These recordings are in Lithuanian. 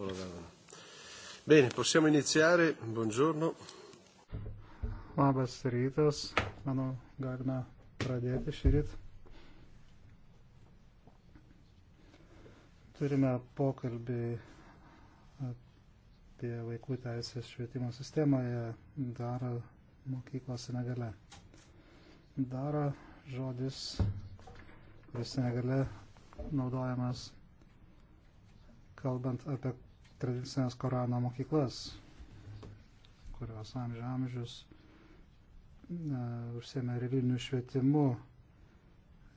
o lo davano. Bene, possiamo iniziare. Buongiorno. Labas rytas. Manau, galime pradėti šį rytą. Turime pokalbį apie vaikų teisės švietimo sistemoje daro mokyklos negale. Daro žodis, kuris negale naudojamas kalbant apie tradicinės Korano mokyklas, kurios amžių amžius e, užsėmė religiniu švietimu.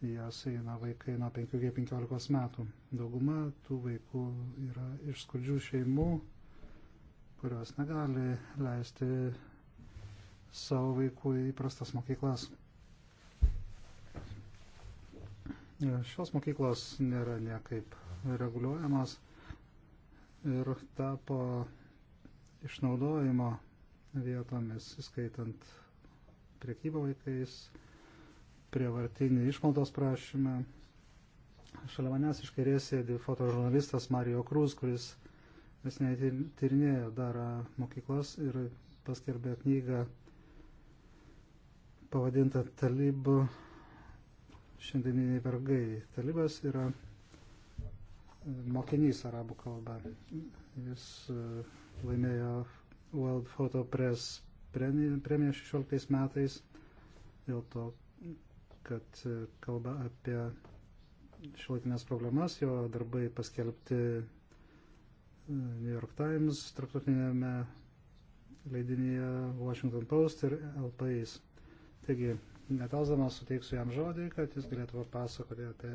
Jas eina vaikai nuo 5 iki 15 metų. Dauguma tų vaikų yra iš skurdžių šeimų, kurios negali leisti savo vaikų į prastas mokyklas. Šios mokyklos nėra niekaip reguliuojamos ir tapo išnaudojimo vietomis, skaitant priekybą vaikais, prievartinį išmaldos prašymą. Šalia manęs iš kairės sėdi fotožurnalistas Mario Krūz, kuris nesnei tyrinėjo dar mokyklas ir paskelbė knygą pavadintą Talibų šiandieniniai vergai. Talibas yra mokinys arabų kalba. Jis e, laimėjo World Photo Press premiją 16 metais dėl to, kad e, kalba apie šiolaikinės problemas, jo darbai paskelbti e, New York Times, tarptautinėme leidinyje Washington Post ir LPIs. Taigi, netalzamas suteiksiu jam žodį, kad jis galėtų papasakoti apie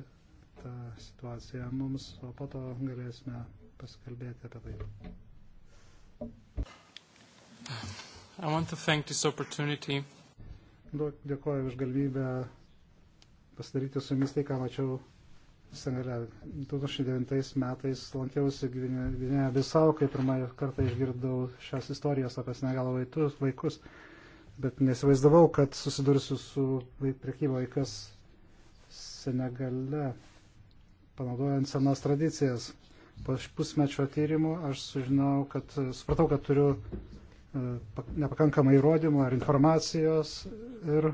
tą situaciją mums, o po to galėsime pasikalbėti apie tai. I want to thank this opportunity. Dėkuoju už galimybę pasidaryti su jumis tai, ką mačiau Senegale. 2009 metais lankiausi Gvinėje Bisau, kai pirmą kartą išgirdau šias istorijas apie Senegalo vaikus, vaikus. bet nesivaizdavau, kad susidursiu su prekyba vaikas Senegale panaudojant senas tradicijas. Po pusmečio tyrimų aš sužinau, kad supratau, kad turiu e, nepakankamai įrodymų ar informacijos ir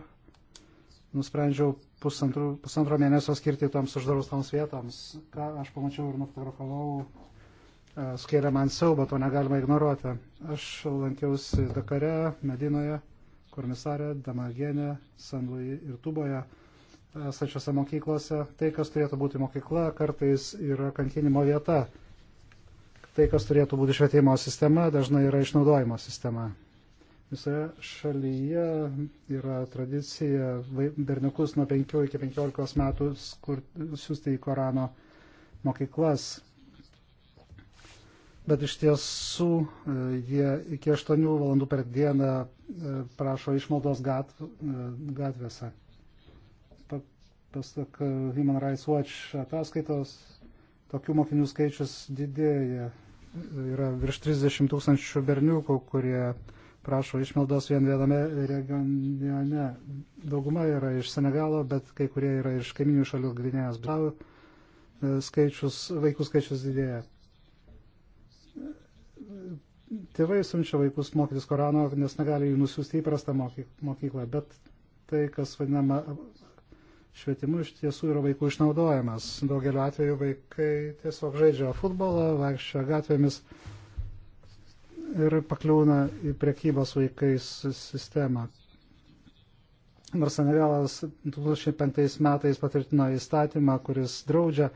nusprendžiau pusantro, pusantro mėnesio skirti toms uždraustoms vietoms. Ką aš pamačiau ir nufotografavau, e, skėlė man siaubą, to negalima ignoruoti. Aš lankiausi Dakare, Medinoje, Kormisarė, Damagenė, San Lui ir Tuboje esančiose mokyklose. Tai, kas turėtų būti mokykla, kartais yra kankinimo vieta. Tai, kas turėtų būti švietimo sistema, dažnai yra išnaudojimo sistema. Visoje šalyje yra tradicija berniukus nuo 5 iki 15 metų skur, siūsti į Korano mokyklas. Bet iš tiesų e, jie iki 8 valandų per dieną e, prašo išmaldos gat, e, gatvėse pasak e, Human Rights Watch ataskaitos, tokių mokinių skaičius didėja. Yra virš 30 tūkstančių berniukų, kurie prašo išmaldos vien viename regione. Dauguma yra iš Senegalo, bet kai kurie yra iš kaiminių šalių Gvinėjos. E, skaičius, vaikų skaičius didėja. Tėvai siunčia vaikus mokytis Korano, nes negali jų nusiųsti įprastą mokyklą, bet tai, kas vadinama švietimu iš tiesų yra vaikų išnaudojimas. Daugeliu atveju vaikai tiesiog žaidžia futbolą, vaikščia gatvėmis ir pakliūna į priekybos vaikais sistemą. Nors Senegalas 2005 metais patvirtino įstatymą, kuris draudžia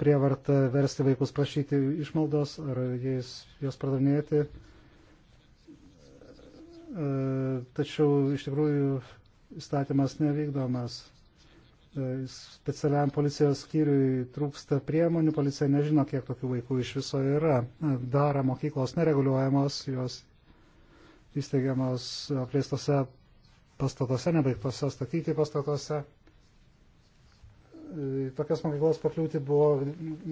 prievartą versti vaikus prašyti išmaldos ar jais, jos pardavinėti. E, tačiau iš tikrųjų įstatymas nevykdomas. E, specialiam policijos skyriui trūksta priemonių, policija nežino, kiek tokių vaikų iš viso yra. E, dara mokyklos nereguliuojamos, jos įsteigiamos e, apleistose pastatuose, nebaigtose statyti pastatuose. Į tokias mokyklas pakliūti buvo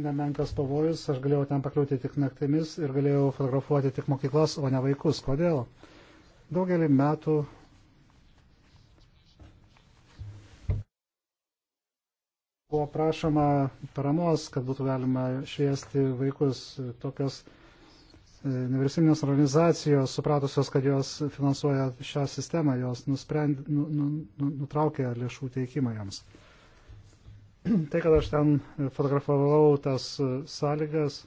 nemenkas pavojus, aš galėjau ten pakliūti tik naktimis ir galėjau fotografuoti tik mokyklas, o ne vaikus. Kodėl? Daugelį metų buvo prašoma paramos, kad būtų galima šviesti vaikus tokios e, nevyriausybinės organizacijos, supratusios, kad jos finansuoja šią sistemą, jos nusprend, nu, nu, nu nutraukė lėšų teikimą jiems. Tai, kad aš ten fotografavau tas e, sąlygas,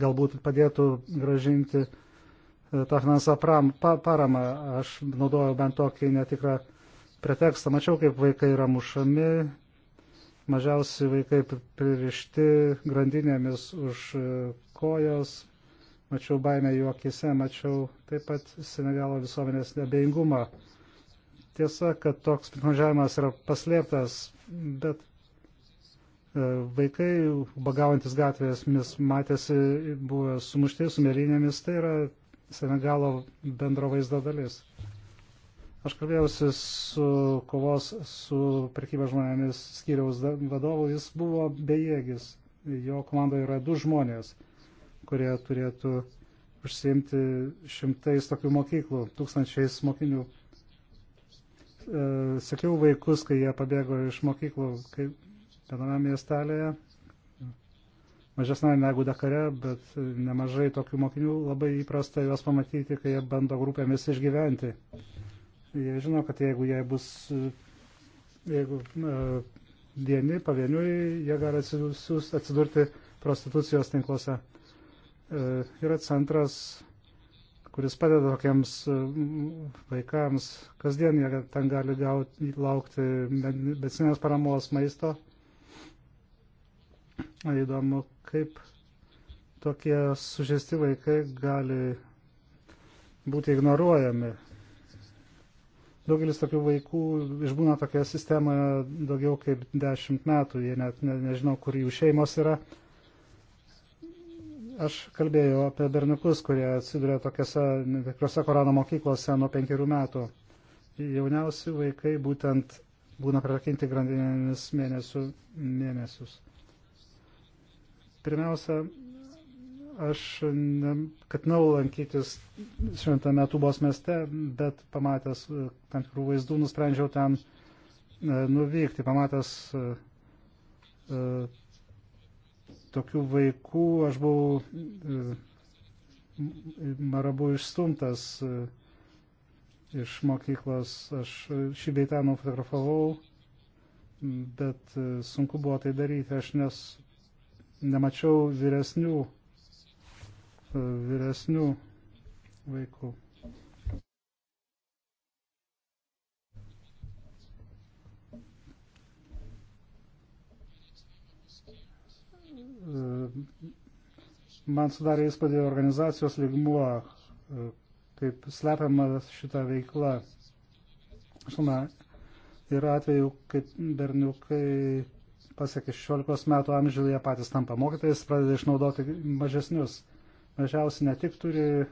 galbūt padėtų gražinti e, tą finansą pram, pa, paramą. Aš naudojau bent tokį netikrą pretekstą. Mačiau, kaip vaikai yra mušami, mažiausi vaikai pririšti grandinėmis už e, kojos, mačiau baimę jų akise, mačiau taip pat Senegalo visuomenės nebejingumą. Tiesa, kad toks piknaudžiavimas yra paslėptas, bet e, vaikai, bagaujantis gatvėmis, matėsi, buvo sumušti su mėlynėmis, tai yra Senegalo bendro vaizdo dalis. Aš kalbėjausi su kovos su prekyba žmonėmis skyriaus vadovu, jis buvo bejėgis. Jo komandoje yra du žmonės, kurie turėtų užsiimti šimtais tokių mokyklų, tūkstančiais mokinių. E, sekiau vaikus, kai jie pabėgo iš mokyklų, kai viename miestelėje, mažesname negu Dakare, bet nemažai tokių mokinių labai įprasta juos pamatyti, kai jie bando grupėmis išgyventi. Jie žino, kad jeigu jie bus, jeigu e, vieni pavieniui, jie gali atsidurti prostitucijos tinkluose. E, yra centras, kuris padeda tokiems e, vaikams. Kasdien jie ten gali gauti, laukti medicinės paramos maisto. Įdomu, kaip tokie sužesti vaikai gali būti ignoruojami. Daugelis tokių vaikų išbūna tokioje sistemoje daugiau kaip dešimt metų, jie net ne, nežinau, kur jų šeimos yra. Aš kalbėjau apie berniukus, kurie atsiduria tokiose, tikrose Korano mokyklose nuo penkerių metų. Jauniausi vaikai būtent būna prirakinti grandinėmis mėnesių, mėnesius. Pirmiausia, aš ketinau lankytis šventame Tubos mieste, bet pamatęs e, tam tikrų vaizdų nusprendžiau ten e, nuvykti. Pamatęs e, tokių vaikų, aš buvau marabu išstumtas iš mokyklos. Aš šį beitą nufotografavau, bet sunku buvo tai daryti. Aš nes nemačiau vyresnių vyresnių vaikų. Man sudarė įspūdį organizacijos ligmuo, kaip slepiama šita veikla. Žinoma, yra atvejų, kaip berniukai pasiekia 16 metų amžių, jie patys tampa mokytais, pradeda išnaudoti mažesnius mažiausiai ne tik turi e,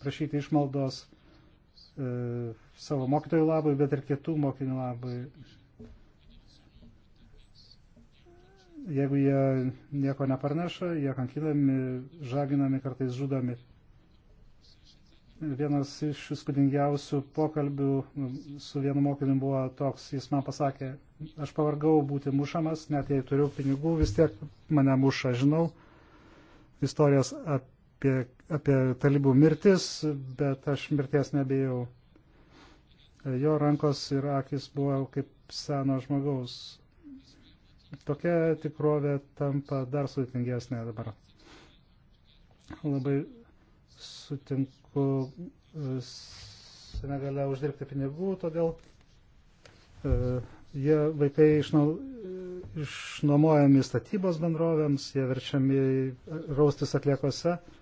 prašyti išmaldos e, savo mokytojų labai, bet ir kitų mokinių labai. Jeigu jie nieko neparneša, jie kankinami, žaginami, kartais žudomi. Vienas iš įspūdingiausių pokalbių su vienu mokiniu buvo toks, jis man pasakė, aš pavargau būti mušamas, net jei turiu pinigų, vis tiek mane muša, žinau. Istorijas apie apie, apie talibų mirtis, bet aš mirties nebijau. Jo rankos ir akis buvo kaip seno žmogaus. Tokia tikrovė tampa dar sudėtingesnė dabar. Labai sutinku e, Senegale uždirbti pinigų, todėl e, jie vaikai išnau, išnuomojami statybos bendrovėms, jie verčiami e, raustis atliekose. E,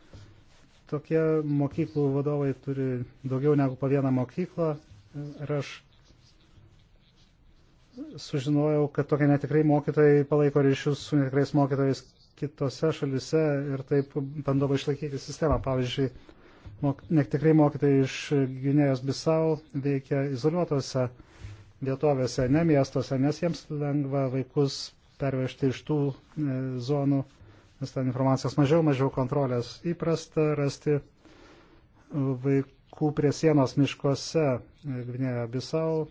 tokie mokyklų vadovai turi daugiau negu po vieną mokyklą ir aš sužinojau, kad tokie netikrai mokytojai palaiko ryšius su netikrais mokytojais kitose šalise ir taip bandoma išlaikyti sistemą. Pavyzdžiui, mok, netikrai mokytojai iš Gvinėjos Bisau veikia izoliuotose vietovėse, ne miestuose, nes jiems lengva vaikus pervežti iš tų e, zonų nes ten informacijos mažiau, mažiau kontrolės. Įprasta rasti vaikų prie sienos miškuose Gvinėje Bisau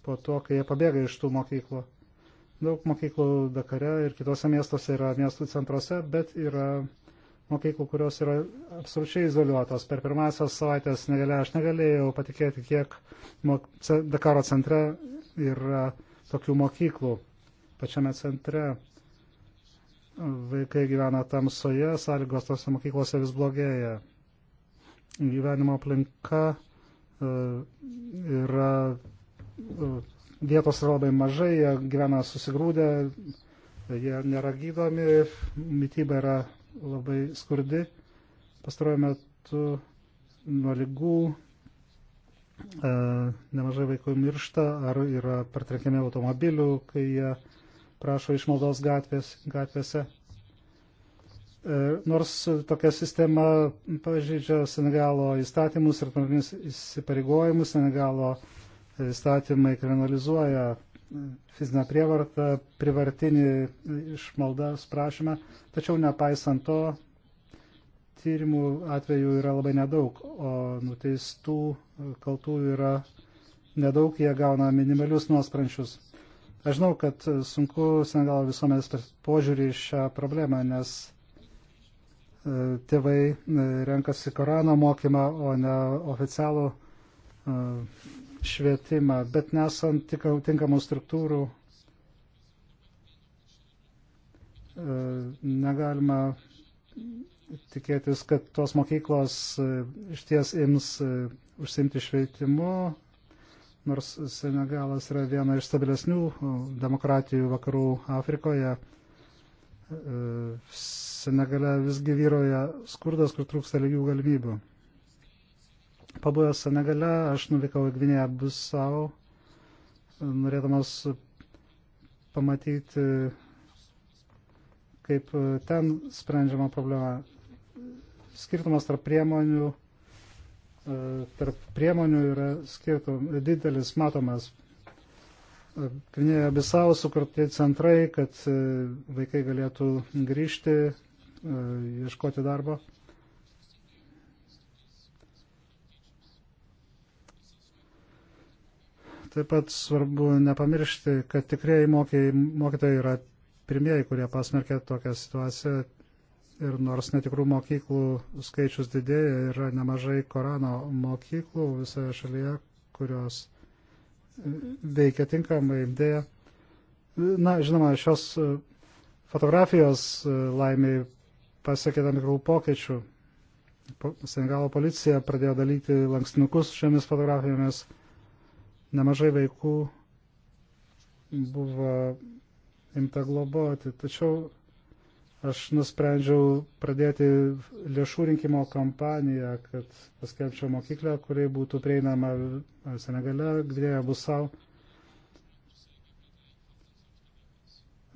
po to, kai jie pabėga iš tų mokyklų. Daug mokyklų Dakare ir kitose miestuose yra miestų centruose, bet yra mokyklų, kurios yra absoliučiai izoliuotos. Per pirmąsias savaitės negalė, aš negalėjau patikėti, kiek Dakaro centre yra tokių mokyklų pačiame centre vaikai gyvena tamsoje, sąlygos tose mokyklose vis blogėja. Gyvenimo aplinka e, yra vietos e, yra labai mažai, jie gyvena susigrūdę, jie nėra gydomi, mytyba yra labai skurdi. Pastaruoju metu nuo lygų e, nemažai vaikų miršta ar yra pertrenkiami automobilių, kai jie prašo išmaldos gatvės, gatvėse. E, nors tokia sistema pažydžia Senegalo įstatymus ir tarptautinius įsipareigojimus, Senegalo įstatymai kriminalizuoja e, fizinę prievartą, privartinį išmaldas prašymą, tačiau nepaisant to, tyrimų atvejų yra labai nedaug, o nuteistų kaltų yra nedaug, jie gauna minimalius nuosprančius. Aš žinau, kad sunku Senegalo visuomenės požiūrį į šią problemą, nes e, tėvai e, renkasi Korano mokymą, o ne oficialų e, švietimą, bet nesant tinkamų struktūrų negalima tikėtis, kad tos mokyklos iš ties ims užsimti švietimu Nors Senegalas yra viena iš stabilesnių demokratijų vakarų Afrikoje, e, Senegale visgi vyroja skurdas, kur trūksta lygių galimybių. Pabuvęs Senegale, aš nuvykau į Gvinėją Busau, norėdamas pamatyti, kaip ten sprendžiama problema. Skirtumas tarp priemonių E, tarp priemonių yra skirtum, didelis matomas. E, Gvinėje Bisau sukurti centrai, kad e, vaikai galėtų grįžti, ieškoti darbo. Taip pat svarbu nepamiršti, kad tikrieji mokytojai yra pirmieji, kurie pasmerkė tokią situaciją, Ir nors netikrų mokyklų skaičius didėja, yra nemažai Korano mokyklų visoje šalyje, kurios veikia tinkamai. Dėja. Na, žinoma, šios fotografijos laimiai pasiekė tam tikrų pokyčių. Senegalo policija pradėjo dalyti lankstinukus šiomis fotografijomis. Nemažai vaikų buvo imta globoti. Tačiau aš nusprendžiau pradėti lėšų rinkimo kampaniją, kad paskelbčiau mokyklę, kuriai būtų prieinama Senegale, Gvėja Busau.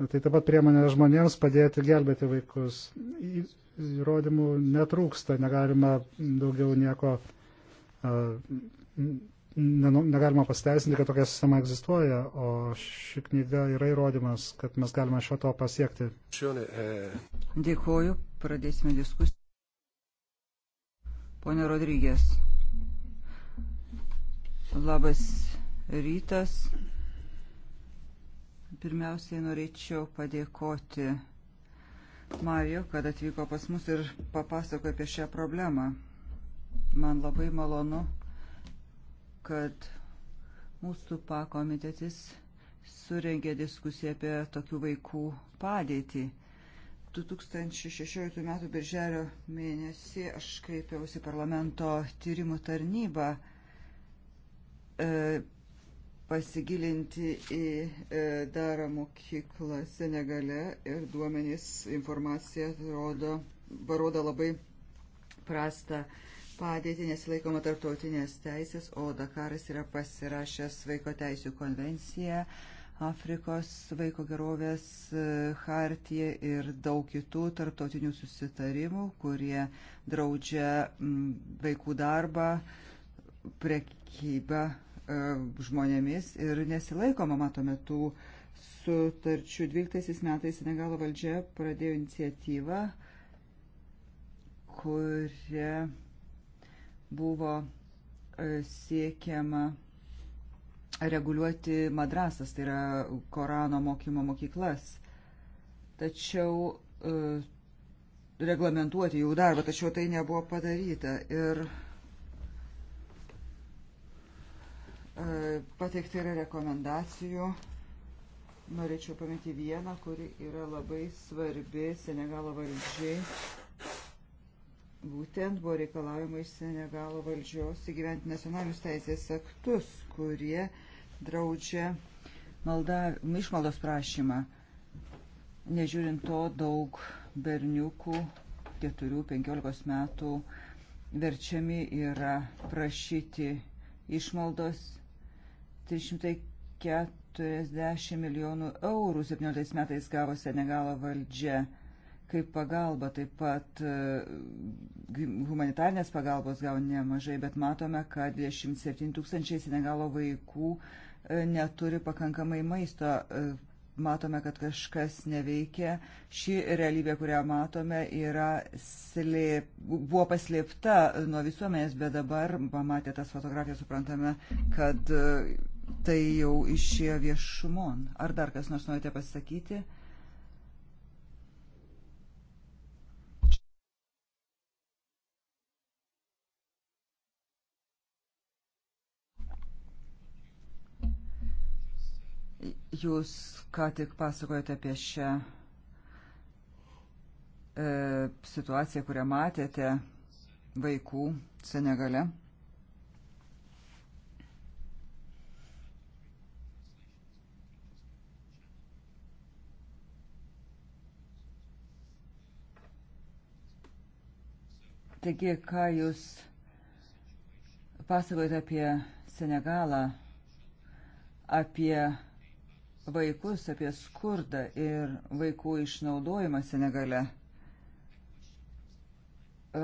Tai taip pat priemonė žmonėms padėti gelbėti vaikus. Įrodymų netrūksta, negalima daugiau nieko Nu, negalima pasiteisinti, kad tokia sistema egzistuoja, o ši knyga yra įrodymas, kad mes galime šio to pasiekti. Dėkuoju, pradėsime diskusiją. Pone Rodrygės, labas rytas. Pirmiausiai norėčiau padėkoti Mario, kad atvyko pas mus ir papasakojo apie šią problemą. Man labai malonu kad mūsų pakomitetis surengė diskusiją apie tokių vaikų padėtį. 2016 m. birželio mėnesį aš kreipiausi parlamento tyrimų tarnybą e, pasigilinti į e, darą mokyklą Senegale ir duomenys informacija rodo, parodo labai prastą padėtį nesilaikoma tarptautinės teisės, o Dakaras yra pasirašęs vaiko teisų konvenciją, Afrikos vaiko gerovės e, hartiją ir daug kitų tarptautinių susitarimų, kurie draudžia vaikų darbą, prekybą e, žmonėmis ir nesilaikoma, matome, tų sutarčių. 12 metais Senegalo valdžia pradėjo iniciatyvą, kuria buvo e, siekiama reguliuoti madrasas, tai yra Korano mokymo mokyklas. Tačiau e, reglamentuoti jų darbą, tačiau tai nebuvo padaryta. Ir e, pateikti yra rekomendacijų. Norėčiau paminti vieną, kuri yra labai svarbi Senegalo valdžiai Būtent buvo reikalaujama iš Senegalo valdžios įgyventi nacionalinius teisės aktus, kurie draudžia malda, išmaldos prašymą. Nežiūrint to, daug berniukų 4-15 metų verčiami yra prašyti išmaldos 340 milijonų eurų 17 metais gavo Senegalo valdžia kaip pagalba, taip pat e, humanitarnės pagalbos gal nemažai, bet matome, kad 27 tūkstančiai Senegalo vaikų e, neturi pakankamai maisto. E, matome, kad kažkas neveikia. Ši realybė, kurią matome, yra slėp... buvo paslėpta nuo visuomenės, bet dabar, pamatę tas fotografijas, suprantame, kad tai jau išėjo viešumon. Ar dar kas nors norite pasakyti? Jūs ką tik pasakojate apie šią e, situaciją, kurią matėte vaikų Senegale. Taigi, ką jūs pasakojate apie Senegalą, apie vaikus, apie skurdą ir vaikų išnaudojimą Senegale. E,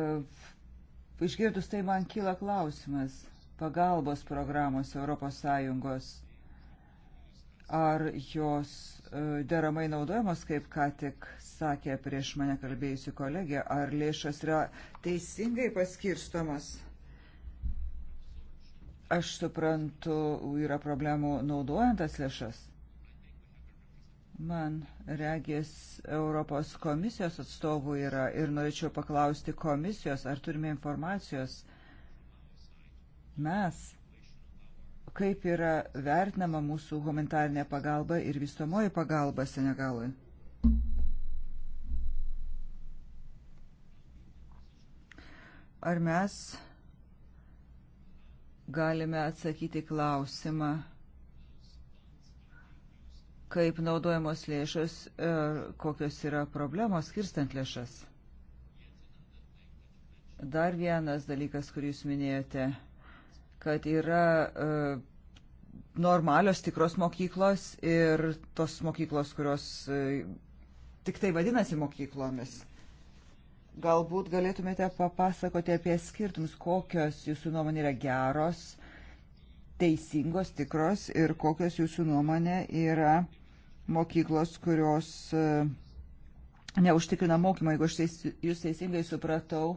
išgirdus tai man kyla klausimas pagalbos programos ES. Ar jos e, deramai naudojamos, kaip ką tik sakė prieš mane kalbėjusi kolegė, ar lėšas yra teisingai paskirstomas? Aš suprantu, yra problemų naudojant tas lėšas. Man regės Europos komisijos atstovų yra ir norėčiau paklausti komisijos, ar turime informacijos mes, kaip yra vertinama mūsų humanitarinė pagalba ir vystomoji pagalba Senegalui. Ar mes galime atsakyti klausimą? kaip naudojamos lėšos ir e, kokios yra problemos skirstant lėšas. Dar vienas dalykas, kurį jūs minėjote, kad yra uh, normalios tikros mokyklos ir tos mokyklos, kurios uh, tik tai vadinasi mokyklomis. Galbūt galėtumėte papasakoti apie skirtumus, kokios jūsų nuomonė yra geros, teisingos, tikros ir kokios jūsų nuomonė yra uh, mokyklos, kurios e, neužtikrina mokymą, jeigu aš teis, jūs teisingai supratau.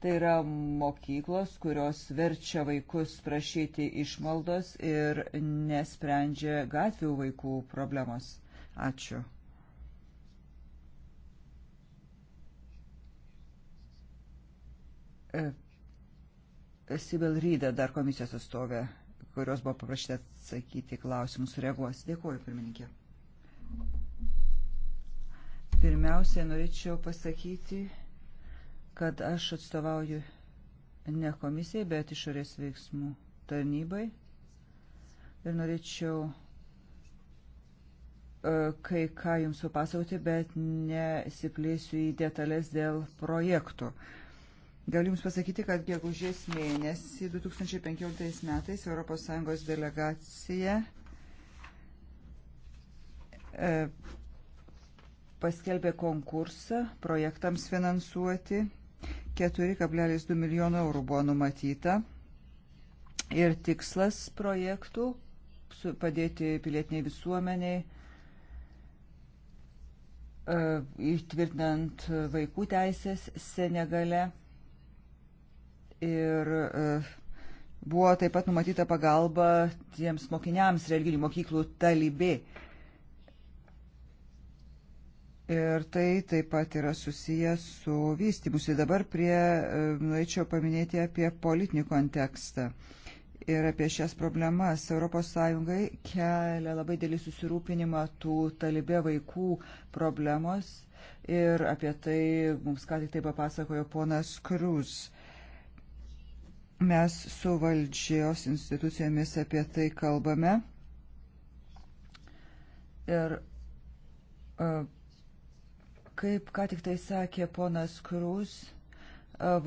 Tai yra mokyklos, kurios verčia vaikus prašyti išmaldos ir nesprendžia gatvių vaikų problemos. Ačiū. E, Sibel Ryda, dar komisijos atstovė, kurios buvo paprašyta atsakyti klausimus, reaguos. Dėkuoju, pirmininkė. Pirmiausia, norėčiau pasakyti, kad aš atstovauju ne komisijai, bet išorės veiksmų tarnybai. Ir norėčiau e, kai ką jums papasakoti, bet nesiplėsiu į detalės dėl projektų. Galiu Jums pasakyti, kad gegužės mėnesį 2015 metais ES delegacija E, paskelbė konkursą projektams finansuoti. 4,2 milijono eurų buvo numatyta. Ir tikslas projektų - padėti pilietiniai visuomeniai, e, įtvirtinant vaikų teisės Senegale. Ir e, buvo taip pat numatyta pagalba tiems mokiniams religinių mokyklų talibė Ir tai taip pat yra susijęs su vystymusi. Dabar prie, e, norėčiau paminėti apie politinį kontekstą ir apie šias problemas. ES kelia labai dėlį susirūpinimą tų talibė vaikų problemos ir apie tai mums ką tik tai papasakojo ponas Krūs. Mes su valdžios institucijomis apie tai kalbame. Ir uh, Kaip ką tik tai sakė ponas Krūs,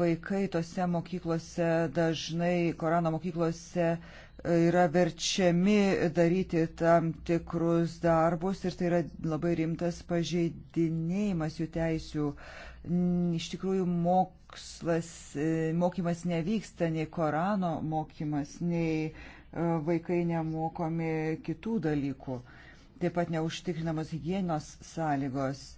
vaikai tose mokyklose dažnai, Korano mokyklose yra verčiami daryti tam tikrus darbus ir tai yra labai rimtas pažeidinėjimas jų teisių. Iš tikrųjų, mokslas, e, mokymas nevyksta, nei Korano mokymas, nei e, vaikai nemokomi kitų dalykų. Taip pat neužtikrinamos hygienos sąlygos.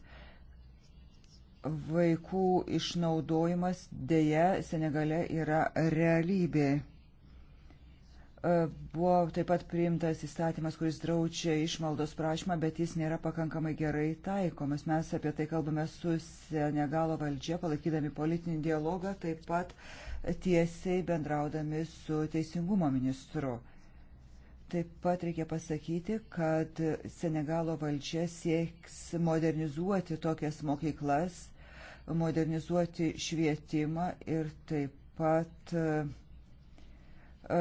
Vaikų išnaudojimas dėja Senegale yra realybė. E, buvo taip pat priimtas įstatymas, kuris draučia išmaldos prašymą, bet jis nėra pakankamai gerai taikomas. Mes apie tai kalbame su Senegalo valdžia, palaikydami politinį dialogą, taip pat tiesiai bendraudami su teisingumo ministru. Taip pat reikia pasakyti, kad Senegalo valdžia sieks modernizuoti tokias mokyklas modernizuoti švietimą ir taip pat e, e,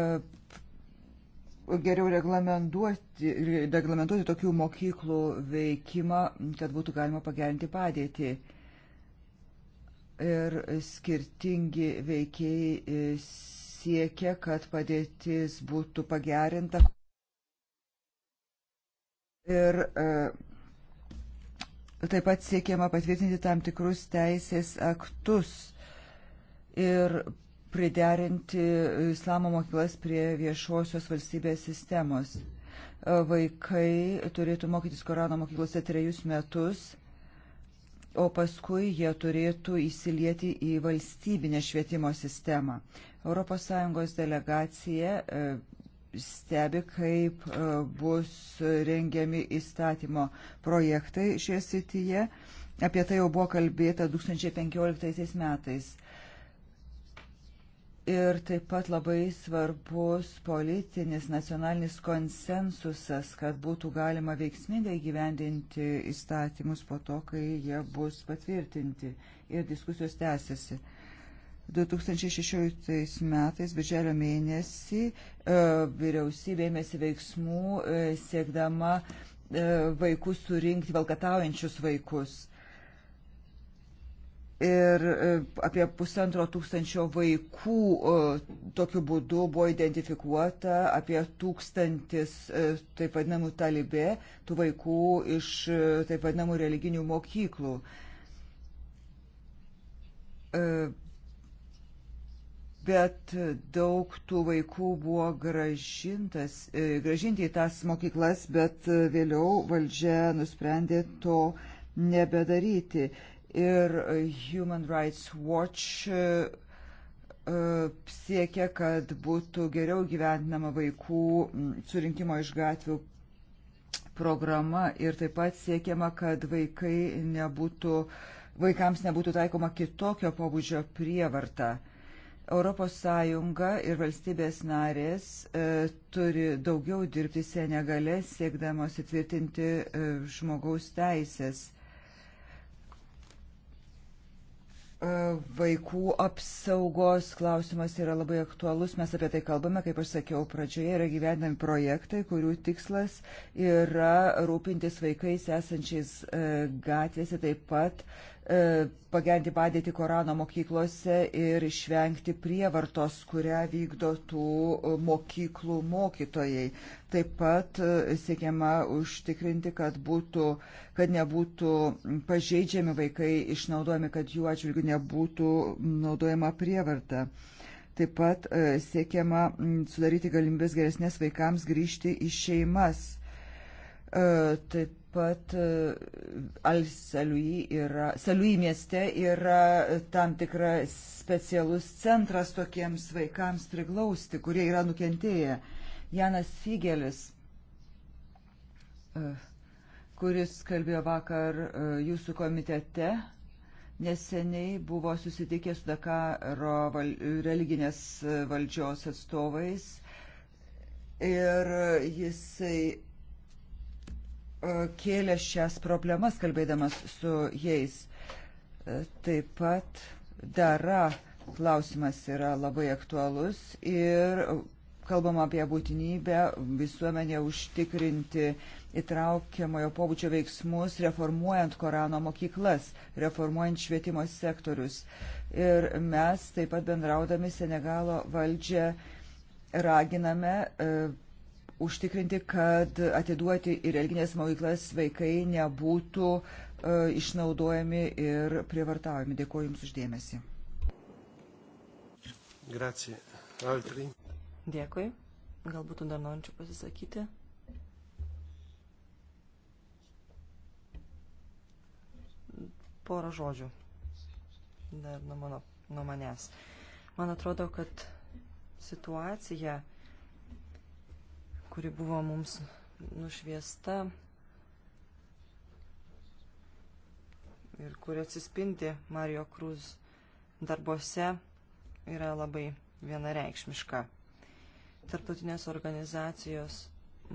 geriau reglamentuoti, reglamentuoti tokių mokyklų veikimą, kad būtų galima pagerinti padėtį. Ir skirtingi veikėjai e, siekia, kad padėtis būtų pagerinta. Ir uh, Taip pat siekiama patvirtinti tam tikrus teisės aktus ir priderinti islamo mokyklas prie viešosios valstybės sistemos. Vaikai turėtų mokytis Korano mokyklose trejus metus, o paskui jie turėtų įsilieti į valstybinę švietimo sistemą. ES delegacija e, stebi, kaip e, bus rengiami įstatymo projektai šioje srityje. Apie tai jau buvo kalbėta 2015 metais. Ir taip pat labai svarbus politinis nacionalinis konsensusas, kad būtų galima veiksmingai gyvendinti įstatymus po to, kai jie bus patvirtinti ir diskusijos tęsiasi. 2016 metais, birželio mėnesį, e, vyriausybė ėmėsi veiksmų e, siekdama e, vaikus surinkti, valkataujančius vaikus. Ir apie pusantro tūkstančio vaikų tokiu būdu buvo identifikuota, apie tūkstantis taip vadinamų talibė, tų vaikų iš taip vadinamų religinių mokyklų bet daug tų vaikų buvo gražintas, e, gražinti į tas mokyklas, bet vėliau valdžia nusprendė to nebedaryti. Ir Human Rights Watch e, e, siekia, kad būtų geriau gyventinama vaikų surinkimo iš gatvių programa ir taip pat siekiama, kad vaikai nebūtų, vaikams nebūtų taikoma kitokio pobūdžio prievarta. Uh, Europos Sąjunga ir valstybės narės e, turi daugiau dirbti Senegale, siekdamos įtvirtinti e, žmogaus teisės, e, vaikų apsaugos klausimas yra labai aktualus. Mes apie tai kalbame, kaip aš sakiau pradžioje, yra gyvenami projektai, kurių tikslas yra rūpintis vaikais esančiais e, gatvėse, taip pat E, pagerinti padėtį Korano mokyklose ir išvengti prievartos, kurią vykdo tų e, mokyklų mokytojai. Taip pat e, siekiama užtikrinti, kad, būtų, kad nebūtų pažeidžiami vaikai išnaudojami, kad jų atžvilgių nebūtų naudojama prievarta. Taip pat siekiama sudaryti galimybės geresnės vaikams grįžti į šeimas. Taip pat e, Al-Saliui yra, Saliui mieste yra tam tikras specialus centras tokiems vaikams priglausti, kurie yra nukentėję. Janas Figelis, e, kuris kalbėjo vakar e, jūsų komitete, neseniai buvo susitikę su Dakaro val, religinės valdžios atstovais ir jisai kėlė šias problemas, kalbėdamas su jais. E, taip pat dara klausimas yra labai aktualus ir kalbam apie būtinybę visuomenė užtikrinti įtraukiamojo pobūdžio veiksmus, reformuojant Korano mokyklas, reformuojant švietimo sektorius. Ir mes taip pat bendraudami Senegalo valdžią raginame e, užtikrinti, kad atiduoti į religinės mokyklas vaikai nebūtų e, išnaudojami ir prievartaujami. Dėkuoju Jums uždėmesi. Grazie. Altri. Dėkui. Galbūt dar norinčių pasisakyti. Porą žodžių. Dar nuo, mano, nuo manęs. Man atrodo, kad situacija kuri buvo mums nušviesta ir kuri atsispindi Mario Cruz darbuose, yra labai vienareikšmiška. Tarptautinės organizacijos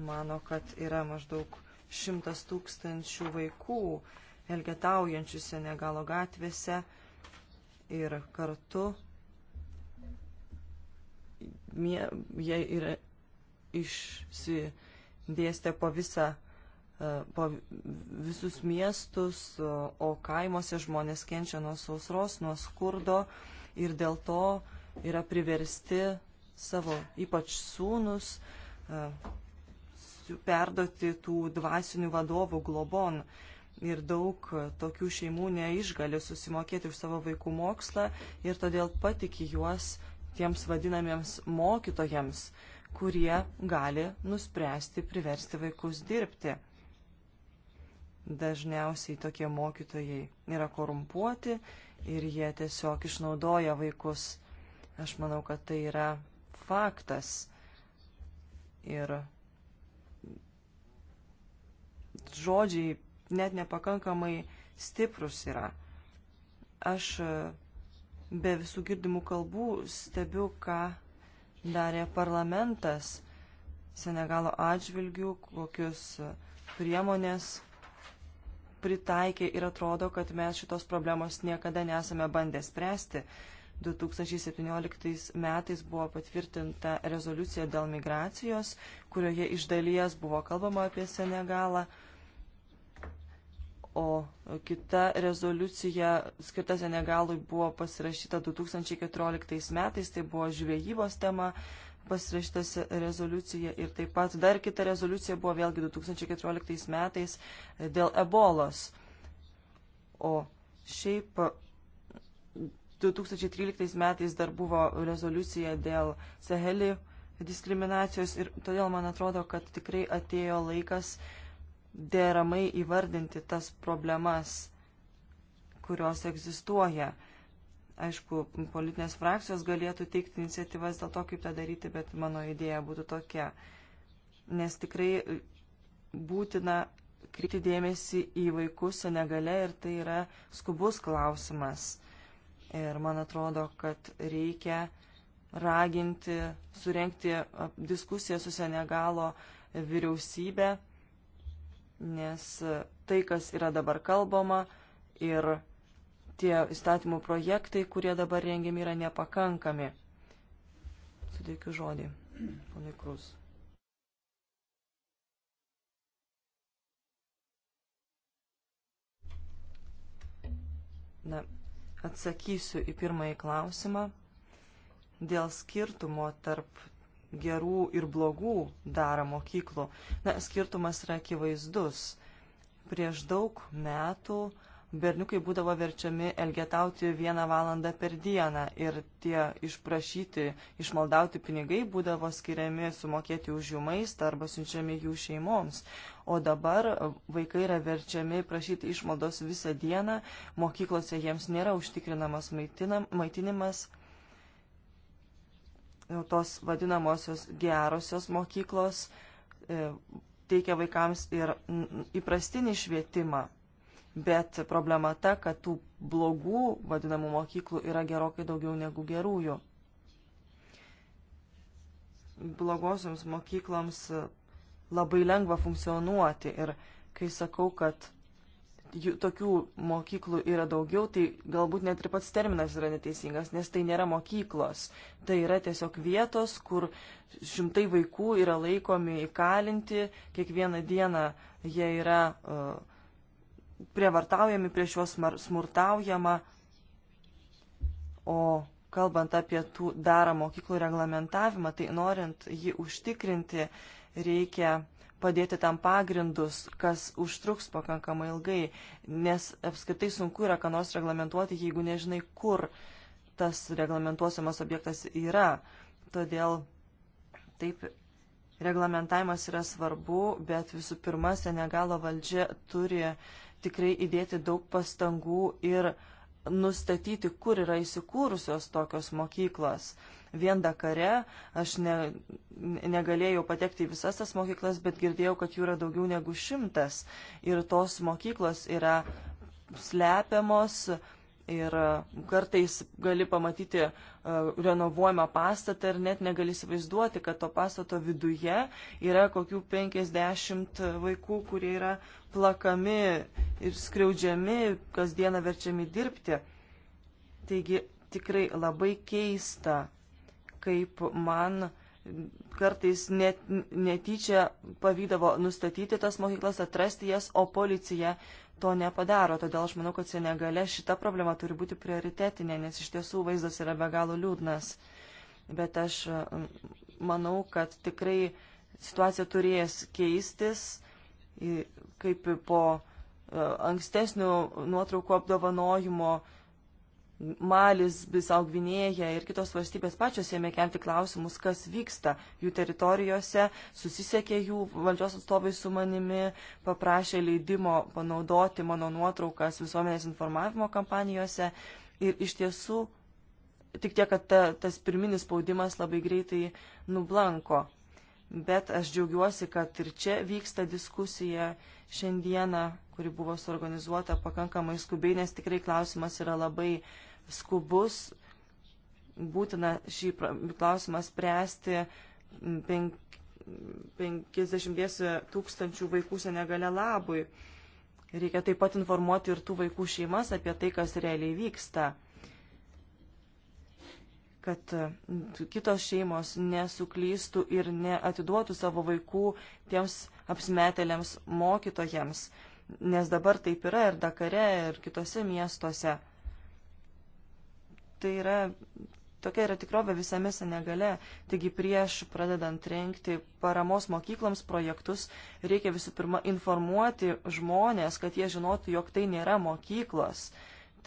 mano, kad yra maždaug šimtas tūkstančių vaikų elgetaujančių Senegalo gatvėse ir kartu jie yra išsidėstę po visą e, po visus miestus, o kaimuose žmonės kenčia nuo sausros, nuo skurdo ir dėl to yra priversti savo, ypač sūnus, e, perduoti tų dvasinių vadovų globon. Ir daug tokių šeimų neišgali susimokėti už savo vaikų mokslą ir todėl patiki juos tiems vadinamiems mokytojams, kurie gali nuspręsti priversti vaikus dirbti. Dažniausiai tokie mokytojai yra korumpuoti ir jie tiesiog išnaudoja vaikus. Aš manau, kad tai yra faktas. Ir žodžiai net nepakankamai stiprus yra. Aš be visų girdimų kalbų stebiu, ką darė parlamentas Senegalo atžvilgių, kokius priemonės pritaikė ir atrodo, kad mes šitos problemos niekada nesame bandę spręsti. 2017 metais buvo patvirtinta rezoliucija dėl migracijos, kurioje iš dalies buvo kalbama apie Senegalą, o kita rezoliucija skirta Senegalui buvo pasirašyta 2014 metais, tai buvo žvejybos tema pasirašyta rezoliucija ir taip pat dar kita rezoliucija buvo vėlgi 2014 metais dėl ebolos. O šiaip 2013 metais dar buvo rezoliucija dėl Saheli diskriminacijos ir todėl man atrodo, kad tikrai atėjo laikas uh, deramai įvardinti tas problemas, kurios egzistuoja. Aišku, politinės frakcijos galėtų teikti iniciatyvas dėl to, kaip tą daryti, bet mano idėja būtų tokia. Nes tikrai e, būtina kreipti dėmesį į vaikus Senegale ir tai yra skubus klausimas. Ir man atrodo, kad reikia raginti, surenkti e, diskusiją su Senegalo vyriausybė nes tai, kas yra dabar kalbama ir tie įstatymų projektai, kurie dabar rengiami, yra nepakankami. Suteikiu žodį, ponai Krus. Na, atsakysiu į pirmąjį klausimą dėl skirtumo tarp gerų ir blogų daro mokyklų. Na, skirtumas yra akivaizdus. Prieš daug metų berniukai būdavo verčiami elgetauti vieną valandą per dieną ir tie išprašyti, išmaldauti pinigai būdavo skiriami sumokėti už jų maistą arba siunčiami jų šeimoms. O dabar vaikai yra verčiami prašyti išmaldos visą dieną, mokyklose jiems nėra užtikrinamas maitinam, maitinimas Nu, tos vadinamosios gerosios mokyklos e, teikia vaikams ir įprastinį švietimą. Bet problema ta, kad tų blogų vadinamų mokyklų yra gerokai daugiau negu gerųjų. Blogosioms mokykloms labai lengva funkcionuoti ir kai sakau, kad jų, tokių mokyklų yra daugiau, tai galbūt net ir pats terminas yra neteisingas, nes tai nėra mokyklos. Tai yra tiesiog vietos, kur šimtai vaikų yra laikomi įkalinti, kiekvieną dieną jie yra uh, prievartaujami, prieš juos smurtaujama. O kalbant apie tų darą mokyklų reglamentavimą, tai norint jį užtikrinti, reikia uh, padėti tam pagrindus, kas užtruks pakankamai ilgai, nes apskritai sunku yra ką nors reglamentuoti, jeigu nežinai, kur tas reglamentuosiamas objektas yra. Todėl taip reglamentavimas yra svarbu, bet visų pirma, Senegalo valdžia turi tikrai įdėti daug pastangų ir nustatyti, kur yra įsikūrusios tokios mokyklos. Uh, vien Dakare. Aš ne, negalėjau patekti į visas tas mokyklas, bet girdėjau, kad jų yra daugiau negu šimtas. Ir tos mokyklos yra slepiamos. Ir kartais gali pamatyti uh, renovuojamą pastatą ir net negali įsivaizduoti, kad to pastato viduje yra kokių 50 vaikų, kurie yra plakami ir skriaudžiami, kasdieną verčiami dirbti. Taigi tikrai labai keista kaip man kartais net, netyčia pavydavo nustatyti tas mokyklas, atrasti jas, o policija to nepadaro. Todėl aš manau, kad Senegale šita problema turi būti prioritetinė, nes iš tiesų vaizdas yra be galo liūdnas. Bet aš manau, kad tikrai situacija turės keistis, kaip po e, ankstesnių nuotraukų apdovanojimo Malis, Bisau Gvinėja ir kitos valstybės pačios ėmė kelti klausimus, kas vyksta jų teritorijose, susisiekė jų valdžios atstovai su manimi, paprašė leidimo panaudoti mano nuotraukas visuomenės informavimo kampanijose ir iš tiesų tik tiek, kad ta, tas pirminis spaudimas labai greitai nublanko. Bet aš džiaugiuosi, kad ir čia vyksta diskusija šiandieną, kuri buvo suorganizuota pakankamai skubiai, nes tikrai klausimas yra labai uh, skubus, būtina šį klausimą spręsti 50 tūkstančių vaikų senegale labui. Reikia taip pat informuoti ir tų vaikų šeimas apie tai, kas realiai vyksta, kad e, kitos šeimos nesuklystų ir neatiduotų savo vaikų tiems apsmetelėms mokytojams, nes dabar taip yra ir Dakare, ir kitose miestuose tai yra, tokia yra tikrovė visame Senegale. Taigi prieš pradedant renkti paramos mokykloms projektus, reikia visų pirma informuoti žmonės, kad jie žinotų, jog tai nėra mokyklos.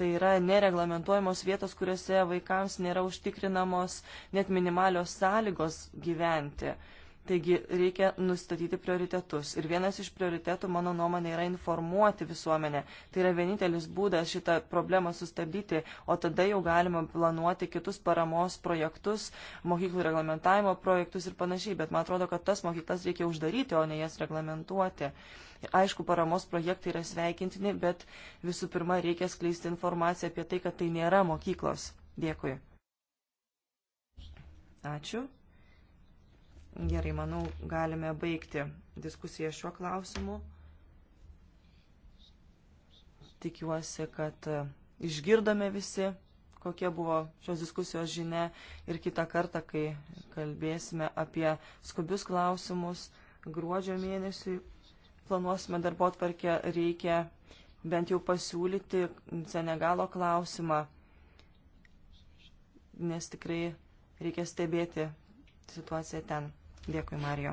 Tai yra nereglamentuojamos vietos, kuriuose vaikams nėra užtikrinamos net minimalios sąlygos gyventi. Uh, Taigi reikia nustatyti prioritetus. Ir vienas iš prioritetų, mano nuomonė, yra informuoti visuomenę. Tai yra vienintelis būdas šitą problemą sustabdyti, o tada jau galima planuoti kitus paramos projektus, mokyklų reglamentavimo projektus ir panašiai. Bet man atrodo, kad tas mokyklas reikia uždaryti, o ne jas reglamentuoti. Aišku, paramos projektai yra sveikintini, bet visų pirma reikia skleisti informaciją apie tai, kad tai nėra mokyklos. Dėkui. Ačiū. Gerai, manau, galime baigti diskusiją šiuo klausimu. Tikiuosi, kad e, išgirdome visi, kokia buvo šios diskusijos žinia ir kitą kartą, kai kalbėsime apie skubius klausimus gruodžio mėnesiui, planuosime darbo atvarkę, reikia bent jau pasiūlyti Senegalo klausimą, nes tikrai reikia stebėti situaciją ten. Dėkui, Marijo.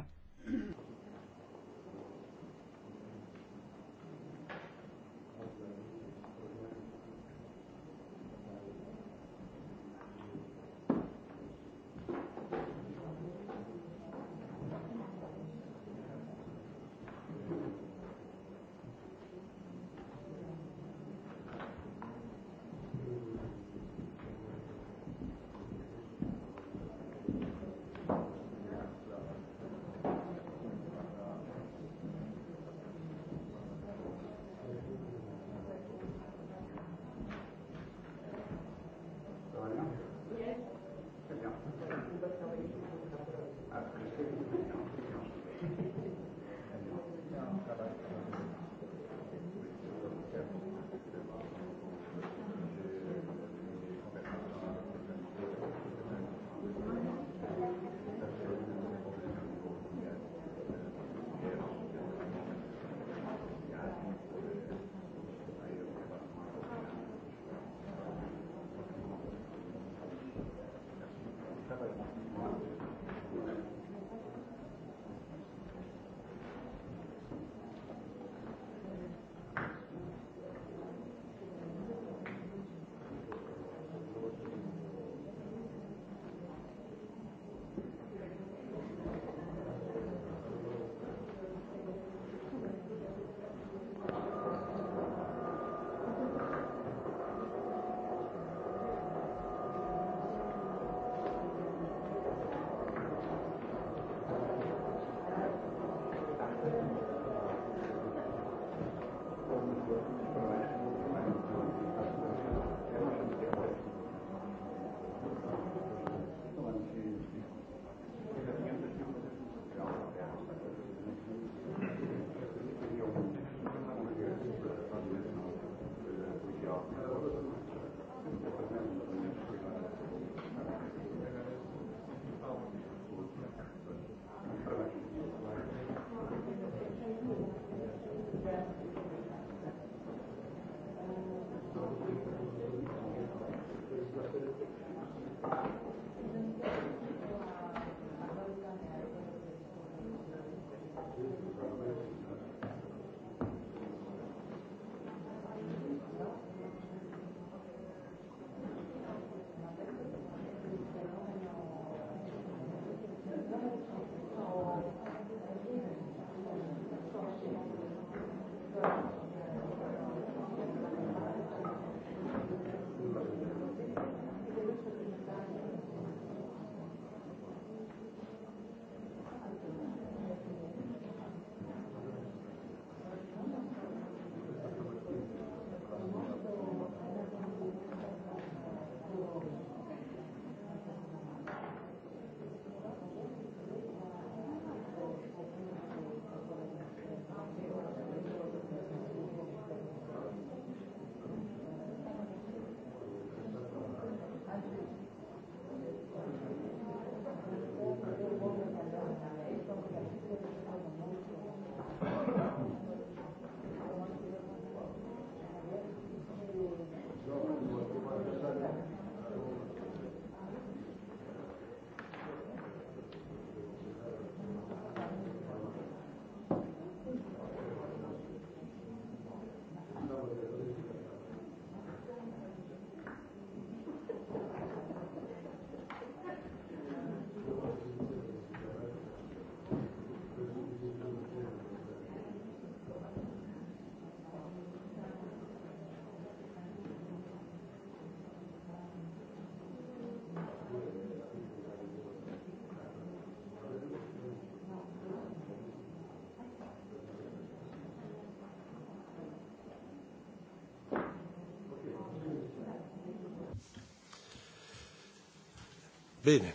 Bene,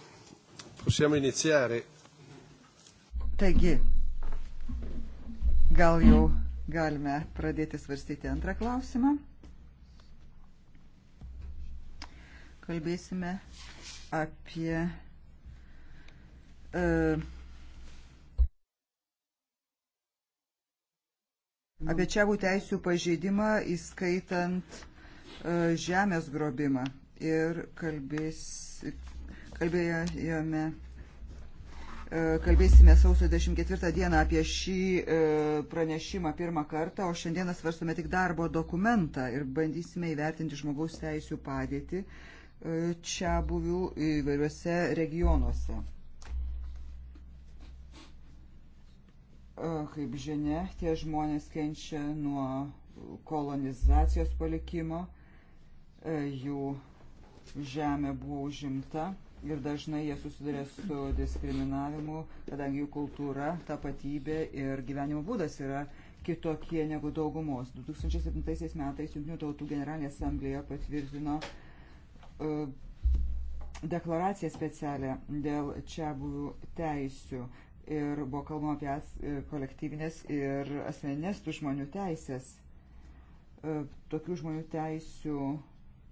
possiamo iniziare. Taigi, gal jau galime pradėti svarstyti antrą klausimą. Kalbėsime apie uh, apie čiavų teisių pažeidimą, įskaitant e, žemės grobimą. Ir kalbės kalbėjome. E, kalbėsime sausio 24 dieną apie šį e, pranešimą pirmą kartą, o šiandieną svarstome tik darbo dokumentą ir bandysime įvertinti žmogaus teisų padėtį e, čia buvių įvairiuose regionuose. Kaip žinia, tie žmonės kenčia nuo kolonizacijos palikimo, jų žemė buvo užimta ir dažnai jie susiduria su diskriminavimu, kadangi jų kultūra, tapatybė ir gyvenimo būdas yra kitokie negu daugumos. 2007 metais Junktinių tautų generalinė asamblėja patvirtino uh, deklaraciją specialią dėl čia buvų teisių ir buvo kalbama apie as, e, kolektyvinės ir asmeninės tų žmonių teisės. Uh, tokių žmonių teisių uh,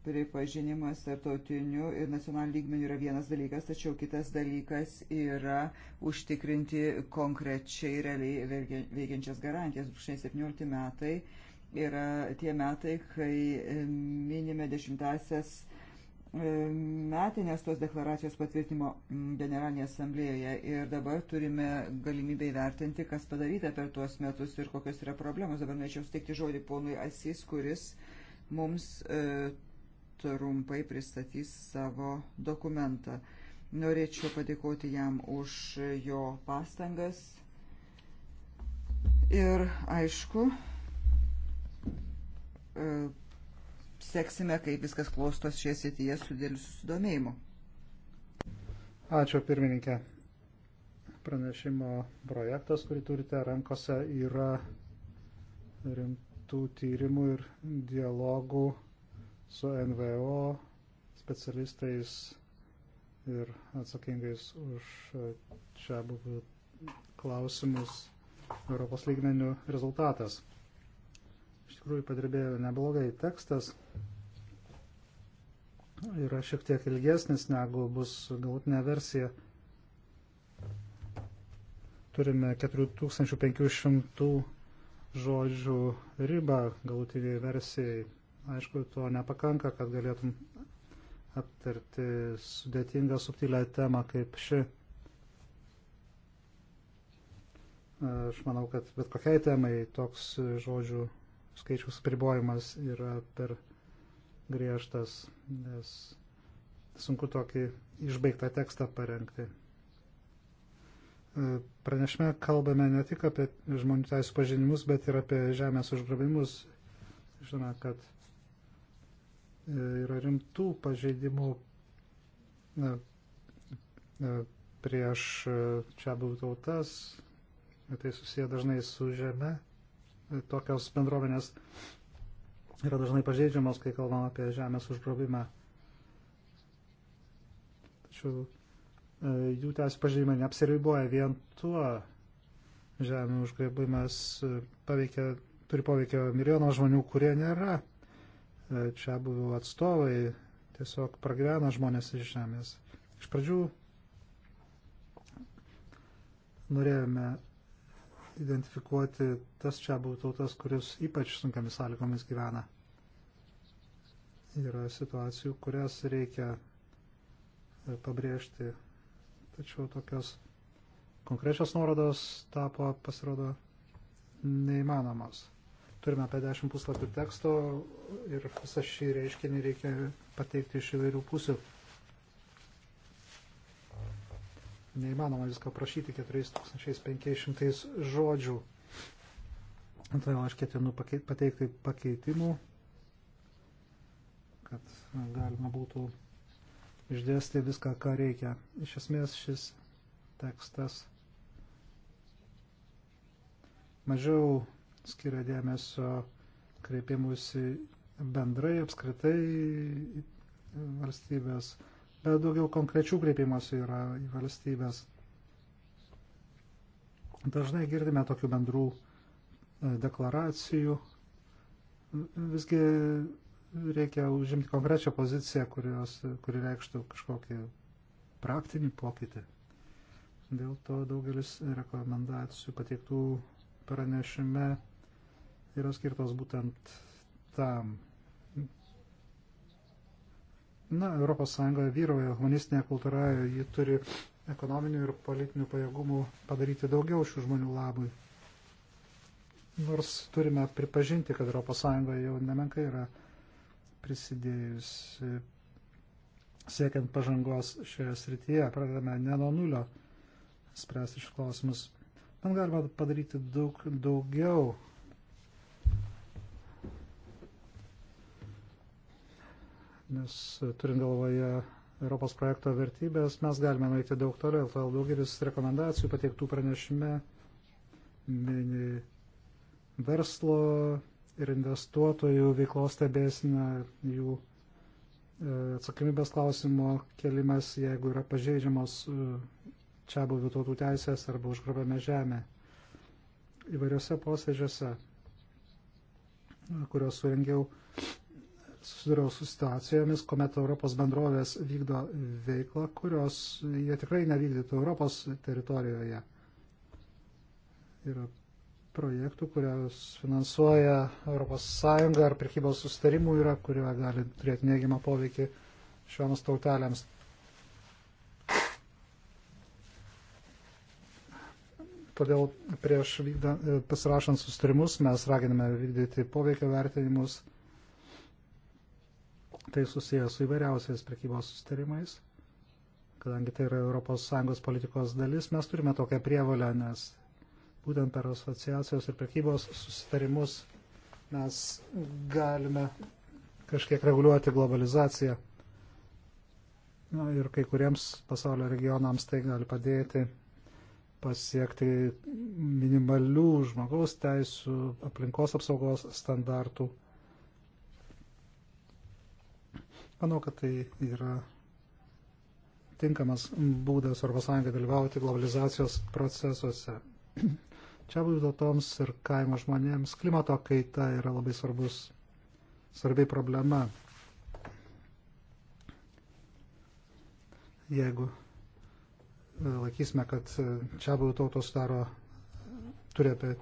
pripažinimas tarptautiniu ir nacionaliniu lygmeniu yra vienas dalykas, tačiau kitas dalykas yra užtikrinti konkrečiai realiai veikiančias garantijas. 2017 metai yra tie metai, kai minime dešimtasias metinės tos deklaracijos patvirtinimo Generalinėje asamblėje ir dabar turime galimybę įvertinti, kas padaryta per tuos metus ir kokios yra problemos. Dabar norėčiau steikti žodį ponui Asis, kuris mums e, trumpai pristatys savo dokumentą. Norėčiau padėkoti jam už jo pastangas. Ir aišku, e, seksime, kaip viskas klostos šie srityje su dėliu susidomėjimu. Ačiū pirmininkė. Pranešimo projektas, kurį turite rankose, yra rimtų tyrimų ir dialogų su NVO specialistais ir atsakingais už čia buvų klausimus Europos lygmenių rezultatas. Iš tikrųjų padirbėjo neblogai tekstas. Yra šiek tiek ilgesnis negu bus galutinė versija. Turime 4500 žodžių ribą galutiniai versijai Aišku, to nepakanka, kad galėtum aptarti sudėtingą, subtilę temą kaip ši. Aš manau, kad bet kokiai temai toks žodžių skaičiaus apribojimas yra per griežtas, nes sunku tokį išbaigtą tekstą parengti. Pranešme kalbame ne tik apie žmonių teisų pažinimus, bet ir apie žemės užgrabimus. Žinoma, kad E, yra rimtų pažeidimų na, na, e, prieš e, čia buvų tautas, tai susiję dažnai su žeme. Tokios bendruomenės yra dažnai pažeidžiamos, kai kalbam apie žemės užgrobimą. Tačiau jų teisų pažeidimai neapsiriboja vien tuo. Žemė užgrebimas paveikia, turi poveikio milijono žmonių, kurie nėra E, čia buvo atstovai, tiesiog pragyvena žmonės iš žemės. Iš pradžių norėjome identifikuoti tas čia būtų tautas, kuris ypač sunkiamis sąlygomis gyvena. Yra situacijų, kurias reikia e, pabrėžti, tačiau tokios konkrečios nuorodos tapo, pasirodo, neįmanomos. Turime apie 10 puslapių teksto ir visą šį reiškinį reikia pateikti iš įvairių pusių. Neįmanoma visko prašyti 4500 žodžių. Todėl aš ketinu pateikti pakeitimų, kad galima būtų išdėsti viską, ką reikia. Iš esmės šis tekstas mažiau skiria dėmesio kreipimusi bendrai apskritai valstybės, bet daugiau konkrečių kreipimosi yra į valstybės. Dažnai girdime tokių bendrų e, deklaracijų. Visgi reikia užimti konkrečią poziciją, kurios, kuri reikštų kažkokį praktinį pokytį. Dėl to daugelis rekomendacijų pateiktų pranešime yra skirtos būtent tam. Na, ES vyroja humanistinė kultūra, ji turi ekonominių ir politinių pajėgumų padaryti daugiau šių žmonių labui. Nors turime pripažinti, kad ES jau nemenkai yra prisidėjusi siekiant pažangos šioje srityje. Pradedame ne nuo nulio spręsti šių klausimus. Man galima padaryti daug daugiau nes e, turint galvoje Europos projekto vertybės, mes galime nueiti daug toliau, todėl daugelis rekomendacijų pateiktų pranešime mini verslo ir investuotojų veiklos stebėsina jų e, atsakomybės klausimo kelimas, jeigu yra pažeidžiamos e, čia buvių tautų teisės arba užgrobėme žemę. Įvairiose posėdžiuose, kuriuos surengiau, susiduriau su situacijomis, kuomet Europos bendrovės vykdo veiklą, kurios jie tikrai nevykdytų Europos teritorijoje. Yra projektų, kurios finansuoja ES ar prekybos sustarimų yra, kurio gali turėti neigiamą poveikį šioms tautelėms. Todėl prieš vykda, pasirašant sustarimus mes raginame vykdyti poveikio vertinimus Tai susijęs su įvairiausiais prekybos sustarimais, kadangi tai yra ES politikos dalis, mes turime tokią prievalę, nes būtent per asociacijos ir prekybos sustarimus mes galime kažkiek reguliuoti globalizaciją. Na, ir kai kuriems pasaulio regionams tai gali padėti pasiekti minimalių žmogaus teisų, aplinkos apsaugos standartų Manau, kad tai yra tinkamas būdas Europos Sąjungai dalyvauti globalizacijos procesuose. Čia būtų toms ir kaimo žmonėms klimato kaita yra labai svarbus, svarbiai problema. Jeigu e, laikysime, kad e, čia būtų tautos daro, e, turi apie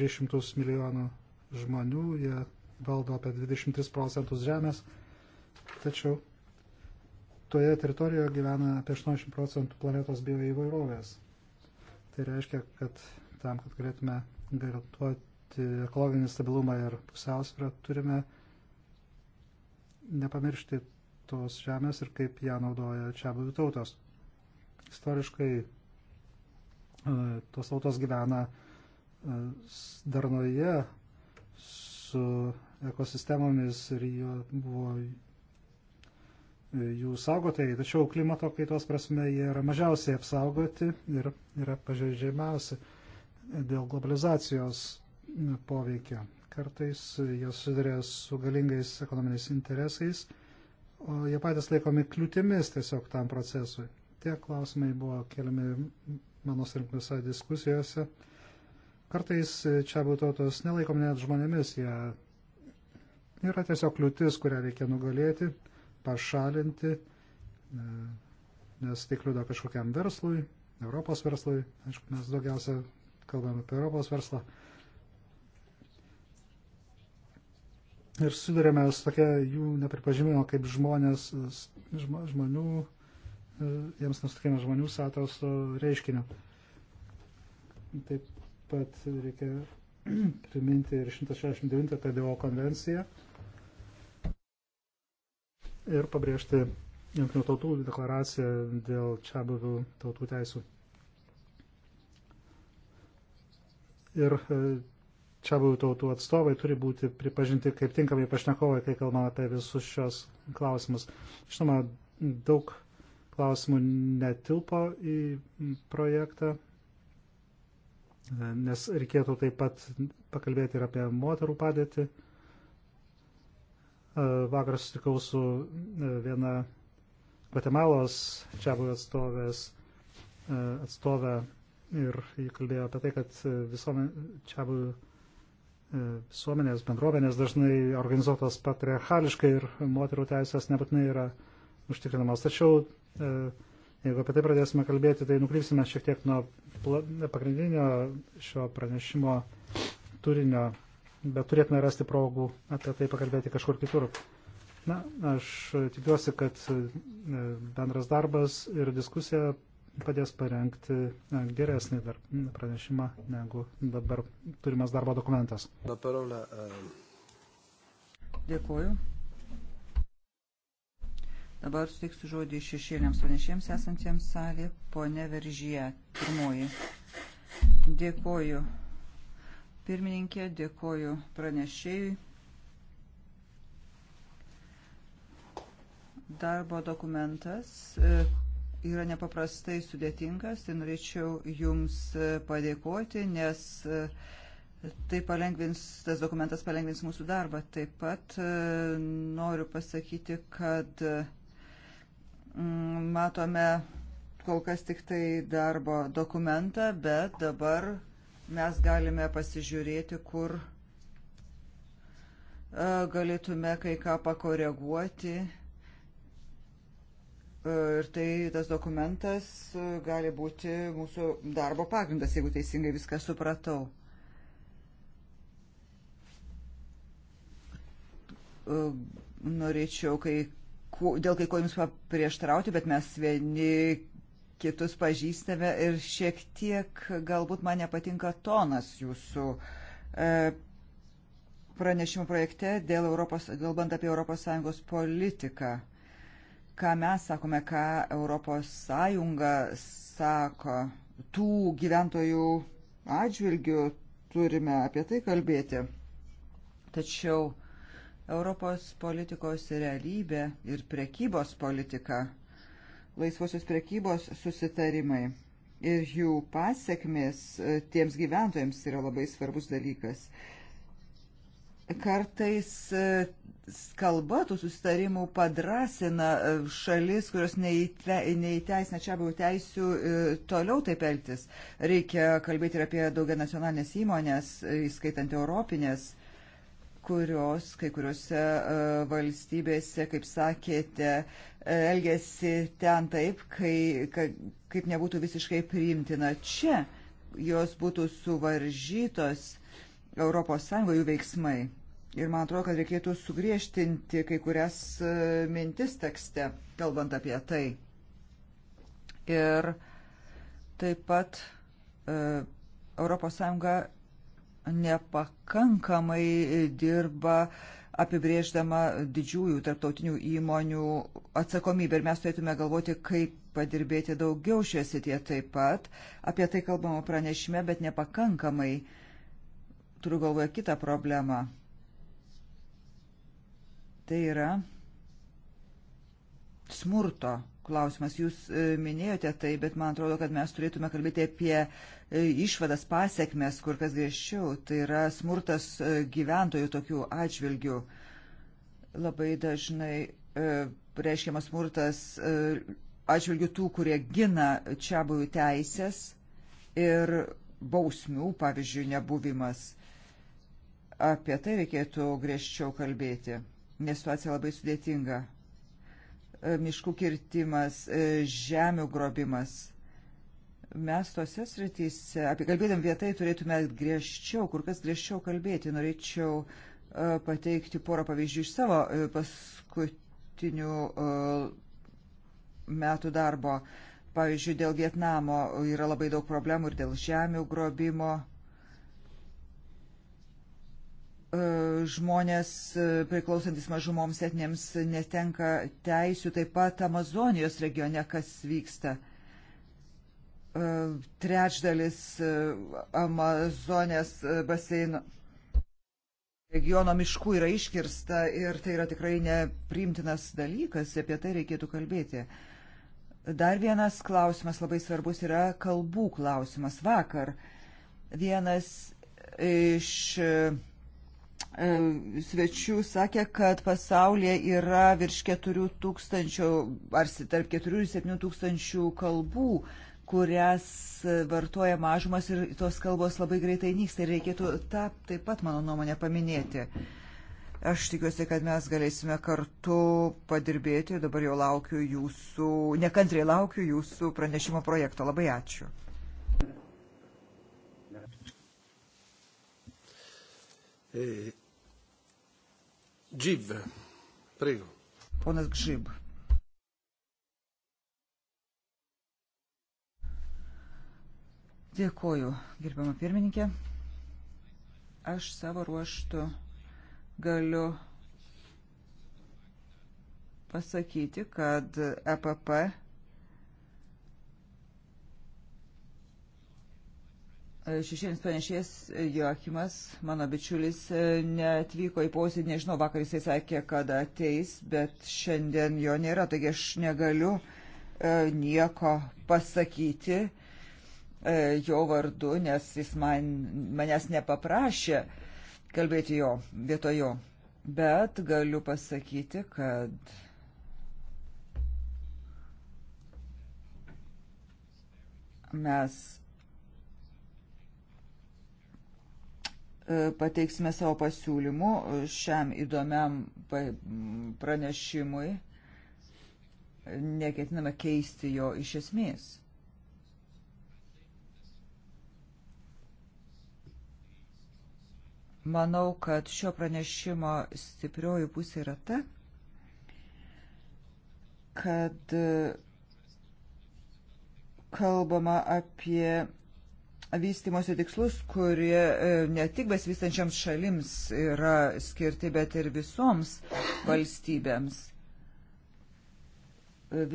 300 milijonų žmonių, jie valdo apie 23 procentus žemės, tačiau toje teritorijoje gyvena apie 80 procentų planetos bioįvairovės. Tai reiškia, kad tam, kad galėtume garantuoti ekologinį stabilumą ir pusiausvyrą, turime nepamiršti tos žemės ir kaip ją naudoja čia buvių tautos. Istoriškai e, tos tautos gyvena e, darnoje su ekosistemomis ir jo buvo jų saugotojai, tačiau klimato kaitos prasme jie yra mažiausiai apsaugoti ir yra pažeidžiamiausi dėl globalizacijos poveikio. Kartais jie sudarė su galingais ekonominiais interesais, o jie patys laikomi kliūtimis tiesiog tam procesui. Tie klausimai buvo keliami mano surinktose diskusijose. Kartais čia būtotos nelaikomi net žmonėmis, jie yra tiesiog kliūtis, kurią reikia nugalėti pašalinti, e, nes tai kliūda kažkokiam verslui, Europos verslui. Aišku, mes daugiausia kalbame apie Europos verslą. Ir sudarėme su tokia jų nepripažinimo kaip žmonės, žmonių, e, jiems nustakėme žmonių satoso reiškinio. Taip pat reikia priminti ir 169 TDO konvenciją ir pabrėžti Junktinių tautų deklaraciją dėl čia buvių tautų teisų. Ir e, čia buvių tautų atstovai turi būti pripažinti kaip tinkamai pašnekovai, kai kalbame apie visus šios klausimus. Žinoma, daug klausimų netilpo į projektą, e, nes reikėtų taip pat pakalbėti ir apie moterų padėtį. E, vakar susitikau su e, viena Gvatemalos čia buvę atstovės e, atstovę ir jį kalbėjo apie tai, kad visuomen, čia buvę visuomenės bendruomenės dažnai organizuotos patriarchališkai ir moterų teisės nebūtinai yra užtikrinamos. Tačiau jeigu apie tai pradėsime kalbėti, tai nukrypsime šiek tiek nuo pagrindinio šio pranešimo turinio bet turėtume rasti progų apie tai pakalbėti kažkur kitur. Na, aš tikiuosi, kad e, bendras darbas ir diskusija padės parengti e, geresnį dar pranešimą negu dabar turimas darbo dokumentas. E, Dėkuoju. Dabar suteiksiu žodį šešėliams pranešėjams esantiems salė, ponė Veržyje, pirmoji. Dėkuoju pirmininkė, dėkoju pranešėjui. Darbo dokumentas e, yra nepaprastai sudėtingas ir tai norėčiau Jums e, padėkoti, nes e, tai palengvins, tas dokumentas palengvins mūsų darbą. Taip pat noriu pasakyti, kad matome kol kas tik tai darbo dokumentą, bet dabar mes galime pasižiūrėti, kur e, galėtume kai ką pakoreguoti. E, ir tai tas dokumentas e, gali būti mūsų darbo pagrindas, jeigu teisingai viską supratau. Norėčiau kai, dėl kai ko jums paprieštrauti, bet mes vieni kitus pažįstame ir šiek tiek galbūt man nepatinka tonas jūsų e, pranešimų projekte, dėl Europos, galbant apie ES politiką. Ką mes sakome, ką ES sako, tų gyventojų atžvilgių turime apie tai kalbėti. Tačiau Europos politikos realybė ir prekybos politika – laisvosios prekybos susitarimai ir jų pasiekmės e, tiems gyventojams yra labai svarbus dalykas. Kartais e, kalba tų susitarimų padrasina e, šalis, kurios neįteisina čia buvų teisių toliau taip elgtis. Reikia kalbėti ir apie daugia nacionalinės įmonės, įskaitant europinės kurios kai kuriuose e, valstybėse, kaip sakėte, e, elgesi ten taip, kai, kaip nebūtų visiškai priimtina čia, jos būtų suvaržytos ES jų veiksmai. Ir man atrodo, kad reikėtų sugriežtinti kai kurias e, mintis tekste, kalbant apie tai. Ir taip pat ES nepakankamai dirba apibrėždama didžiųjų tarptautinių įmonių atsakomybę. Ir mes turėtume galvoti, kaip padirbėti daugiau šioje srityje taip pat. Apie tai kalbama pranešime, bet nepakankamai. Turiu galvoje kitą problemą. Tai yra smurto klausimas. Jūs e, minėjote tai, bet man atrodo, kad mes turėtume kalbėti apie E, išvadas pasiekmes kur kas griežčiau. Tai yra smurtas e, gyventojų tokių atžvilgių. Labai dažnai e, reiškiamas smurtas atžvilgių tų, kurie gina čia buvų teisės ir bausmių, pavyzdžiui, nebuvimas. Apie tai reikėtų griežčiau kalbėti, nes situacija labai sudėtinga. Miškų kirtimas, žemių grobimas mes tose srityse, apie kalbėdam vietai, turėtume griežčiau, kur kas griežčiau kalbėti. Norėčiau e, pateikti porą pavyzdžių iš savo e, paskutinių e, metų darbo. Pavyzdžiui, dėl Vietnamo yra labai daug problemų ir dėl žemių grobimo. Žmonės priklausantis mažumoms etinėms netenka teisių, taip pat Amazonijos regione, kas vyksta. E, trečdalis e, Amazonės e, baseino regiono miškų yra iškirsta ir tai yra tikrai neprimtinas dalykas, apie tai reikėtų kalbėti. Dar vienas klausimas labai svarbus yra kalbų klausimas. Vakar vienas iš svečių sakė, kad pasaulyje yra virš 4 tūkstančių, ar tarp 4 ir 7 tūkstančių kalbų. Uh, kurias vartoja mažumas ir tos kalbos labai greitai nyksta ir reikėtų tą taip pat, mano nuomonė, paminėti. Aš tikiuosi, kad mes galėsime kartu padirbėti. Dabar jau laukiu jūsų, nekantriai laukiu jūsų pranešimo projekto. Labai ačiū. Džib, e, prego. Ponas Gžib. Dėkoju, gerbama pirmininkė. Aš savo ruoštų galiu pasakyti, kad EPP Šešėlis pranešės Joakimas, mano bičiulis, netvyko į posėdį, nežinau, vakar jisai sakė, kada ateis, bet šiandien jo nėra, taigi aš negaliu e, nieko pasakyti E, jo vardu, nes jis man, manęs nepaprašė kalbėti jo vietojo. Bet galiu pasakyti, kad mes e, pateiksime savo pasiūlymų šiam įdomiam pranešimui. Neketiname keisti jo iš esmės. Manau, kad šio pranešimo stiprioji pusė yra ta, kad e, kalbama apie vystimosi tikslus, kurie e, ne tik besivystančiams šalims yra skirti, bet ir visoms valstybėms.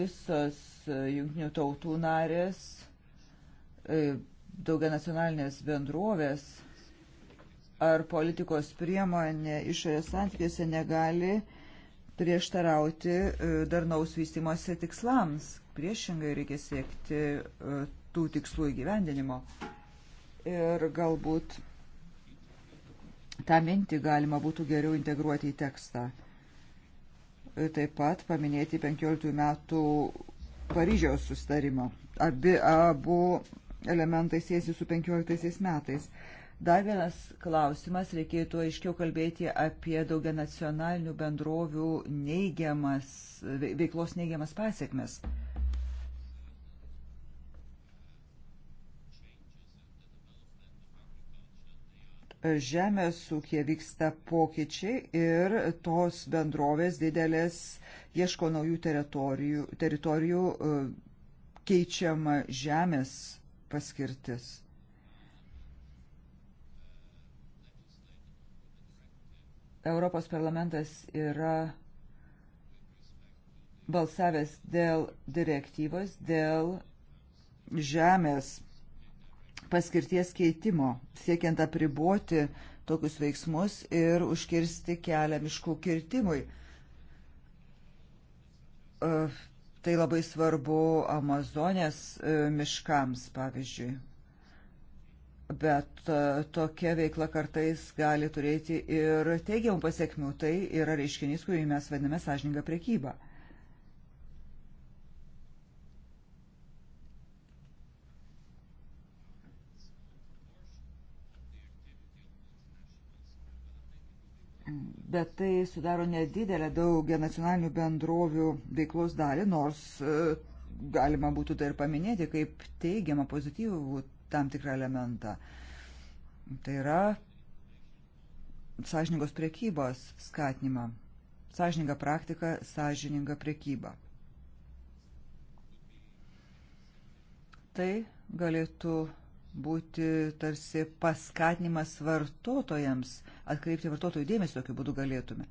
Visos e, jungtinių tautų narės, daugia nacionalinės bendrovės ar politikos priemonė išorės santykiuose negali prieštarauti e, darnaus vystimosi tikslams. Priešingai reikia siekti e, tų tikslų įgyvendinimo. Ir galbūt tą mintį galima būtų geriau integruoti į tekstą. E, taip pat paminėti 15 metų Paryžiaus sustarimo. Abi, abu elementai siejasi su 15 metais. Dar vienas klausimas, reikėtų aiškiau kalbėti apie daugia nacionalinių bendrovių neigiamas, veiklos neigiamas pasiekmes. Žemės ūkė vyksta pokyčiai ir tos bendrovės didelės ieško naujų teritorijų, teritorijų e, keičiama žemės paskirtis. Europos parlamentas yra balsavęs dėl direktyvos, dėl žemės paskirties keitimo, siekiant apriboti tokius veiksmus ir užkirsti kelią miškų kirtimui. Tai labai svarbu Amazonės e, miškams, pavyzdžiui bet e, tokia veikla kartais gali turėti ir teigiamų pasiekmių. Tai yra reiškinys, kurį mes vadiname sąžininga prekyba. Bet tai sudaro nedidelę daugia nacionalinių bendrovių veiklos dalį, nors e, galima būtų tai ir paminėti kaip teigiamą pozityvų tam tikrą elementą. Tai yra sąžiningos priekybos skatinimą. Sąžininga praktika, sąžininga priekyba. Tai galėtų būti tarsi paskatinimas vartotojams, atkreipti vartotojų dėmesį tokiu būdu galėtume.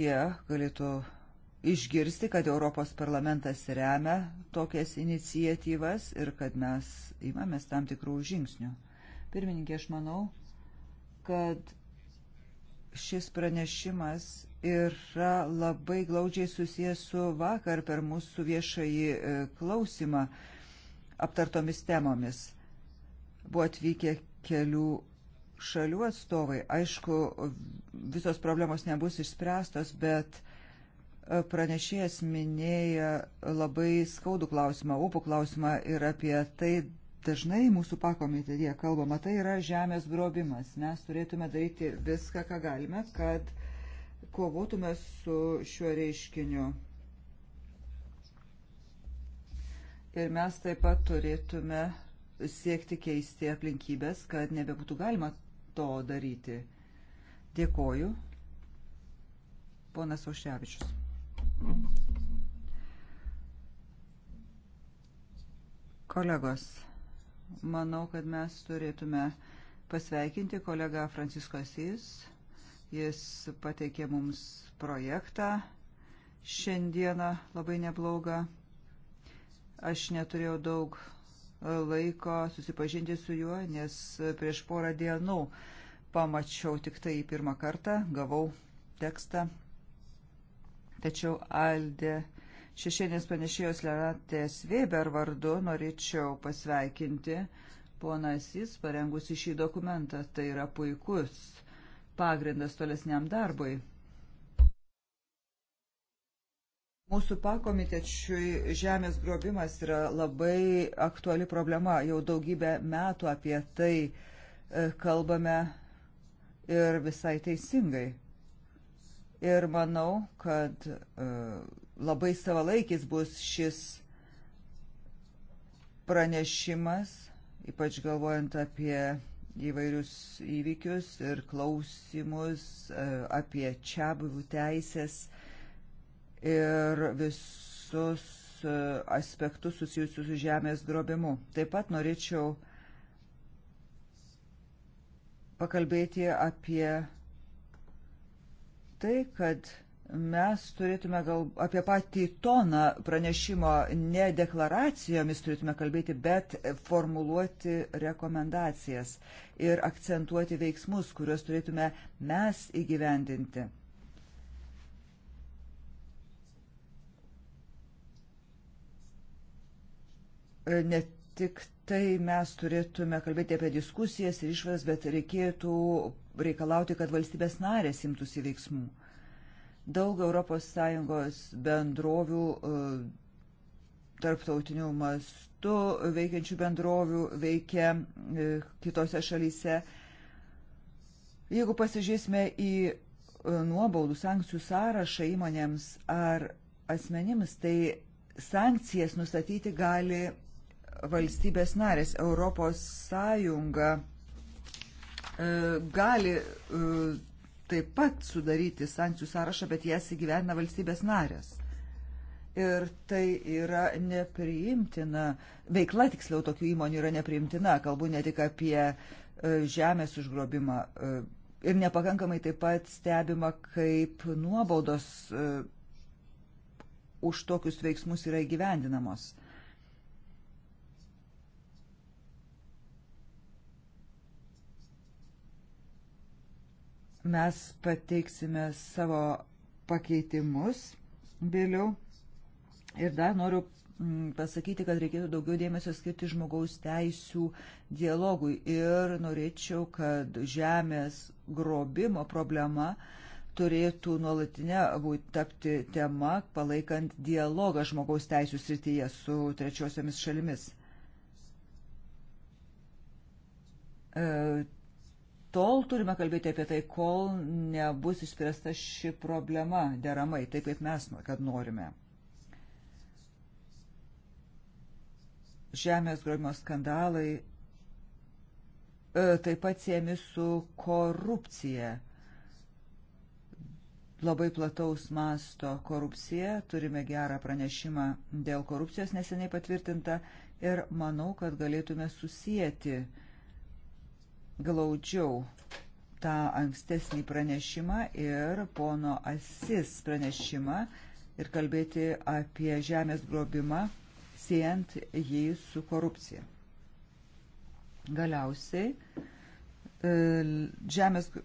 Jie galėtų išgirsti, kad Europos parlamentas remia tokias inicijatyvas ir kad mes imamės tam tikrų žingsnių. Pirmininkė, aš manau, kad šis pranešimas yra labai glaudžiai susijęs su vakar per mūsų viešąjį e, klausimą aptartomis temomis. Buvo atvykę kelių šalių atstovai. Aišku, visos problemos nebus išspręstos, bet Pranešėjas minėjo labai skaudų klausimą, upų klausimą ir apie tai dažnai mūsų pakomitėje kalbama, tai yra žemės grobimas. Mes turėtume daryti viską, ką galime, kad kovotume su šiuo reiškiniu. Ir mes taip pat turėtume siekti keisti aplinkybės, kad nebebūtų galima to daryti. Dėkoju. Ponas Oševičius. Kolegos, manau, kad mes turėtume pasveikinti kolegą Francisko Sys. Jis pateikė mums projektą šiandieną labai neblogą. Aš neturėjau daug e, laiko susipažinti su juo, nes prieš porą dienų pamačiau tik tai pirmą kartą, gavau tekstą Tačiau Aldė šešienės panešėjos Leratės Weber vardu norėčiau pasveikinti ponas jis parengusi šį dokumentą. Tai yra puikus pagrindas tolesniam darbui. Mūsų pakomitečiui žemės grobimas yra labai aktuali problema. Jau daugybę metų apie tai e, kalbame ir visai teisingai ir manau, kad e, labai savalaikis bus šis pranešimas, ypač galvojant apie įvairius įvykius ir klausimus, e, apie čia buvų teisės ir visus e, aspektus susijusius su žemės grobimu. Taip pat norėčiau pakalbėti apie tai, kad mes turėtume gal apie patį toną pranešimo ne deklaracijomis turėtume kalbėti, bet formuluoti rekomendacijas ir akcentuoti veiksmus, kuriuos turėtume mes įgyvendinti. Ne tik tai mes turėtume kalbėti apie diskusijas ir išvadas, bet reikėtų reikalauti, kad valstybės narės imtųsi veiksmų. Daug ES bendrovių, e, tarptautinių mastų veikiančių bendrovių veikia e, kitose šalyse. Jeigu pasižiūrėsime į e, nuobaudų sankcijų sąrašą įmonėms ar asmenims, tai sankcijas nustatyti gali valstybės narės. Europos Sąjunga E, gali e, taip pat sudaryti sankcijų sąrašą, bet jas įgyvena valstybės narės. Ir tai yra nepriimtina, veikla tiksliau tokių įmonių yra nepriimtina, kalbu ne tik apie e, žemės užgrobimą. Ir nepakankamai taip pat stebima, kaip nuobaudos už tokius veiksmus yra įgyvendinamos. Mes pateiksime savo pakeitimus vėliau. Ir dar noriu mm, pasakyti, kad reikėtų daugiau dėmesio skirti žmogaus teisų dialogui. Ir norėčiau, kad žemės grobimo problema turėtų nuolatinė tapti tema, palaikant dialogą žmogaus teisų srityje su trečiosiomis šalimis. E, tol turime kalbėti apie tai, kol nebus išspręsta ši problema deramai, taip kaip mes, kad norime. Žemės grobimo skandalai e, taip pat siemi su korupcija. Labai plataus masto korupcija, turime gerą pranešimą dėl korupcijos neseniai patvirtintą ir manau, kad galėtume susijęti uh, glaudžiau tą ankstesnį pranešimą ir pono Asis pranešimą ir kalbėti apie žemės grobimą, siejant jį su korupcija. Galiausiai e, žemės e,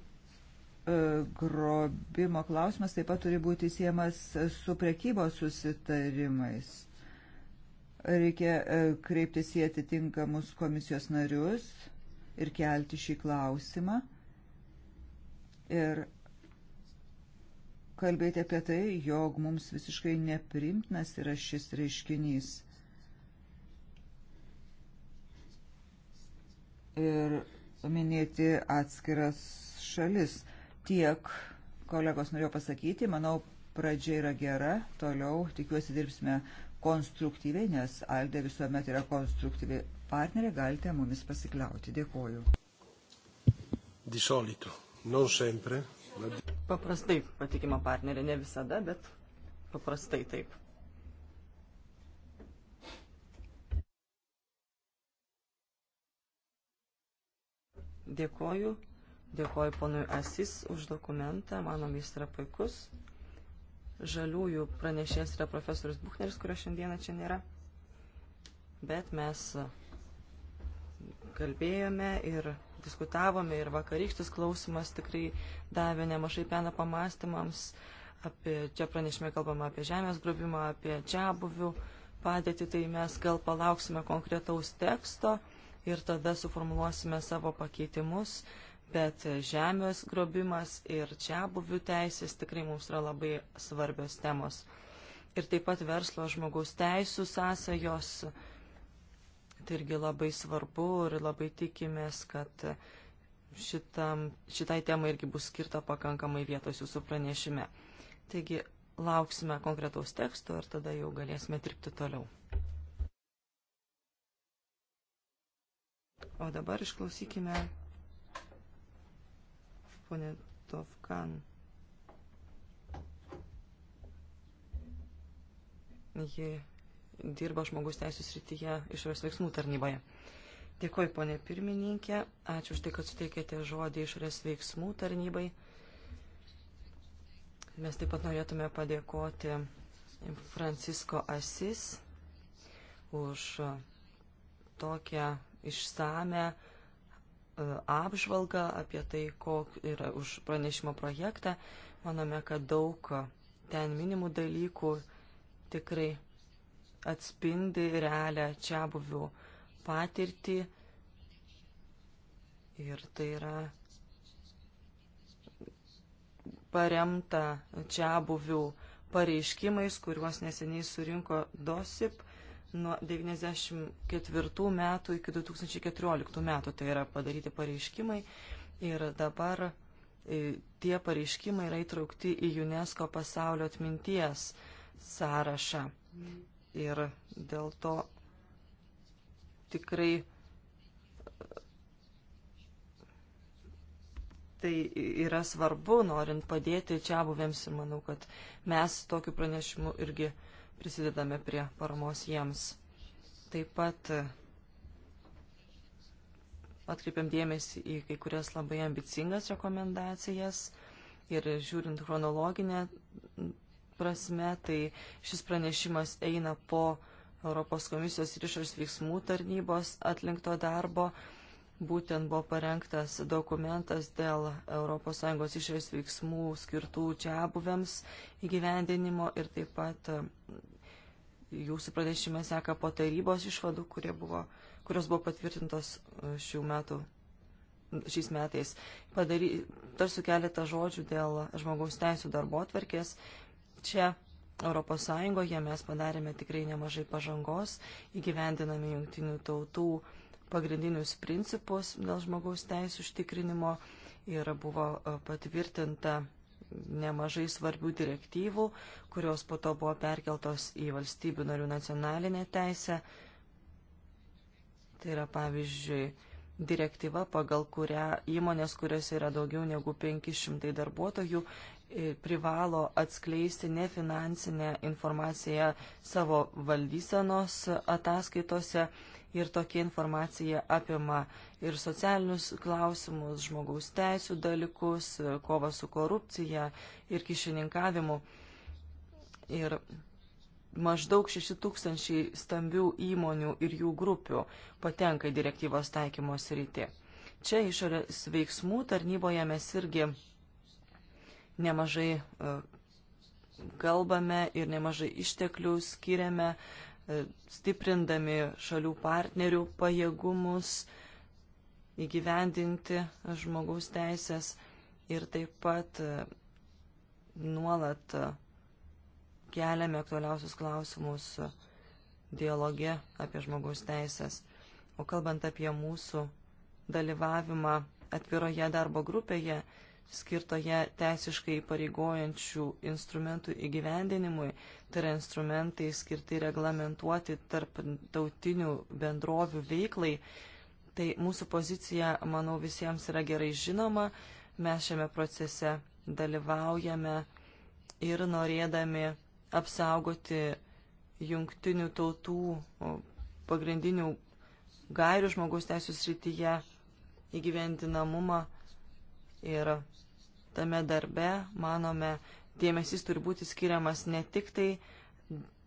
grobimo klausimas taip pat turi būti siejamas su prekybos susitarimais. Reikia e, kreiptis į atitinkamus komisijos narius ir kelti šį klausimą ir kalbėti apie tai, jog mums visiškai neprimtinas yra šis reiškinys. Ir minėti atskiras šalis. Tiek kolegos norėjau pasakyti, manau, pradžia yra gera, toliau tikiuosi dirbsime konstruktyviai, nes Aldė visuomet yra konstruktyvi partnerė, galite mumis pasikliauti. Dėkoju. Di solito, non sempre. Bet... Paprastai patikima partnerė, ne visada, bet paprastai taip. Dėkoju. Dėkoju ponui Asis už dokumentą. Manom, jis yra puikus. Žaliųjų pranešės yra profesorius Buchneris, kurio šiandieną čia nėra bet mes kalbėjome ir diskutavome ir vakarykštis klausimas tikrai davė nemažai peną pamastymams. Apie, čia pranešime kalbama apie žemės grobimą, apie čia buvių padėtį, tai mes gal palauksime konkretaus teksto ir tada suformuluosime savo pakeitimus, bet žemės grobimas ir čia buvių teisės tikrai mums yra labai svarbios temos. Ir taip pat verslo žmogaus teisų sąsajos. jos Tai irgi labai svarbu ir labai tikimės, kad šitam, šitai temai irgi bus skirta pakankamai vietos jūsų pranešime. Taigi lauksime konkretaus teksto ir tada jau galėsime dirbti toliau. O dabar išklausykime ponė Tovkan. Ji dirba žmogus teisų srityje išorės veiksmų tarnyboje. Dėkuoju, ponė pirmininkė, ačiū už tai, kad suteikėte žodį išorės veiksmų tarnybai. Mes taip pat norėtume padėkoti Francisko Asis už tokią išsame e, apžvalgą apie tai, kok yra už pranešimo projektą. Manome, kad daug ten minimų dalykų tikrai atspindi realią čia buvių patirtį ir tai yra paremta čia buvių pareiškimais, kuriuos neseniai surinko DOSIP nuo 1994 metų iki 2014 metų. Tai yra padaryti pareiškimai ir dabar e, tie pareiškimai yra įtraukti į UNESCO pasaulio atminties sąrašą. Ir dėl to tikrai tai yra svarbu, norint padėti čia buvėms ir manau, kad mes tokiu pranešimu irgi prisidedame prie paramos jiems. Taip pat atkreipiam dėmesį į kai kurias labai ambicingas rekomendacijas ir žiūrint chronologinę prasme, tai šis pranešimas eina po Europos komisijos ir išorės veiksmų tarnybos atlinkto darbo. Būtent buvo parengtas dokumentas dėl ES išorės veiksmų skirtų čia buvėms įgyvendinimo ir taip pat e, jūsų pranešime seka po tarybos išvadų, buvo, kurios buvo patvirtintos e, šių metų, šiais metais. Padary, tarsiu keletą žodžių dėl žmogaus teisų darbo atverkės čia Europos Sąjungoje mes padarėme tikrai nemažai pažangos, įgyvendiname jungtinių tautų pagrindinius principus dėl žmogaus teisų užtikrinimo ir buvo e, patvirtinta nemažai svarbių direktyvų, kurios po to buvo perkeltos į valstybių narių nacionalinę teisę. Tai yra pavyzdžiui direktyva, pagal kurią įmonės, kuriuose yra daugiau negu 500 darbuotojų, privalo atskleisti nefinansinę informaciją savo valdysenos ataskaitose ir tokia informacija apima ir socialinius klausimus, žmogaus teisų dalykus, kovą su korupcija ir kišininkavimu. Ir maždaug 6000 stambių įmonių ir jų grupių patenka į direktyvos taikymos rytį. Čia išorės veiksmų tarnyboje mes irgi nemažai e, kalbame ir nemažai išteklių skiriame, e, stiprindami šalių partnerių pajėgumus įgyvendinti žmogaus teisės ir taip pat e, nuolat keliame aktualiausius klausimus dialoge apie žmogaus teisės. O kalbant apie mūsų dalyvavimą atviroje darbo grupėje, skirtoje teisiškai pareigojančių instrumentų įgyvendinimui, tai yra instrumentai skirti reglamentuoti tarp tautinių bendrovių veiklai. Tai mūsų pozicija, manau, visiems yra gerai žinoma, mes šiame procese dalyvaujame ir norėdami apsaugoti jungtinių tautų pagrindinių gairių žmogaus teisų srityje įgyvendinamumą Ir tame darbe, manome, dėmesys turi būti skiriamas ne tik tai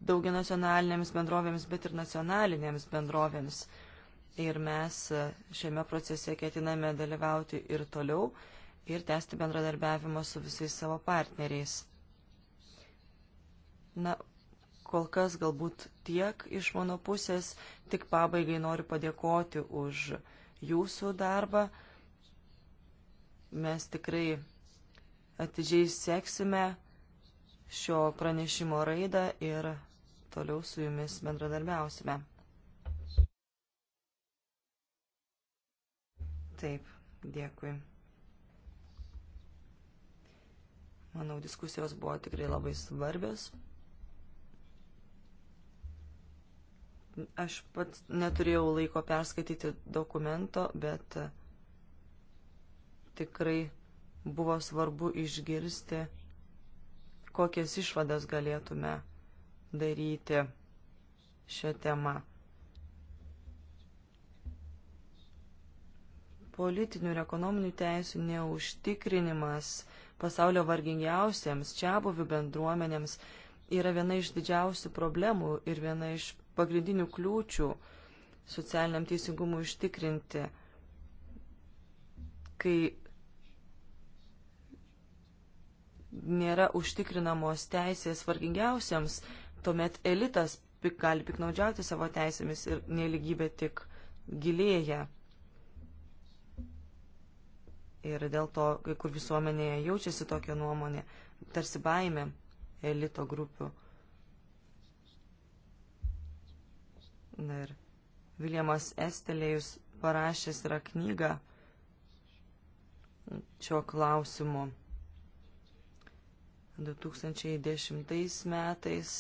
daugia nacionalinėms bendrovėms, bet ir nacionalinėms bendrovėms. Ir mes šiame procese ketiname dalyvauti ir toliau ir tęsti bendradarbiavimą su visais savo partneriais. Na, kol kas galbūt tiek iš mano pusės, tik pabaigai noriu padėkoti už jūsų darbą Mes tikrai atidžiai seksime šio pranešimo raidą ir toliau su jumis bendradarbiausime. Taip, dėkui. Manau, diskusijos buvo tikrai labai svarbios. Aš pat neturėjau laiko perskaityti dokumento, bet uh, tikrai buvo svarbu išgirsti, kokias išvadas galėtume daryti šią temą. Politinių ir ekonominių teisų neužtikrinimas pasaulio vargingiausiems čia buvių bendruomenėms yra viena iš didžiausių problemų ir viena iš pagrindinių kliūčių socialiniam teisingumui užtikrinti, kai nėra užtikrinamos teisės vargingiausiams, tuomet elitas pik, gali piknaudžiauti savo teisėmis ir neligybė tik gilėja. Ir dėl to, kai kur visuomenėje jaučiasi tokia nuomonė, tarsi baime elito grupių. Na ir Viljamas Estelėjus parašęs yra knygą šio klausimu. 2010 metais,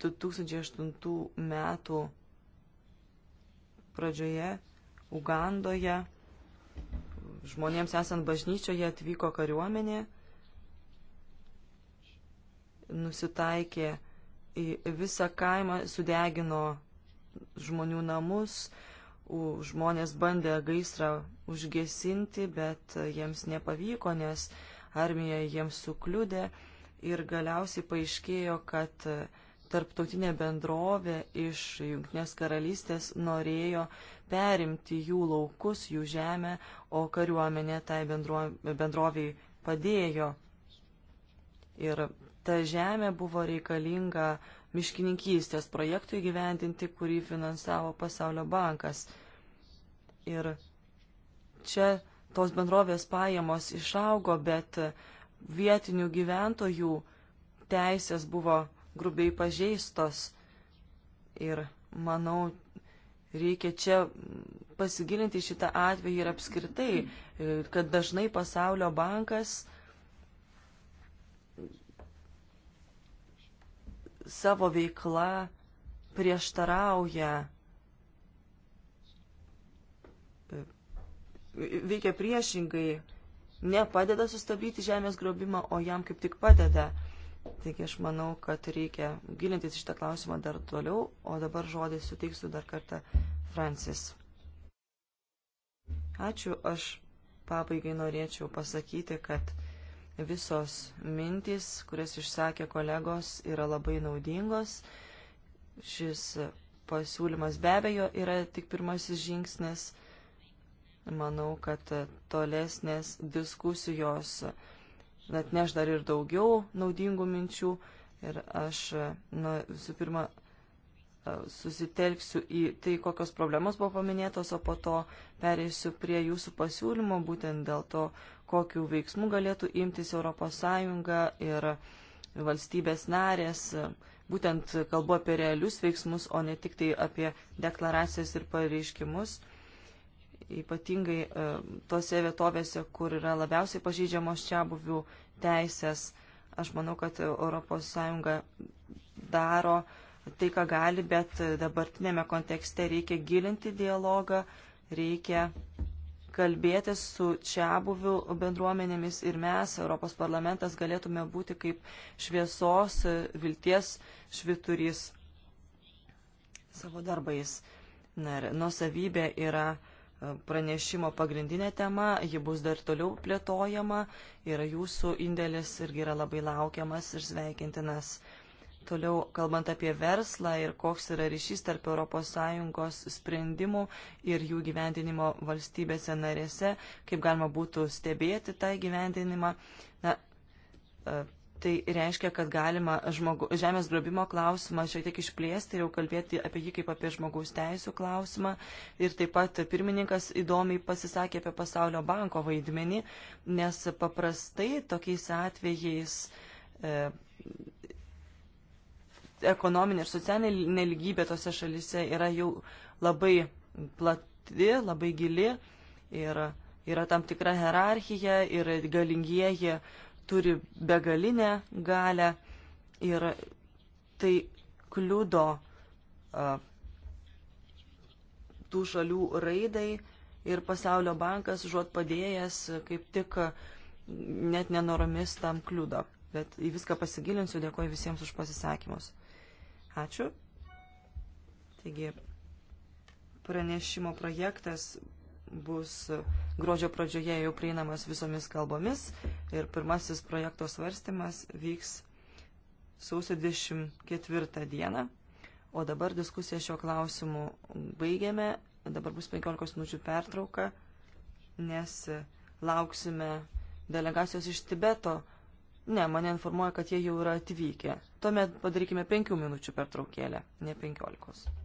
2008 metų pradžioje Ugandoje žmonėms esant bažnyčioje atvyko kariuomenė, nusitaikė į visą kaimą, sudegino žmonių namus, žmonės bandė gaisrą užgesinti, bet jiems nepavyko, nes armija jiems sukliudė ir galiausiai paaiškėjo, kad tarptautinė bendrovė iš Junktinės karalystės norėjo perimti jų laukus, jų žemę, o kariuomenė tai bendro, bendroviai padėjo. Ir ta žemė buvo reikalinga miškininkystės projektui gyvendinti, kurį finansavo Pasaulio bankas. Ir čia tos bendrovės pajamos išaugo, bet vietinių gyventojų teisės buvo grubiai pažeistos. Ir manau, reikia čia pasigilinti šitą atvejį ir apskritai, kad dažnai pasaulio bankas savo veikla prieštarauja veikia priešingai, nepadeda sustabdyti žemės grobimą, o jam kaip tik padeda. Taigi aš manau, kad reikia gilintis šitą klausimą dar toliau, o dabar žodį suteiksiu dar kartą Francis. Ačiū, aš pabaigai norėčiau pasakyti, kad visos mintys, kurias išsakė kolegos, yra labai naudingos. Šis pasiūlymas be abejo yra tik pirmasis žingsnis Manau, kad tolesnės diskusijos atneš dar ir daugiau naudingų minčių ir aš na, visų pirma e, susitelksiu į tai, kokios problemos buvo paminėtos, o po to pereisiu prie jūsų pasiūlymo būtent dėl to, kokiu veiksmu galėtų imtis ES ir valstybės narės. Būtent kalbu apie realius veiksmus, o ne tik tai apie deklaracijas ir pareiškimus ypatingai e, tose vietovėse, kur yra labiausiai pažydžiamos čia buvių teisės. Aš manau, kad ES daro tai, ką gali, bet dabartinėme kontekste reikia gilinti dialogą, reikia kalbėti su čia buvių bendruomenėmis ir mes, Europos parlamentas, galėtume būti kaip šviesos, vilties šviturys savo darbais. Na ir nusavybė yra pranešimo pagrindinė tema, ji bus dar toliau plėtojama ir jūsų indėlis irgi yra labai laukiamas ir sveikintinas. Toliau, kalbant apie verslą ir koks yra ryšys tarp ES sprendimų ir jų gyvendinimo valstybėse narėse, kaip galima būtų stebėti tą gyvendinimą. Na, Tai reiškia, kad galima žmogu, žemės grobimo klausimą šiek tiek išplėsti ir jau kalbėti apie jį kaip apie žmogaus teisų klausimą. Ir taip pat pirmininkas įdomiai pasisakė apie pasaulio banko vaidmenį, nes paprastai tokiais atvejais e, ekonominė ir socialinė neligybė tose šalise yra jau labai plati, labai gili ir yra tam tikra hierarchija ir galingieji turi begalinę galę ir tai kliudo tų šalių raidai ir pasaulio bankas žuot padėjęs kaip tik net nenoromis tam kliudo. Bet į viską pasigilinsiu, dėkoju visiems už pasisakymus. Ačiū. Taigi, pranešimo projektas bus gruodžio pradžioje jau prieinamas visomis kalbomis ir pirmasis projekto svarstymas vyks sausio 24 dieną. O dabar diskusiją šio klausimu baigėme. Dabar bus 15 minučių pertrauka, nes lauksime delegacijos iš Tibeto. Ne, mane informuoja, kad jie jau yra atvykę. Tuomet padarykime 5 minučių pertraukėlę, ne 15.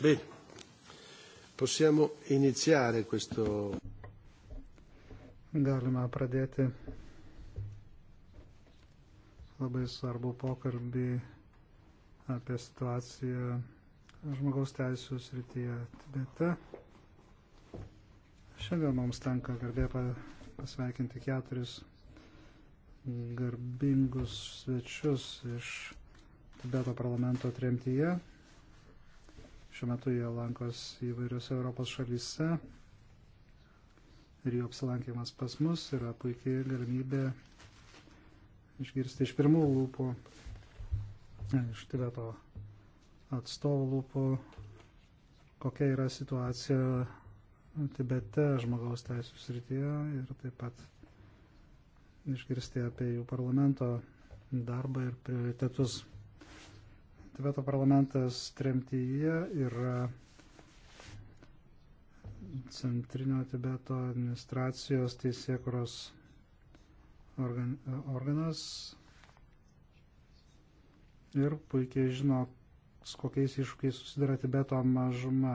Bene, possiamo iniziare questo. Galima pradėti labai svarbu pokalbį apie situaciją žmogaus teisų srityje Tibete. Šiandien mums tenka garbė pasveikinti keturis garbingus svečius iš Tibeto parlamento tremtyje. Šiuo metu jie lankos įvairiose Europos šalyse ir jų apsilankimas pas mus yra puikiai galimybė išgirsti iš pirmų lūpų, e, iš Tibeto atstovų lūpų, kokia yra situacija Tibete žmogaus teisų srityje ir taip pat išgirsti apie jų parlamento darbą ir prioritetus. Tibeto parlamentas tremtyje yra Centrinio Tibeto administracijos teisėkuros organ, organas ir puikiai žino, su kokiais iššūkiais susidara Tibeto mažuma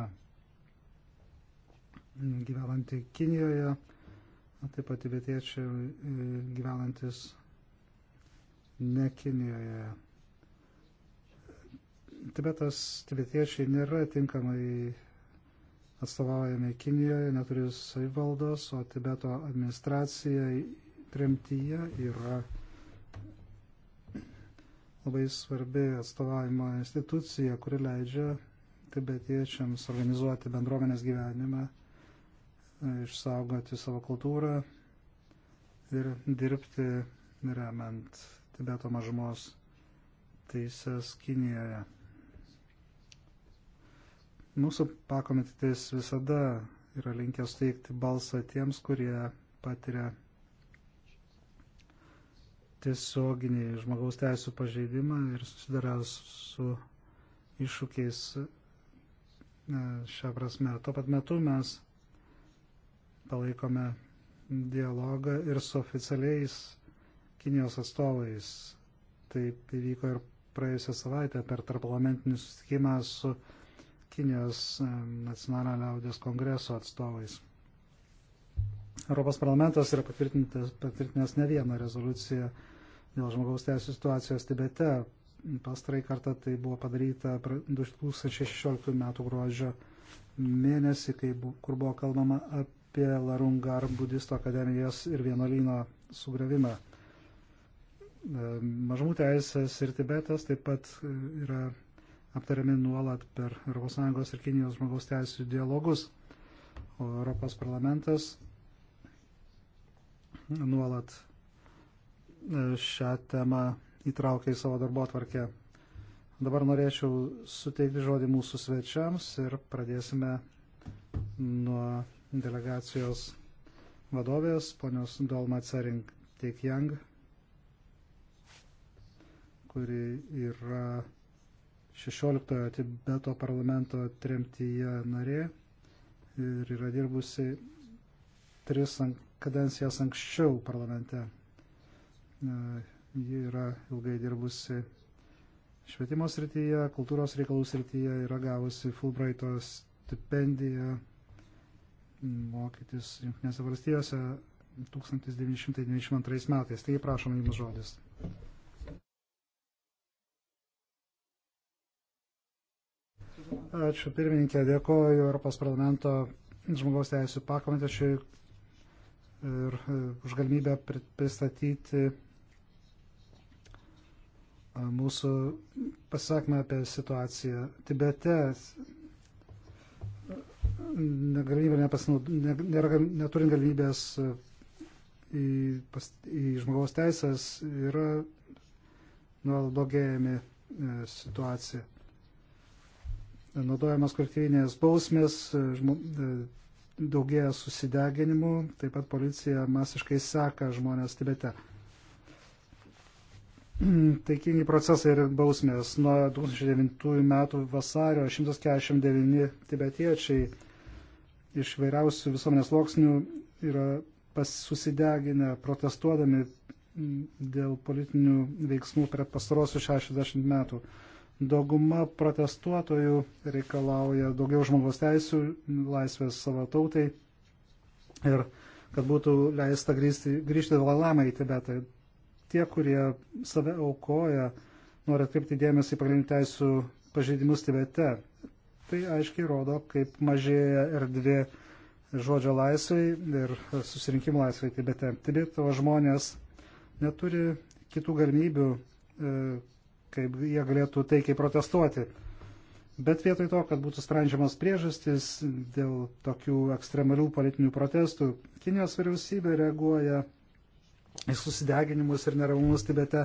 gyvenanti Kinijoje, taip pat tibetiečiai e, gyvenantis ne Kinijoje. Tibetas, tibetiečiai nėra tinkamai atstovaujami Kinijoje, neturi savivaldos, o Tibeto administracija tremtyje yra labai svarbi atstovavimo institucija, kuri leidžia tibetiečiams organizuoti bendruomenės gyvenimą, išsaugoti savo kultūrą ir dirbti remiant Tibeto mažumos teises Kinijoje. Mūsų pakomitetis visada yra linkęs teikti balsą tiems, kurie patiria tiesioginį žmogaus teisų pažeidimą ir susidara su iššūkiais e, šią prasme. Tuo pat metu mes palaikome dialogą ir su oficialiais Kinijos atstovais. Taip įvyko ir praėjusią savaitę per tarpalamentinį susitikimą su Kinijos e, nacionalinio liaudės kongreso atstovais. Europos parlamentas yra patvirtinęs ne vieną rezoliuciją dėl žmogaus teisų situacijos Tibete. Pastarai kartą tai buvo padaryta 2016 m. gruodžio mėnesį, kai, kur buvo kalbama apie Larungar budisto akademijos ir vienolyno sugravimą. E, mažumų teisės ir Tibetas taip pat e, yra aptariami nuolat per ES ir Kinijos žmogaus teisų dialogus. O Europos parlamentas nuolat e, šią temą įtraukia į savo darbo atvarkę. Dabar norėčiau suteikti žodį mūsų svečiams ir pradėsime nuo delegacijos vadovės, ponios Dolma Cering Teikiang, kuri yra 16 Tibeto parlamento tremtyje narė ir yra dirbusi tris kadencijas anksčiau parlamente. Ji yra ilgai dirbusi švietimo srityje, kultūros reikalų srityje, yra gavusi Fulbrighto stipendiją mokytis Junktinėse valstijose 1992 metais. Tai prašom jums žodis. Ačiū pirmininkė, dėkoju Europos parlamento žmogaus teisų pakomitečiui ir e, už galimybę pristatyti e, mūsų pasakymą apie situaciją Tibete. Galimybė ne, neturint galimybės e, į, pas, į žmogaus teisės yra nuolat blogėjami situacija naudojamas kolektyvinės bausmės, e, daugėja susideginimų, taip pat policija masiškai seka žmonės Tibete. Taikingi procesai ir bausmės. Nuo 2009 metų vasario 149 tibetiečiai iš vairiausių visuomenės loksnių yra susideginę protestuodami dėl politinių veiksmų per pastarosius 60 metų. Dauguma protestuotojų reikalauja daugiau žmogaus teisų, laisvės savo tautai ir kad būtų leista grįžti, grįžti valamai į Tibetą. Tie, kurie save aukoja, nori atkreipti dėmesį į pagrindinių teisų pažeidimus Tibete. Tai aiškiai rodo, kaip mažėja erdvė žodžio laisvai ir susirinkimo laisvai Tibete. Tibeto žmonės neturi kitų galimybių e, kaip jie galėtų taikiai protestuoti. Bet vietoj to, kad būtų sprendžiamas priežastis dėl tokių ekstremalių politinių protestų, Kinijos vyriausybė reaguoja į susideginimus ir neramumus Tibete,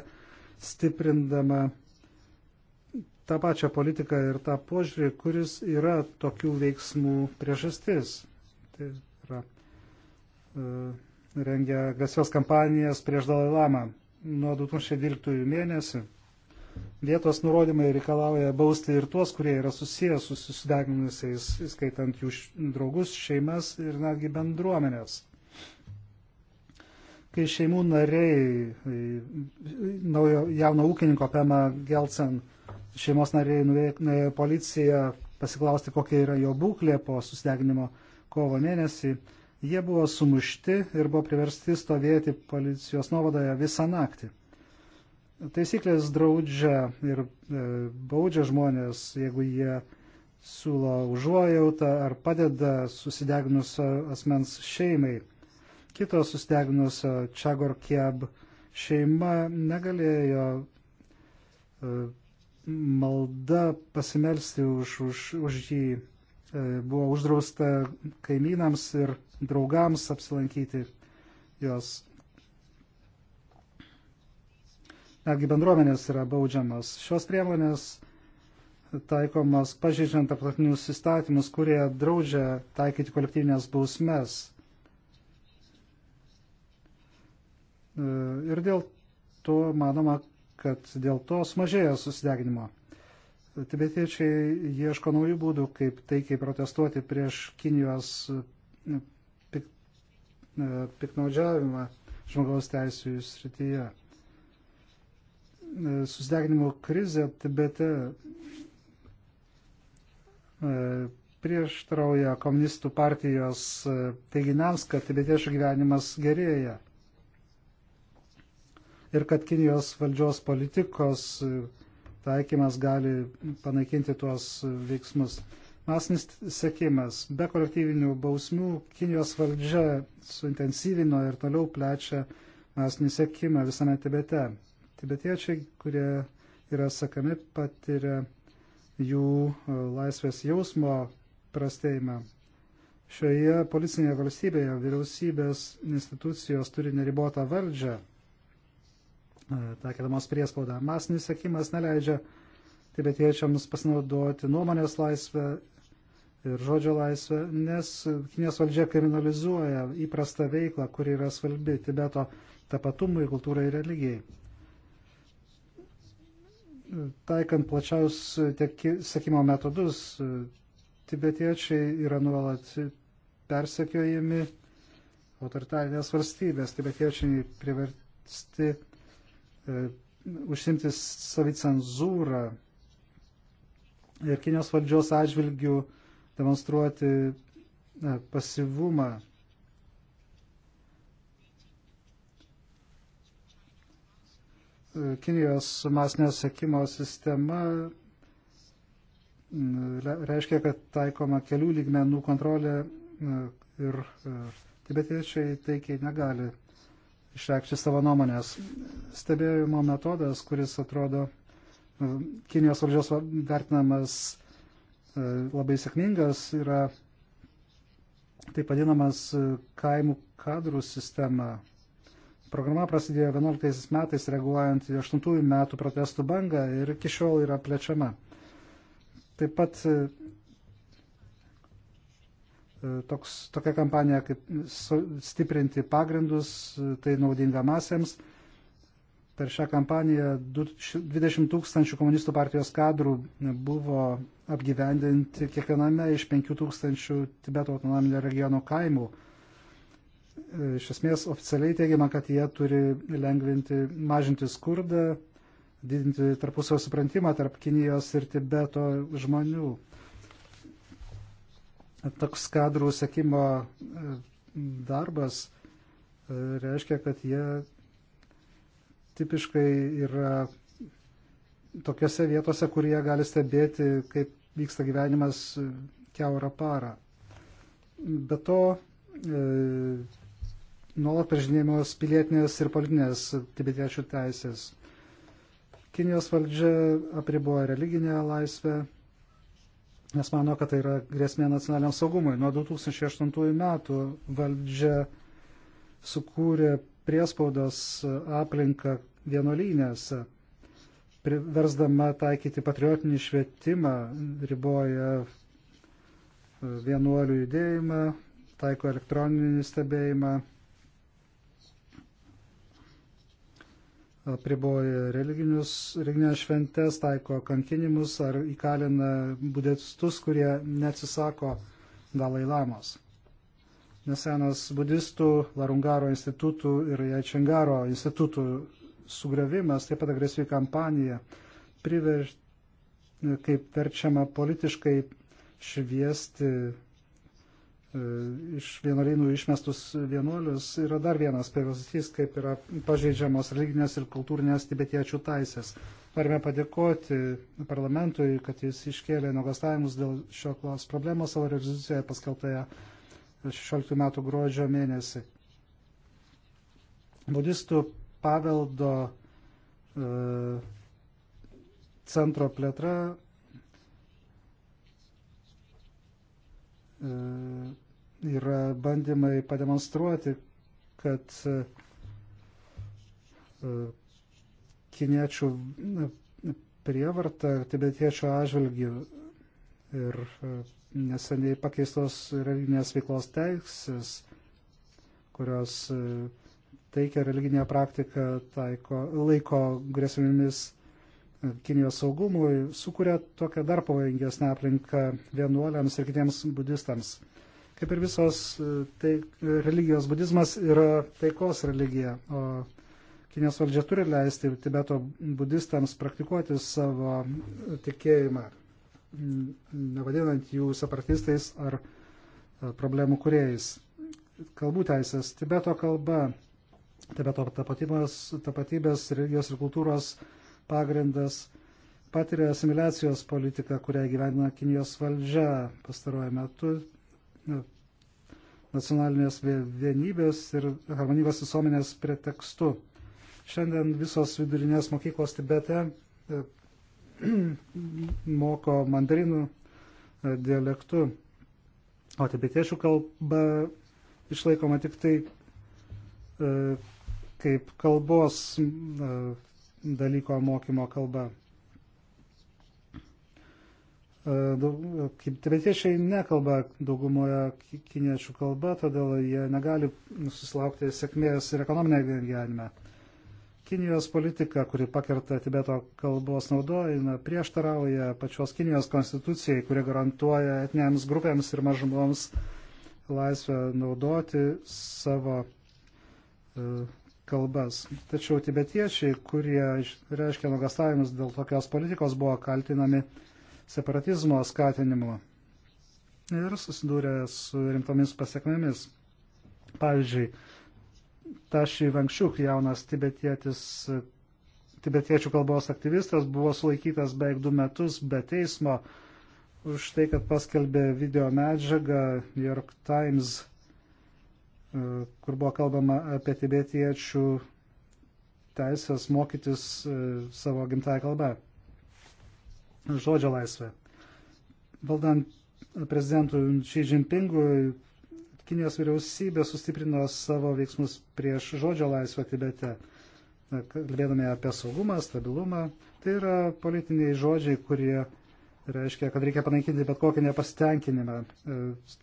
stiprindama tą pačią politiką ir tą požiūrį, kuris yra tokių veiksmų priežastis. Tai yra e, rengia agresijos kampanijas prieš Dalai Lamą nuo 2012 mėnesį Vietos nurodymai reikalauja bausti ir tuos, kurie yra susijęs su susideginusiais, skaitant jų draugus, šeimas ir netgi bendruomenės. Kai šeimų nariai, e, naujo jauno ūkininko Pema Gelsen, šeimos nariai nuėjo policiją pasiklausti, kokia yra jo būklė po susideginimo kovo mėnesį, jie buvo sumušti ir buvo priversti stovėti policijos nuovadoje visą naktį. Taisyklės draudžia ir e, baudžia žmonės, jeigu jie siūlo užuojautą ar padeda susideginusio asmens šeimai. Kitos susideginusio Čagor Kieb šeima negalėjo e, malda pasimelsti už, už, už jį. E, buvo uždrausta kaimynams ir draugams apsilankyti jos netgi bendruomenės yra baudžiamas. Šios priemonės taikomas pažeidžiant tarptautinius įstatymus, kurie draudžia taikyti kolektyvinės bausmes. E, ir dėl to manoma, kad dėl to sumažėjo susideginimo. Tibetiečiai ieško naujų būdų, kaip taikiai protestuoti prieš Kinijos e, pik, e, piknaudžiavimą žmogaus teisų srityje. E, susideginimo krizė Tibete e, prieštrauja komunistų partijos e, teiginiams, kad tibetiečių gyvenimas gerėja ir kad Kinijos valdžios politikos taikymas gali panaikinti tuos veiksmus. Masinis sekimas. Be kolektyvinių bausmių Kinijos valdžia suintensyvino ir toliau plečia masinį sekimą visame Tibete. Tibetiečiai, kurie yra sakami, patiria jų e, laisvės jausmo prastėjimą. Šioje policinėje valstybėje vyriausybės institucijos turi neribotą valdžią, e, takėdamos priespaudą. Masinis sekimas neleidžia tibetiečiams pasinaudoti nuomonės laisvę ir žodžio laisvę, nes Kinijos valdžia kriminalizuoja įprastą veiklą, kuri yra svarbi Tibeto tapatumui, kultūrai ir religijai taikant plačiaus sekimo metodus, tibetiečiai yra nuolat persekiojami autoritarinės valstybės, tibetiečiai priversti e, užsimti savicenzūrą ir Kinijos valdžios atžvilgių demonstruoti e, pasivumą. Kinijos masinio sekimo sistema mm, reiškia, kad taikoma kelių lygmenų kontrolė mm, ir e, tibetiečiai taikiai negali išreikšti savo nuomonės. Stebėjimo metodas, kuris atrodo e, Kinijos valdžios vertinamas e, labai sėkmingas, yra taip vadinamas kaimų kadrų sistema Programa prasidėjo 11 metais reaguojant į 8 metų protestų bangą ir iki šiol yra plečiama. Taip pat e, toks, tokia kampanija kaip stiprinti pagrindus, e, tai naudinga masėms. Per šią kampaniją 20 tūkstančių komunistų partijos kadrų buvo apgyvendinti kiekviename iš 5 tūkstančių Tibeto autonominio regiono kaimų iš esmės oficialiai teigiama, kad jie turi lengvinti, mažinti skurdą, didinti tarpusio suprantimą tarp Kinijos ir Tibeto žmonių. Toks kadrų sekimo e, darbas e, reiškia, kad jie tipiškai yra tokiose vietose, kur jie gali stebėti, kaip vyksta gyvenimas e, keurą parą. Be to, nuolat pažinėjimos pilietinės ir politinės tibetiečių teisės. Kinijos valdžia apriboja religinę laisvę, nes mano, kad tai yra grėsmė nacionaliniam saugumui. Nuo 2008 metų valdžia sukūrė priespaudos aplinką vienuolynėse, versdama taikyti patriotinį švietimą, riboja e, vienuolių judėjimą, taiko elektroninį stebėjimą, apriboja religinės šventes, taiko kankinimus ar įkalina budistus, kurie neatsisako Dalai Lamos. Nesenas budistų Larungaro institutų ir Jačengaro institutų sugravimas, taip pat agresyvi kampanija, priverš, kaip verčiama politiškai šviesti E, iš vienuolynų išmestus vienuolius yra dar vienas pavyzdys, kaip yra pažeidžiamos religinės ir kultūrinės tibetiečių taisės. Norime padėkoti parlamentui, kad jis iškėlė nuogastavimus dėl šio klaus problemos savo rezoliucijoje paskelbtoje 16 metų gruodžio mėnesį. Budistų paveldo e, centro plėtra e, yra bandymai pademonstruoti, kad e, e, kiniečių e, prievarta tibetiečių atžvilgių ir neseniai pakeistos religinės veiklos teisės, kurios teikia religinę praktiką, taiko, laiko grėsmėmis Kinijos saugumui, sukuria tokią dar pavojingesnę aplinką vienuoliams ir kitiems budistams. Kaip ir visos e, tai, e, religijos, budizmas yra taikos religija, o Kinės valdžia turi leisti Tibeto budistams praktikuoti savo e, tikėjimą, nevadinant jų separatistais ar problemų kuriejais. Kalbų teisės, Tibeto kalba, Tibeto tapatybės, tapatybės religijos ir kultūros pagrindas patiria asimiliacijos politiką, kurią gyvena Kinijos valdžia pastaruoju metu nacionalinės vienybės ir harmoningos visuomenės pretekstu. Šiandien visos vidurinės mokyklos Tibete e, moko mandarinų e, dialektu, o tibetiečių kalba išlaikoma tik tai e, kaip kalbos dalyko mokymo kalba. E, tibetiečiai nekalba daugumoje kiniečių kalba, todėl jie negali susilaukti sėkmės ir ekonominėje gyvenime. Kinijos politika, kuri pakerta Tibeto kalbos naudojimą, prieštarauja pačios Kinijos konstitucijai, kuri garantuoja etniams grupėms ir mažumoms laisvę naudoti savo e, kalbas. Tačiau tibetiečiai, kurie reiškia nuogastavimus dėl tokios politikos, buvo kaltinami uh, separatizmo skatinimu ir susidūrė su rimtomis pasiekmėmis. Pavyzdžiui, Taši Vankščiuk, jaunas tibetietis, tibetiečių kalbos aktyvistas, buvo sulaikytas beveik du metus be teismo už tai, kad paskelbė video medžiagą New York Times, e, kur buvo kalbama apie tibetiečių teisės mokytis e, savo gimtąją kalbą žodžio laisvę. Valdant prezidentui Xi Jinpingui, Kinijos vyriausybė sustiprino savo veiksmus prieš žodžio laisvę Tibete. Kalbėdami apie saugumą, stabilumą, tai yra politiniai žodžiai, kurie reiškia, kad reikia panaikinti bet kokį nepasitenkinimą e,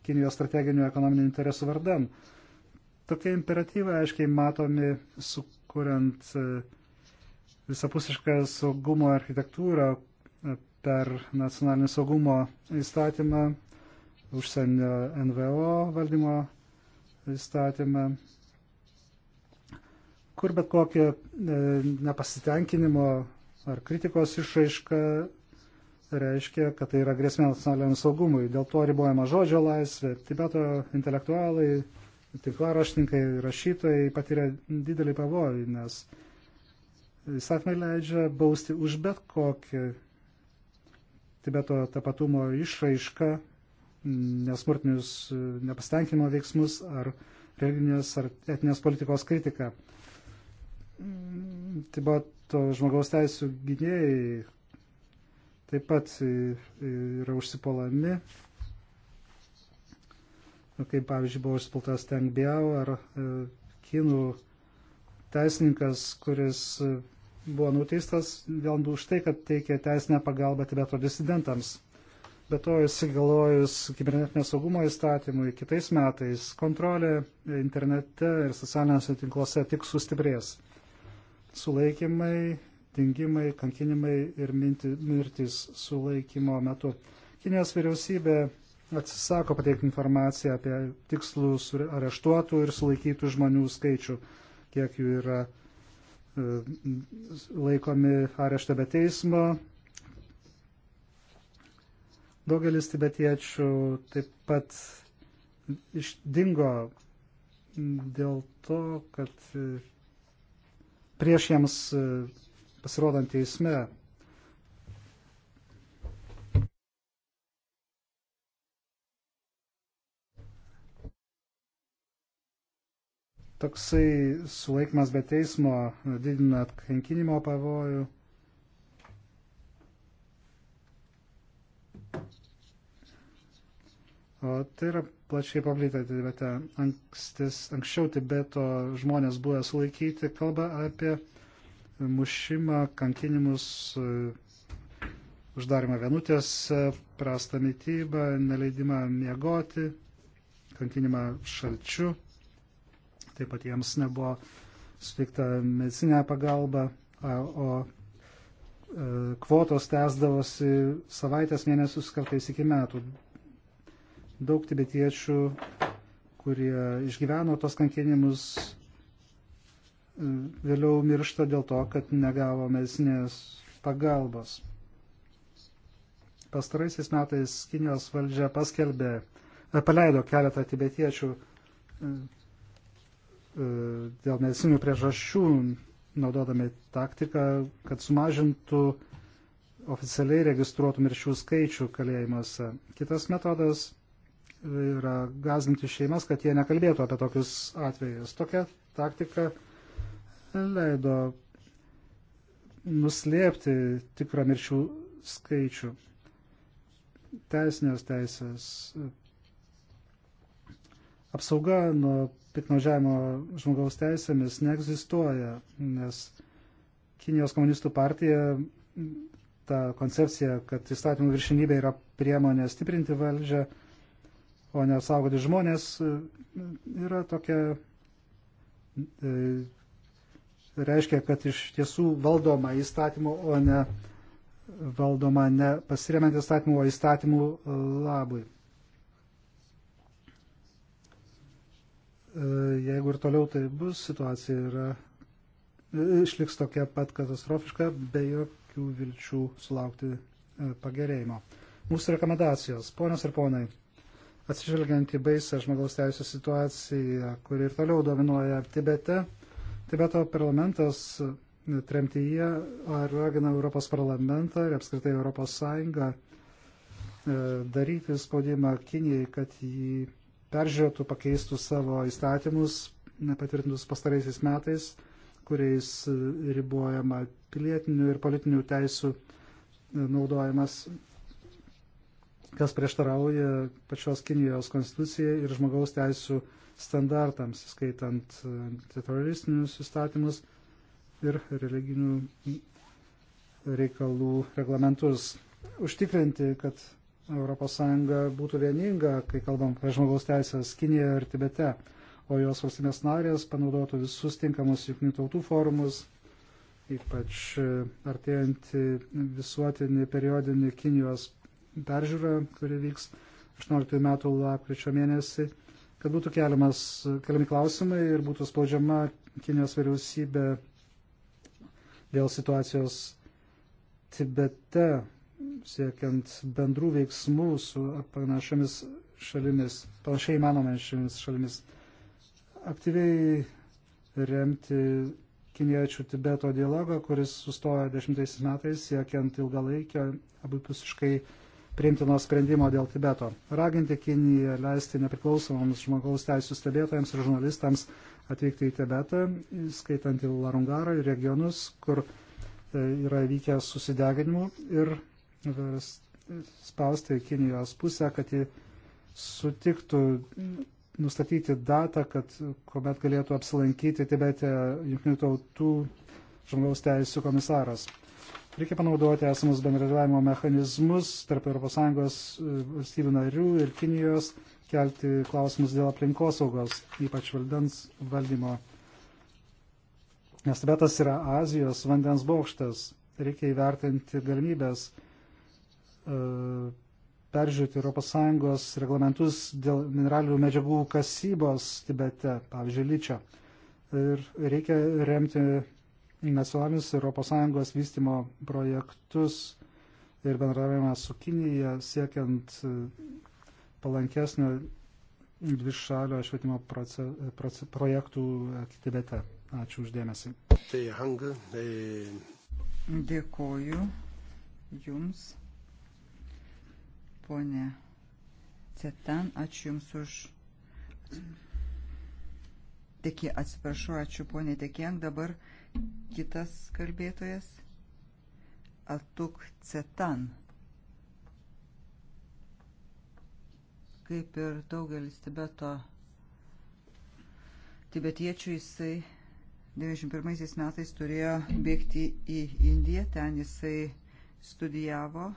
Kinijos strateginių ekonominių interesų vardan. Tokie imperatyvai aiškiai matomi, sukuriant e, visapusišką saugumo architektūrą, per nacionalinį saugumo įstatymą, užsienio NVO valdymo įstatymą, kur bet kokia e, nepasitenkinimo ar kritikos išraiška reiškia, kad tai yra grėsmė nacionaliniam saugumui. Dėl to ribojama žodžio laisvė. Tibeto intelektualai, tinklaraštininkai, rašytojai patiria didelį pavojų, nes įstatymai leidžia bausti už bet kokį Tibeto tapatumo išraišką, nesmurtinius nepastenkinimo veiksmus ar religinės ar etinės politikos kritiką. Tibeto žmogaus teisų gynėjai taip pat yra užsipolami, nu, kaip pavyzdžiui buvo užsipultas Teng Biao ar e, kinų teisininkas, kuris buvo nuteistas vėl už tai, kad teikė teisinę pagalbą Tibeto disidentams. Be to įsigalojus kibernetinio saugumo įstatymui kitais metais kontrolė internete ir socialiniuose tinkluose tik sustiprės. Sulaikymai, dingimai, kankinimai ir minti, mirtis sulaikymo metu. Kinijos vyriausybė atsisako pateikti informaciją apie tikslus areštuotų ir sulaikytų žmonių skaičių, kiek jų yra laikomi arešto be teismo. Daugelis tibetiečių taip pat išdingo dėl to, kad prieš jiems pasirodant teisme Toksai sulaikimas be teismo didina atkankinimo pavojų. O tai yra plačiai paplitę Tibete. Ankstis, anksčiau Tibeto žmonės buvę sulaikyti kalba apie mušimą, kankinimus, uždarimą vienutės, prastą mytybą, neleidimą miegoti, kankinimą šalčiu taip pat jiems nebuvo suteikta medicinė pagalba, o e, kvotos tęsdavosi savaitės mėnesius, kartais iki metų. Daug tibetiečių, kurie išgyveno tos kankinimus, e, vėliau miršta dėl to, kad negavo medicinės pagalbos. Pastaraisiais metais Kinijos valdžia paskelbė, e, paleido keletą tibetiečių E, dėl medicinių priežasčių naudodami taktiką, kad sumažintų oficialiai registruotų mirčių skaičių kalėjimuose. Kitas metodas e, yra gazdinti šeimas, kad jie nekalbėtų apie tokius atvejus. Tokia taktika leido nuslėpti tikrą mirčių skaičių. Teisinės teisės apsauga nuo piknaudžiavimo žmogaus teisėmis neegzistuoja, nes Kinijos komunistų partija tą koncepciją, kad įstatymų viršinybė yra priemonė stiprinti valdžią, o ne saugoti žmonės, yra tokia, e, reiškia, kad iš tiesų valdoma įstatymų, o ne valdoma ne pasiremiant įstatymų, o įstatymų labui. E, jeigu ir toliau tai bus, situacija yra, e, išliks tokia pat katastrofiška, be jokių vilčių sulaukti e, pagerėjimo. Mūsų rekomendacijos, ponios ir ponai, atsižvelgiant į baisę žmogaus teisų situaciją, kuri ir toliau dominuoja Tibete, Tibeto parlamentas tremtyje ragina Europos parlamentą ir apskritai Europos Sąjungą daryti spaudimą Kinijai, kad jį peržiūrėtų, pakeistų savo įstatymus, nepatvirtintus pastaraisiais metais, kuriais ribojama pilietinių ir politinių teisų naudojimas, kas prieštarauja pačios Kinijos konstitucijai ir žmogaus teisų standartams, skaitant teroristinius įstatymus ir religinių reikalų reglamentus. Užtikrinti, kad ES būtų vieninga, kai kalbam apie žmogaus teisės Kinijoje ir Tibete, o jos valstybės narės panaudotų visus tinkamus jungtinių tautų forumus, ypač e, artėjantį visuotinį periodinį Kinijos peržiūrą, kuri vyks 18 metų lapkričio mėnesį, kad būtų keliamas, keliami klausimai ir būtų spaudžiama Kinijos vyriausybė dėl situacijos Tibete siekiant bendrų veiksmų su panašiamis šalimis, panašiai įmanomis šiomis šalimis. Aktyviai remti kiniečių Tibeto dialogą, kuris sustojo dešimtaisiais metais siekiant ilgalaikio abipusiškai priimtino sprendimo dėl Tibeto. Raginti Kiniją leisti nepriklausomams žmogaus teisų stebėtojams ir žurnalistams atvykti į Tibetą, skaitant į Larungarą ir regionus, kur e, yra vykęs susideginimų ir vers, spausti Kinijos pusę, kad ji sutiktų nustatyti datą, kad kuomet galėtų apsilankyti Tibete Junktinių tautų žmogaus teisų komisaras. Reikia panaudoti esamus bendradarbiavimo mechanizmus tarp ES e, valstybių narių ir Kinijos, kelti klausimus dėl aplinkosaugos, ypač valdens valdymo. Nes Tibetas yra Azijos vandens bokštas. Reikia įvertinti galimybės E, peržiūrėti ES reglamentus dėl mineralių medžiagų kasybos Tibete, pavyzdžiui, lyčio. Ir reikia remti nacionalinius ES vystimo projektus ir bendravimą su Kinija, siekiant e, palankesnio dvišalio švietimo proce, proce, projektų Tibete. Ačiū uždėmesi. Tai tai- Dėkoju Jums ponė Cetan, ačiū Jums už. Teki, atsiprašau, ačiū ponė Tekienk, dabar kitas kalbėtojas Atuk Cetan. Kaip ir daugelis Tibeto tibetiečių jisai 91 metais turėjo bėgti į Indiją, ten jisai studijavo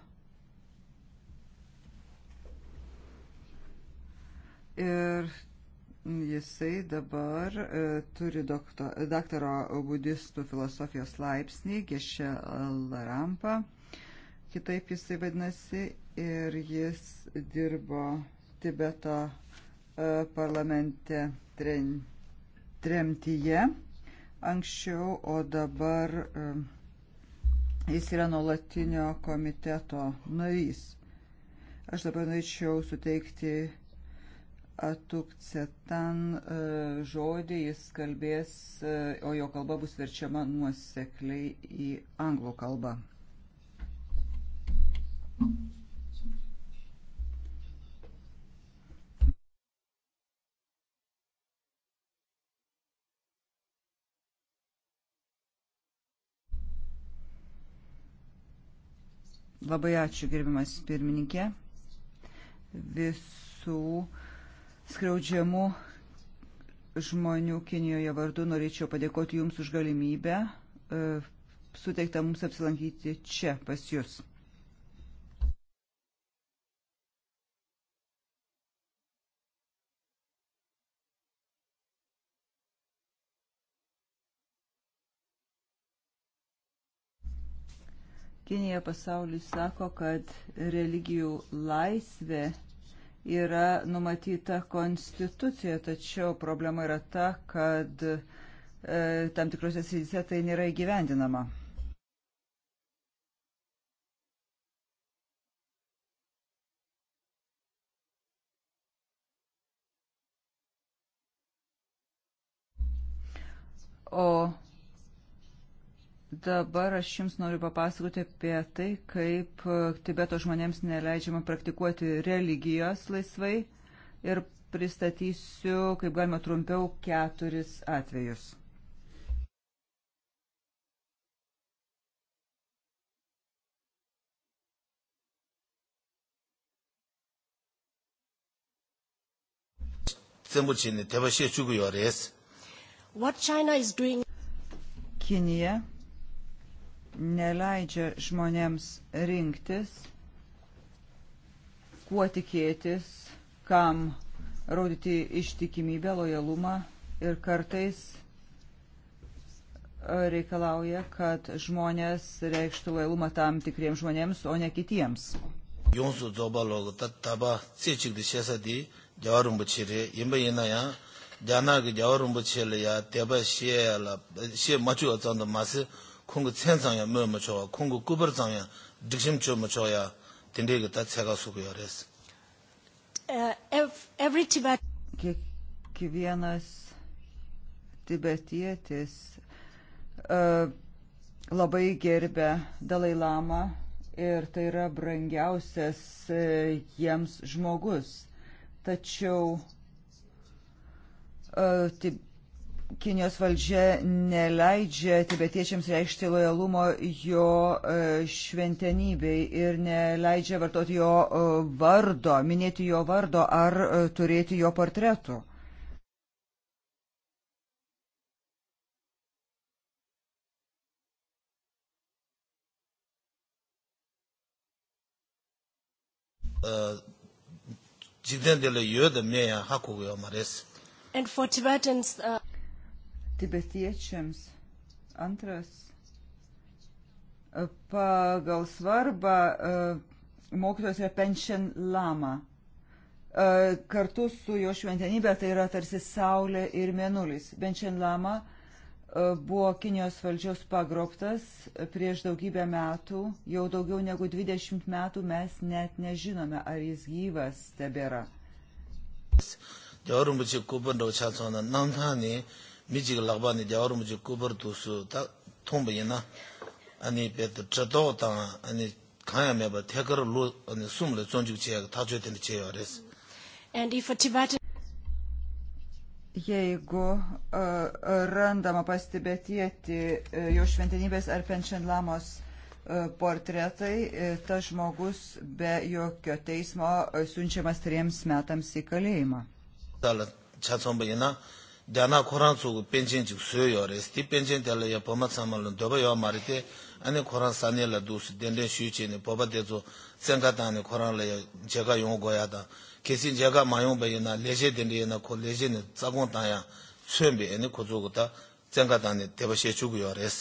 Ir jisai dabar e, turi doktor, daktaro budistų filosofijos laipsnį, Gešė Larampa, kitaip jisai vadinasi, ir jis dirbo Tibeto e, parlamente tren, tremtyje anksčiau, o dabar e, jis yra nuolatinio komiteto narys. Aš dabar norėčiau suteikti Atukcetan e, žodį jis kalbės, e, o jo kalba bus verčiama nuosekliai į anglų kalbą. Labai ačiū, gerbimas pirmininkė. Visų uh, skriaudžiamų žmonių Kinijoje vardu norėčiau padėkoti Jums už galimybę e, suteiktą mums apsilankyti čia pas Jūs. Kinija pasauliui sako, kad religijų laisvė yra numatyta konstitucijoje, tačiau problema yra ta, kad e, tam tikrose srityse tai nėra įgyvendinama. O Dabar aš jums noriu papasakoti apie tai, kaip e, Tibeto žmonėms neleidžiama praktikuoti religijos laisvai ir pristatysiu, kaip galima trumpiau, keturis atvejus. What China is doing? Kinija neleidžia žmonėms rinktis, kuo tikėtis, kam rodyti ištikimybę, lojalumą ir kartais e, reikalauja, kad žmonės reikštų lojalumą tam tikriems žmonėms, o ne kitiems. Jūsų dzoba logata taba ciečikdi šesadi, džiavarumbu čiri, imba jinaya, džianagi džiavarumbu čiri ya, teba šie mačiu atsandu masi, 콩고 천상야 뭐뭐 저 콩고 꾸버장야 득심 좀뭐 저야 된대가 다 제가 수고야 그랬어. every Tibet kiekvienas tibetietis uh, labai gerbė Dalai Lama ir tai yra brangiausias uh, jiems žmogus. Tačiau uh, tib Kinijos valdžia neleidžia tibetiečiams reikšti lojalumo jo e, šventenybei ir neleidžia vartoti jo e, vardo, minėti jo vardo ar e, turėti jo portretų. Uh, jidendele yö de meya hakugu yo mares. And for Tibetans, uh tibetiečiams. Antras, e, pagal svarbą e, mokytojas yra Penšen Lama. E, kartu su jo šventenybė tai yra tarsi saulė ir mėnulis. Penšen Lama buvo Kinijos valdžios pagrobtas prieš daugybę metų, jau daugiau negu 20 metų mes net nežinome, ar jis gyvas tebėra. 미지가 라바니 자오르무지 쿠버투스 타 통베이나 아니 베트 쩌도타 아니 가야메바 태거로 아니 숨을 존중 제가 다 줘야 되는 제요 그래서 and if a tibetan Jeigu uh, randama pastibėtieti uh, jo šventinybės ar penšen lamos uh, portretai, uh, tas žmogus be jokio teismo uh, siunčiamas triems metams į kalėjimą. Talat, čia sombaina, uh, dāna Khurāṋ tsūku pēnchēn chīk suyō yō rēs, tī pēnchēn tēla yā pōma tsāma lōn dōba yō mā rī tē, āni Khurāṋ sāni lā dūs, dēndēn shū chī nī, pōpa tē tsū, tsēngā tāni Khurāṋ lā yā jēgā yōng gō yā tā, kēsī jēgā mā yōng bā yā na, lēshē dēndē yā na, kō lēshē nī tsā gōng tā yā, tsūyōn bē, āni kō tsūku tā, tsēngā tāni tēpa shē chūku yō rēs.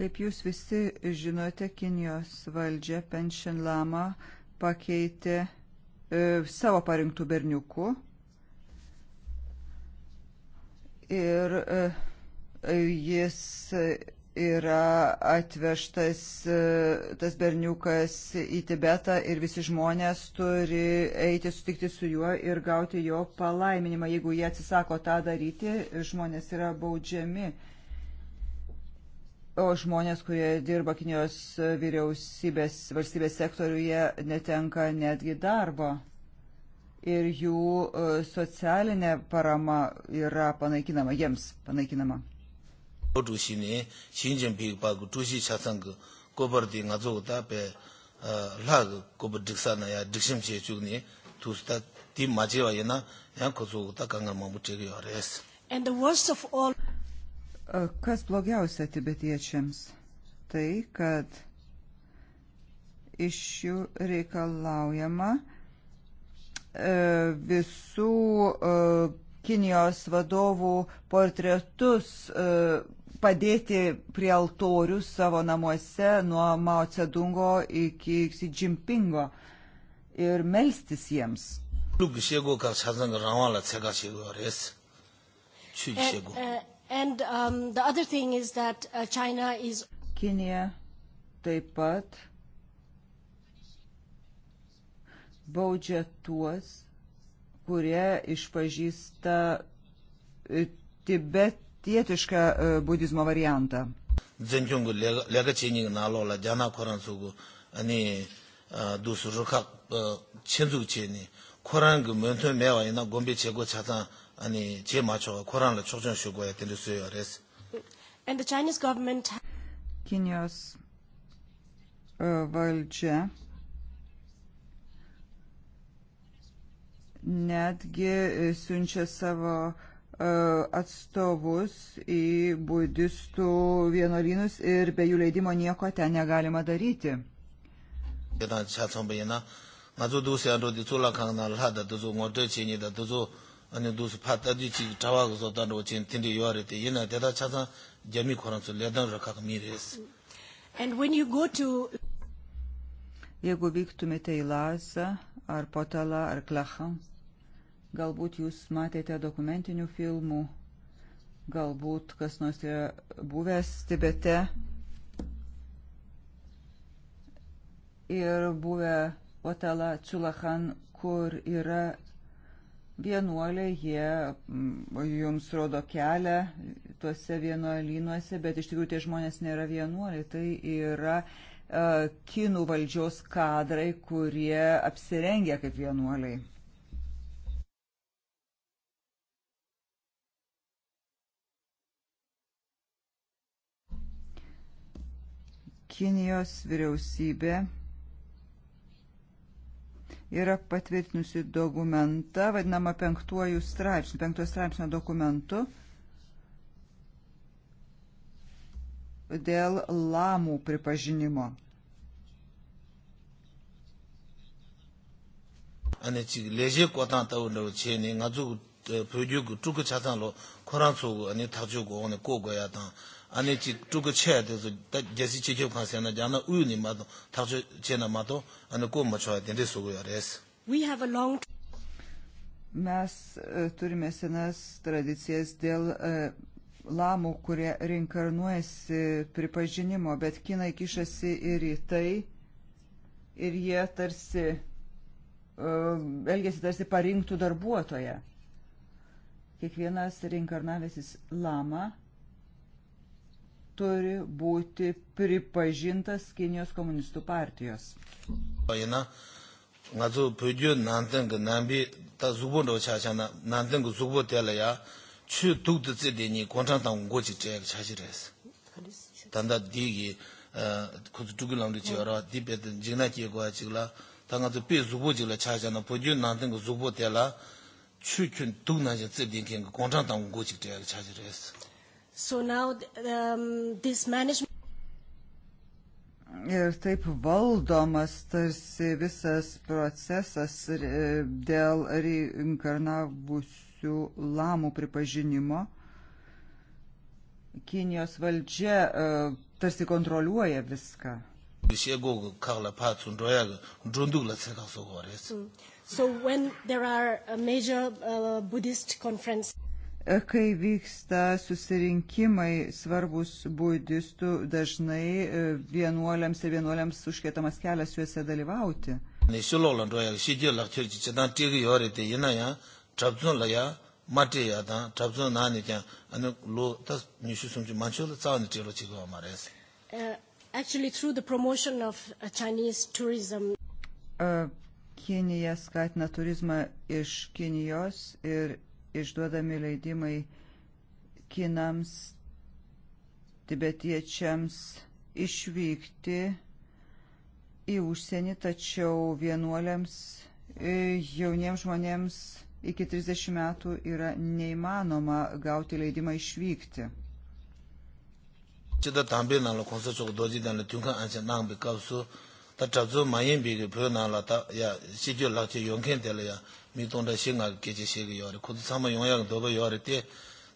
Kaip jūs visi žinote, Kinijos valdžia Penšin Lama pakeitė e, savo parinktų berniukų ir e, jis yra atvežtas e, tas berniukas į Tibetą ir visi žmonės turi eiti sutikti su juo ir gauti jo palaiminimą. Jeigu jie atsisako tą daryti, žmonės yra baudžiami. O žmonės, kurie dirba Kinijos vyriausybės valstybės sektoriuje, netenka netgi darbo ir jų e, socialinė parama yra panaikinama, jiems panaikinama. Kas blogiausia tibetiečiams? Tai, kad iš jų reikalaujama uh, E, visų e, Kinijos vadovų portretus e, padėti prie altorių savo namuose nuo Mao Cedungo iki Xi Jinpingo ir melstis jiems. And, uh, and, um, is that, uh, is... Kinija taip pat baudžia tuos, kurie išpažįsta e, tibetietišką e, budizmo variantą. Zemkiungu lega chenying nalo la jana koransugu ani dusu rukak chenzugu cheni korangu mentun mewa ina gombe chego chatan ani che macho koran la chokchon shugoya tendu suyo res. And the Chinese government Kinijos e, valdžia netgi e, siunčia savo e, atstovus į budistų vienuolynus ir be jų leidimo nieko ten negalima daryti. ane dusu pata di chi chawa gu so tanda wachin tindi yuwa re te yina teta chasa jami koran su ledan raka kami res. And when you go to... Jeigu vyktumėte į Lazą ar Potalą ar Klacham, Galbūt jūs matėte dokumentinių filmų, galbūt kas nors yra buvęs Tibete ir buvę Otala Čulahan, kur yra vienuoliai, jie mm, jums rodo kelią tuose vienuolynuose, bet iš tikrųjų tie žmonės nėra vienuoliai, tai yra uh, kinų valdžios kadrai, kurie apsirengia kaip vienuoliai. Kinijos vyriausybė yra patvirtinusi dokumentą, vadinamą penktuoju straipsniu, penktojo straipsnio dokumentu dėl lamų pripažinimo. 아니 지 레제 고탄 타우로 체니 가주 표주고 투고 차탄로 코란소 아니 타주고 오늘 고고야다 아니 지 두고 쳐야 돼서 제시 지켜 가서나 자나 우유니 마도 다저 제나 마도 아니 고 맞춰야 된대 소고요 레스 We have a long Mes e, turime senas tradicijas dėl uh, lamų, kurie reinkarnuojasi pripažinimo, bet kinai kišasi ir į tai, ir jie tarsi uh, e, elgesi tarsi parinktų darbuotoje. Kiekvienas reinkarnavęsis lama turi būti pripažintas Kinijos komunistų partijos. nga zu pyo nanteng nambi ta zubo ro cha cha na nanteng gu zubo de la ya chu du de zi de ni guang chang dang guo ji zhe cha ji res dan da di gi eh, ku zu gu lang de ji ra di be de jing na ji guo ji la ta nga zu pe zubo ji la cha cha na pyo nanteng gu zubo de la chu chu du na ji zi de ni guang chang dang guo ji zhe cha ji res So now, um, this management... Ir taip valdomas tarsi visas procesas e, dėl reinkarnavusių lamų pripažinimo. Kinijos valdžia e, tarsi kontroliuoja viską. Mm. So when there are a major uh, Buddhist conference E, kai vyksta susirinkimai svarbus budistų, dažnai e, vienuoliams ir vienuoliams užkėtamas kelias juose dalyvauti. Uh, actually, through the promotion of uh, Chinese tourism. Uh, Kinija skatina turizmą iš Kinijos ir išduodami leidimai kinams, tibetiečiams išvykti į užsienį, tačiau vienuoliams e, jauniems žmonėms iki 30 metų yra neįmanoma gauti leidimą išvykti. Chida tambi nangla khonsa chok doji dana tyungka ancha nangbi kapsu, ta chabzu mayin bigi pyo nangla ta ya shikyo lakche yonken tela ya mi tongda shi nga kechi shegi yawari, kutu tsama yongyaga doba yawari te,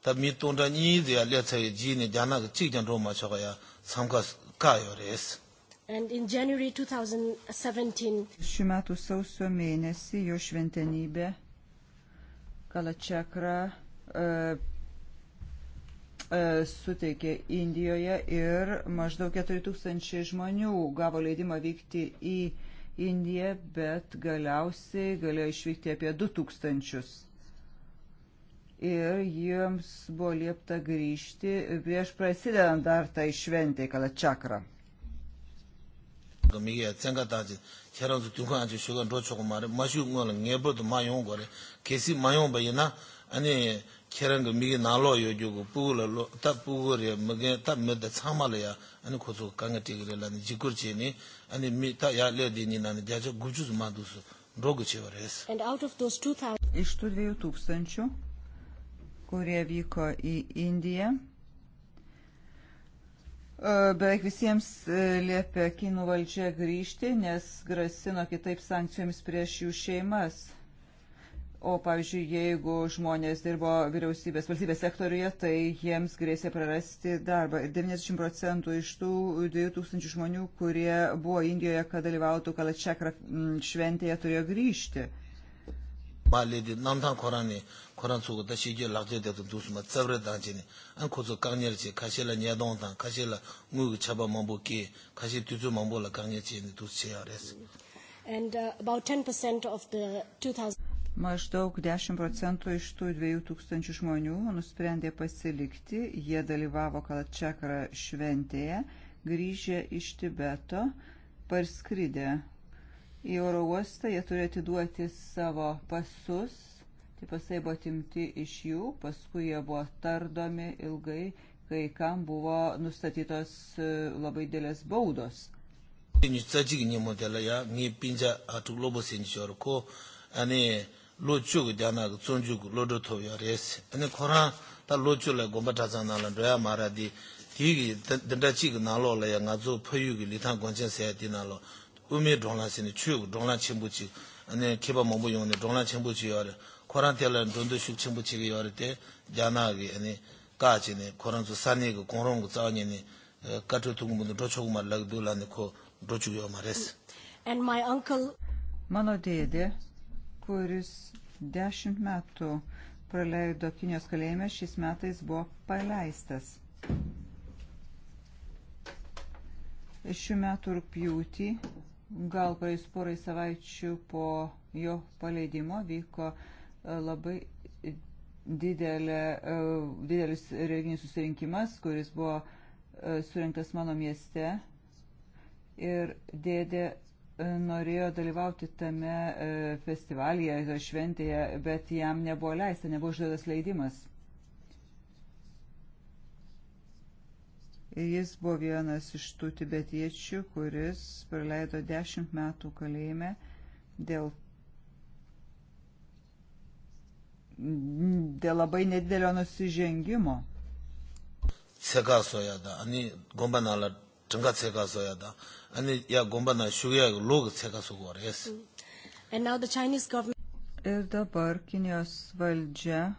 ta mi tongda nyi ziya lechayi ji ni jana ka chikjan roma choga ya samka ka yawari es. And in January 2017, šių metų sausio mėnesį jo šventenybė Kalačakra uh, e, e, suteikė Indijoje ir maždaug 4000 žmonių gavo leidimą vykti į uh, Indiją, bet galiausiai galėjo išvykti apie 2000. Ir jiems buvo liepta grįžti prieš prasidedant dar tai šventai Kalačakra. 미게 생각다지 체로도 두고 아주 쉬고 로초고 말에 마시고 거는 녜버도 마용 거래 계시 마용 아니 kērāṅ kā mīgī nālō yō yō gu pūgū lā lō, tā pūgū rī mīgī, tā mī tā cāngmā lā yā, anī khu tsū kāngā tīgī rī lā nī jikur chī nī, anī mī tā yā lē dī nī nā nī jā chā gu chū sū mā dū sū, rō gu chī wā rēs. Iš tų dviejų tūkstančių, kurie vyko į Indiją, e, beveik visiems e, liepė kinų valdžia grįžti, nes grasino kitaip sankcijomis prieš jų šeimas. O pavyzdžiui, jeigu žmonės dirbo vyriausybės valstybės sektoriuje, tai jiems grėsė prarasti darbą. 90 procentų iš tų 2000 žmonių, kurie buvo Indijoje, kad dalyvautų Kalačakra mm, šventėje, turėjo grįžti. 발레디 남탄 코란이 코란 속에 다시 이제 락제 되던 두스마 ጸ브레 단지니 안 고조 강렬지 가실라 녀동단 가실라 무그 잡아 먹보기 가실 뒤주 먹보라 강렬지 두스야레스 and uh, about 10% of the 2000 Maždaug 10 procentų iš tų 2000 žmonių nusprendė pasilikti, jie dalyvavo Kalačakra šventėje, grįžę iš Tibeto, parskridę į oro uostą, jie turėjo atiduoti savo pasus, tai pasai buvo atimti iš jų, paskui jie buvo tardomi ilgai, kai kam buvo nustatytos e, labai dėlės baudos. Pinja, lo chu gu dhyana gu tsung chu gu lo do to yo res. Ani Khurāṋ tā lo chu la gomba tāsā nā la dhruya mā rā di di gi dhindā chi gu nā lo la ya ngā tsu payu gu li thāng gwanchen sāyā di nā lo umi dhōnglā sini chu gu dhōnglā chimbu chi ani kipa mabu yung ni dhōnglā chimbu chi yo re Khurāṋ tē la dhōndu shuk chimbu chi gu yo re te dhyana gu ani kā chi ni Khurāṋ tsu sāni gu gōngrōng gu tsāo ni ni katu tungu mundu dhō chuk ma lak dhū la ni ko dhō chuk yo mā res. And my uncle... Mano dēdē kuris dešimt metų praleido Kinijos kalėjime, šiais metais buvo paleistas. Šių metų rūpjūtį, gal praėjus porai savaičių po jo paleidimo, vyko e, labai didelė, e, didelis religinis susirinkimas, kuris buvo e, surinktas mano mieste. Ir dėdė norėjo dalyvauti tame e, festivalyje, e, šventėje, bet jam nebuvo leista, nebuvo užduotas leidimas. Jis buvo vienas iš tų tibetiečių, kuris praleido dešimt metų kalėjime dėl, dėl labai nedidelio nusižengimo. Sekasoje, ani gombanalar 정가 체가서야다. 아니 야 곰바나 슈야 로그 체가서 고레스. And now the Chinese government Ir dabar Kinijos valdžia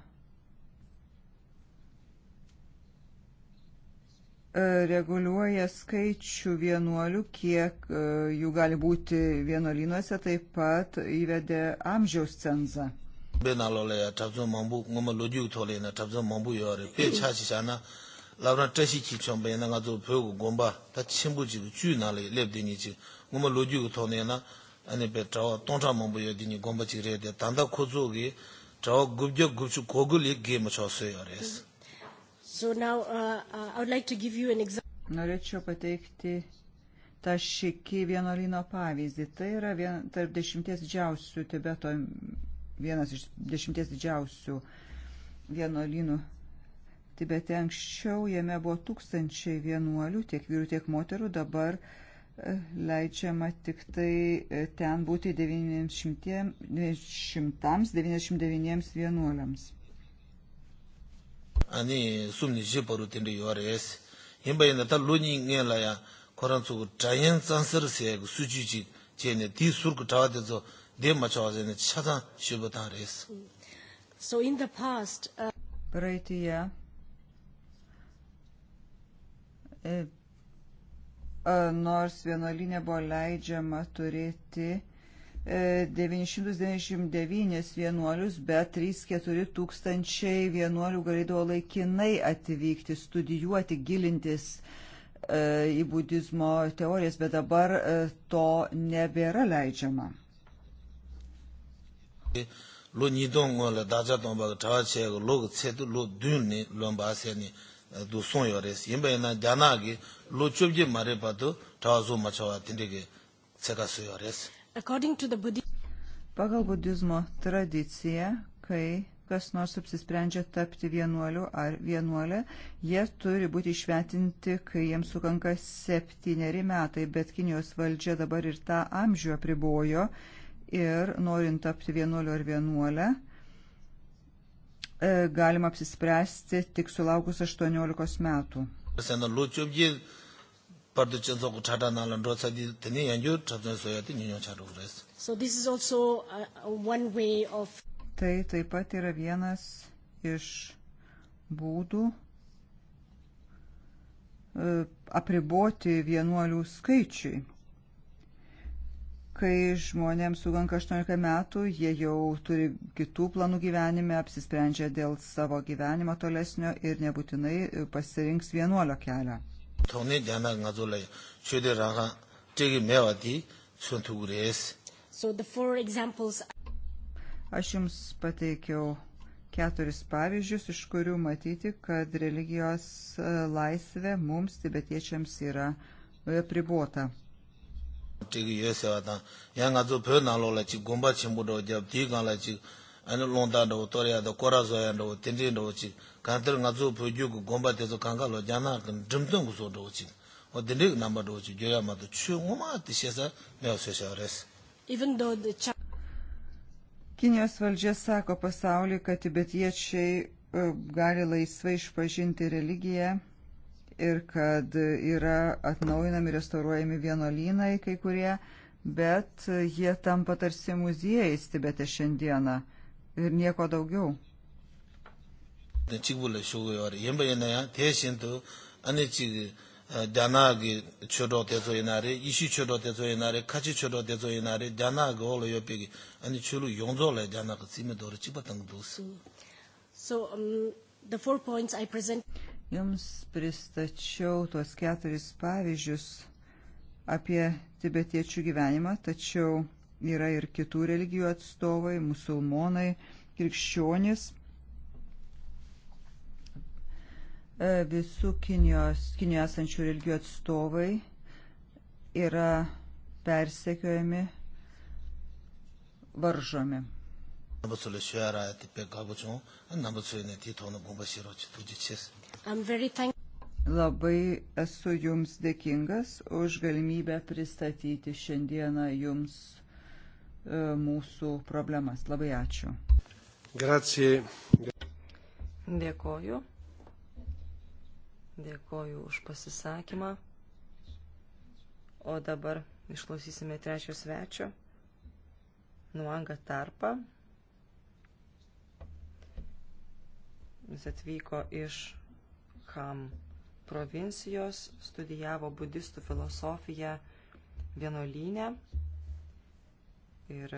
e, reguliuoja skaičių vienuolių, kiek e, jų gali būti vienuolynuose, taip pat įvedė amžiaus cenzą labran tashi ki chomba yana nga zo pyo gu gomba ta chenpo chi gu chu na le lep dini chi goma lo ju gu to ne na ane pe trawa tongcha mambu yo dini gomba chi re de tanda ko zo gi trawa gubjo gubchu kogu li ge ma chaw so yo res. So now uh, uh, I would like to give you an example. Norėčiau pateikti tą šiki vienolino pavyzdį. Tai yra vien, tarp dešimties didžiausių Tibeto, vienas iš dešimties didžiausių vienolynų Tibete anksčiau jame buvo tūkstančiai vienuolių, tiek vyrų, tiek moterų, dabar e, leidžiama tik tai e, ten būti 999 vienuoliams. 아니 숨니 제버로 된데 요아레스 임바인다 다 로니 녜라야 코란츠 자연 산서세 수지지 제네 디수르 타와데서 데 맞춰서네 차다 쉬버다레스 so in the past uh... praeityje E, nors vienuolinė buvo leidžiama turėti 999 e, vienuolius, bet 3-4 tūkstančiai vienuolių galėdavo laikinai atvykti, studijuoti, gilintis e, į budizmo teorijas, bet dabar to nebėra leidžiama. lo nidong ngo le daja tong ba ga chawa che go lo che lo dun ni lo ba se ni du song yo res yinba yana dhyana ki lo chubji mare pa tu tawazu machawa tindi ki tseka su yo res Pagal budizmo tradiciją, kai kas nors apsisprendžia tapti vienuoliu ar vienuolė, jie turi būti išvetinti, kai jiems sukanka septyneri metai, bet Kinijos valdžia dabar ir tą amžių apribojo ir norint tapti vienuoliu ar vienuolę, E, galima apsispręsti tik sulaukus 18 metų. So of... Tai taip pat yra vienas iš būdų e, apriboti vienuolių skaičiui kai žmonėms suganka 18 metų, jie jau turi kitų planų gyvenime, apsisprendžia dėl savo gyvenimo tolesnio ir nebūtinai e, pasirinks vienuolio kelią. Aš jums pateikiau keturis pavyzdžius, iš kurių matyti, kad religijos e, laisvė mums tibetiečiams yra e, pribuota chigi ye sewa tang, ya nga zo pyo nang lo la chik gomba chimbo do jab, di gang la chik ane longda do, tori ya do, kora zo ya do, tenri do chik, kantar nga zo pyo gyu gu gomba te zo kanga lo jana kan jimtang gu so do chik, o tenri gu namba do chik, gyoya ma do, chu ngoma ti she sa, meo se sha res. Kinijos valdžia sako pasauliu, kad tibetiečiai e, gali laisvai išpažinti religiją ir kad yra atnaujinami, restauruojami vienuolynai kai kurie, bet jie tampa tarsi muziejais Tibete šiandieną ir nieko daugiau. chikbula shukuyawari. Yinba yinaya, teshintu, ane chigi eh, dhyanagi chodo tezo yinari, ishi chodo tezo yinari, kachi chodo tezo yinari, dhyanagi olo yopigi, ane chulu yongzo la dhyanagi tsime dori chikpa tangu dusi. So, um, the four points I present... Jums pristačiau tuos keturis pavyzdžius apie tibetiečių gyvenimą, tačiau yra ir kitų religijų atstovai, musulmonai, krikščionys. E, visų Kinijos, Kinijos esančių religijų atstovai yra persekiojami, varžomi. Labai esu Jums dėkingas už galimybę pristatyti šiandieną Jums e, mūsų problemas. Labai ačiū. Grazie. Dėkoju. Dėkoju už pasisakymą. O dabar išklausysime trečio svečio. Nuanga Tarpa. Jis atvyko iš Kam provincijos, studijavo budistų filosofiją vienuolynę ir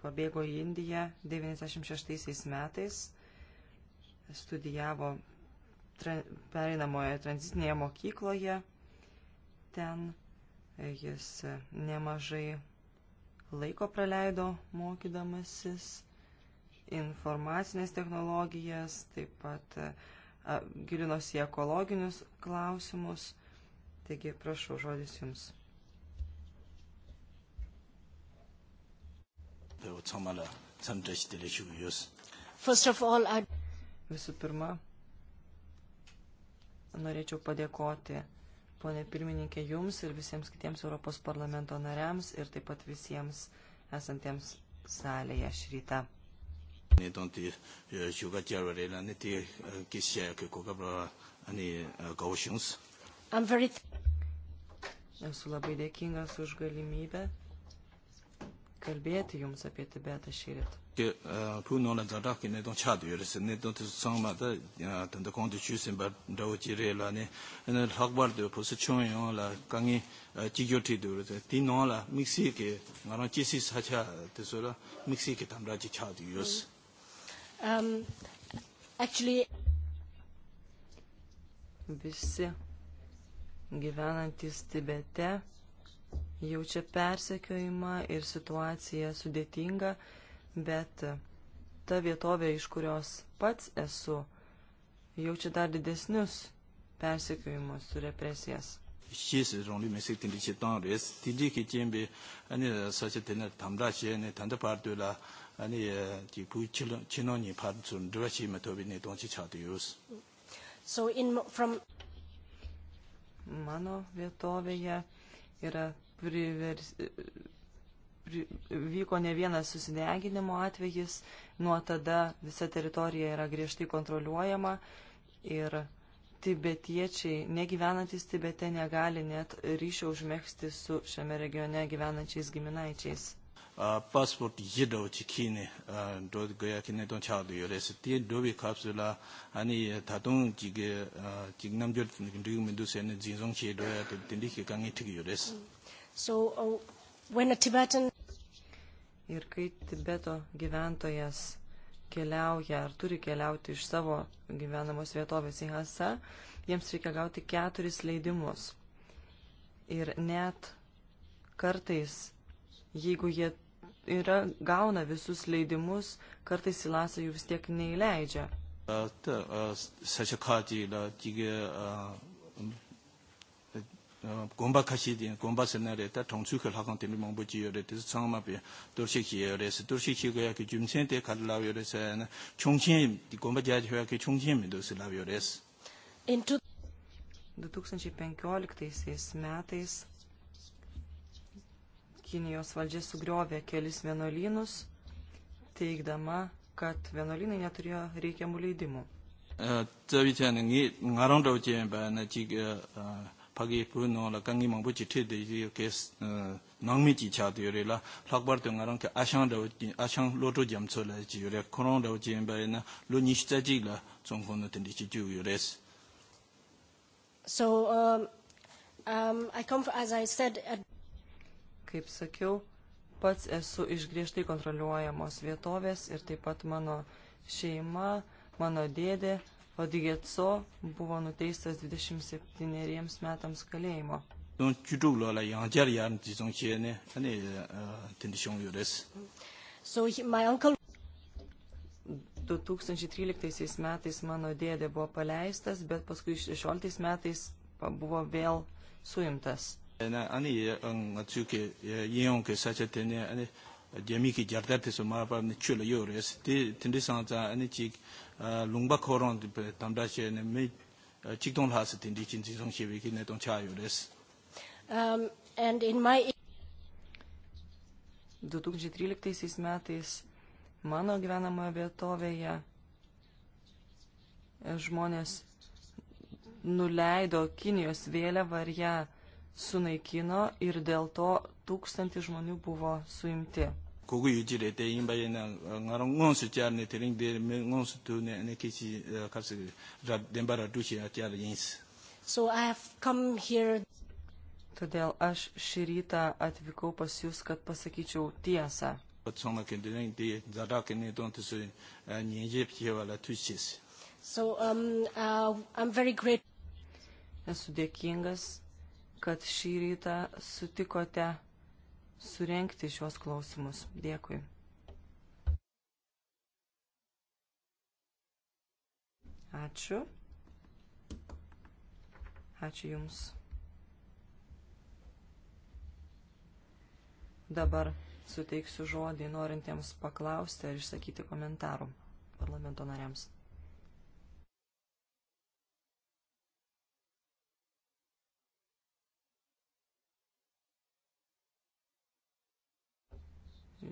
pabėgo į Indiją 96 metais, studijavo pereinamoje tranzitinėje mokykloje, ten jis nemažai laiko praleido mokydamasis informacinės technologijas, taip pat gilinosi į ekologinius klausimus. Taigi, prašau, žodis jums. Visų pirma, norėčiau padėkoti ponė pirmininkė jums ir visiems kitiems Europos parlamento nariams ir taip pat visiems esantiems salėje šį rytą. Ne tanti shuga jarwa re la ne ti kisya ke koka bra ani gaushins. Esu labai dėkingas už galimybę kalbėti jums apie Tibetą šį rytą. Pū nōla dārdāk nē tōng chādu yu rēs, nē tōng tī sāng mā tā tānda kōng tī chūsīn bār dāwa jī rē lā nē, nē lāk bār tī pō sī chōng yōng lā kāngi jī gyō tī tū rē tē, tī nōla mīksī kī ngā rāng jī sī sā chā tī sō rā mīksī kī tam rā jī chādu yu rēs. Um, actually... Visi gyvenantis Tibete jaučia persekiojimą ir situacija sudėtinga, bet ta vietovė, iš kurios pats esu, jaučia dar didesnius persekiojimus, represijas. 시스 롱리 메시크 틴디 치탄 레스 티디 키치엠베 아니 사체 테나 담다시에 네 탄다 파르투라 아니 지구 진원이 받은 드와시 메토비니 동치 차디우스 So in from mano vietovėje yra privers, pri, vyko ne vienas susideginimo atvejis, nuo tada visa teritorija yra griežtai kontroliuojama ir tibetiečiai, negyvenantis Tibete, negali net ryšio užmėgsti su šiame regione gyvenančiais giminaičiais passport yido chikini do goya kine don chado yores ti dobi kapsula ani tatong chige chignam jot ndu mindu sen jinzong che do ya tindi ki kangi tik yores so uh, when a tibetan ir kai tibeto gyventojas keliauja ar turi keliauti iš savo gyvenamos vietovės į Hasa, jiems reikia gauti keturis leidimus. Ir net kartais, jeigu jie yra, gauna visus leidimus, kartais į lasą jų vis tiek neįleidžia. gomba kashi di, gomba sena re, ta tongchu ke lakang teni mongbo ji yo re, tesi tsangma pe dorshi ki yo re, se dorshi ki go ya ke jumsen te kar lao yo re se, chongchen, di gomba jaji hoya ke chongchen mi dorsi lao yo re se. 2015 metais Kinijos valdžia sugriovė kelis vienuolynus, teikdama, kad vienuolynai neturėjo reikiamų leidimų. pagi puno nu, la kangi mangbu chi thi de ji kes nangmi chi cha de re la lakbar de ngarang ke ashang de ashang lo to jam cho la ji re khorong de ji ba na lo ni sta ji la chong kon de chi ju yo res so um um i come as i said at Kaip sakiau, pats esu iš griežtai kontroliuojamos vietovės ir taip pat mano šeima, mano dėdė Odigetso buvo nuteistas 27 metams kalėjimo. Eh, so, my uncle 2013 metais mano dėdė buvo paleistas, bet paskui 16 metais buvo vėl suimtas. Na, ani ang atsuke yeong ke sacha tene ani jemi ki jardar te so ma pa ni chula yo res ti tindi sang cha ani chi lungba khorong de tamda che ne me chik dong la se tindi chin song che wi ki ne dong cha yo res um and in my 2013 metais mano gyvenamoje vietovėje žmonės nuleido Kinijos vėliavą ir ją sunaikino ir dėl to tūkstantį žmonių buvo suimti. 고구 유지를 때 인바에나 나랑 몬스 자르네 테링데 몬스 투네 네키시 카스 라 덴바라 두시 아티알 인스 So I have come here Todėl aš šį rytą atvykau pas jūs, kad pasakyčiau tiesą. So, um, uh, Esu dėkingas kad šį rytą sutikote surenkti šios klausimus. Dėkui. Ačiū. Ačiū Jums. Dabar suteiksiu žodį norintiems paklausti ar išsakyti komentarų parlamento nariams.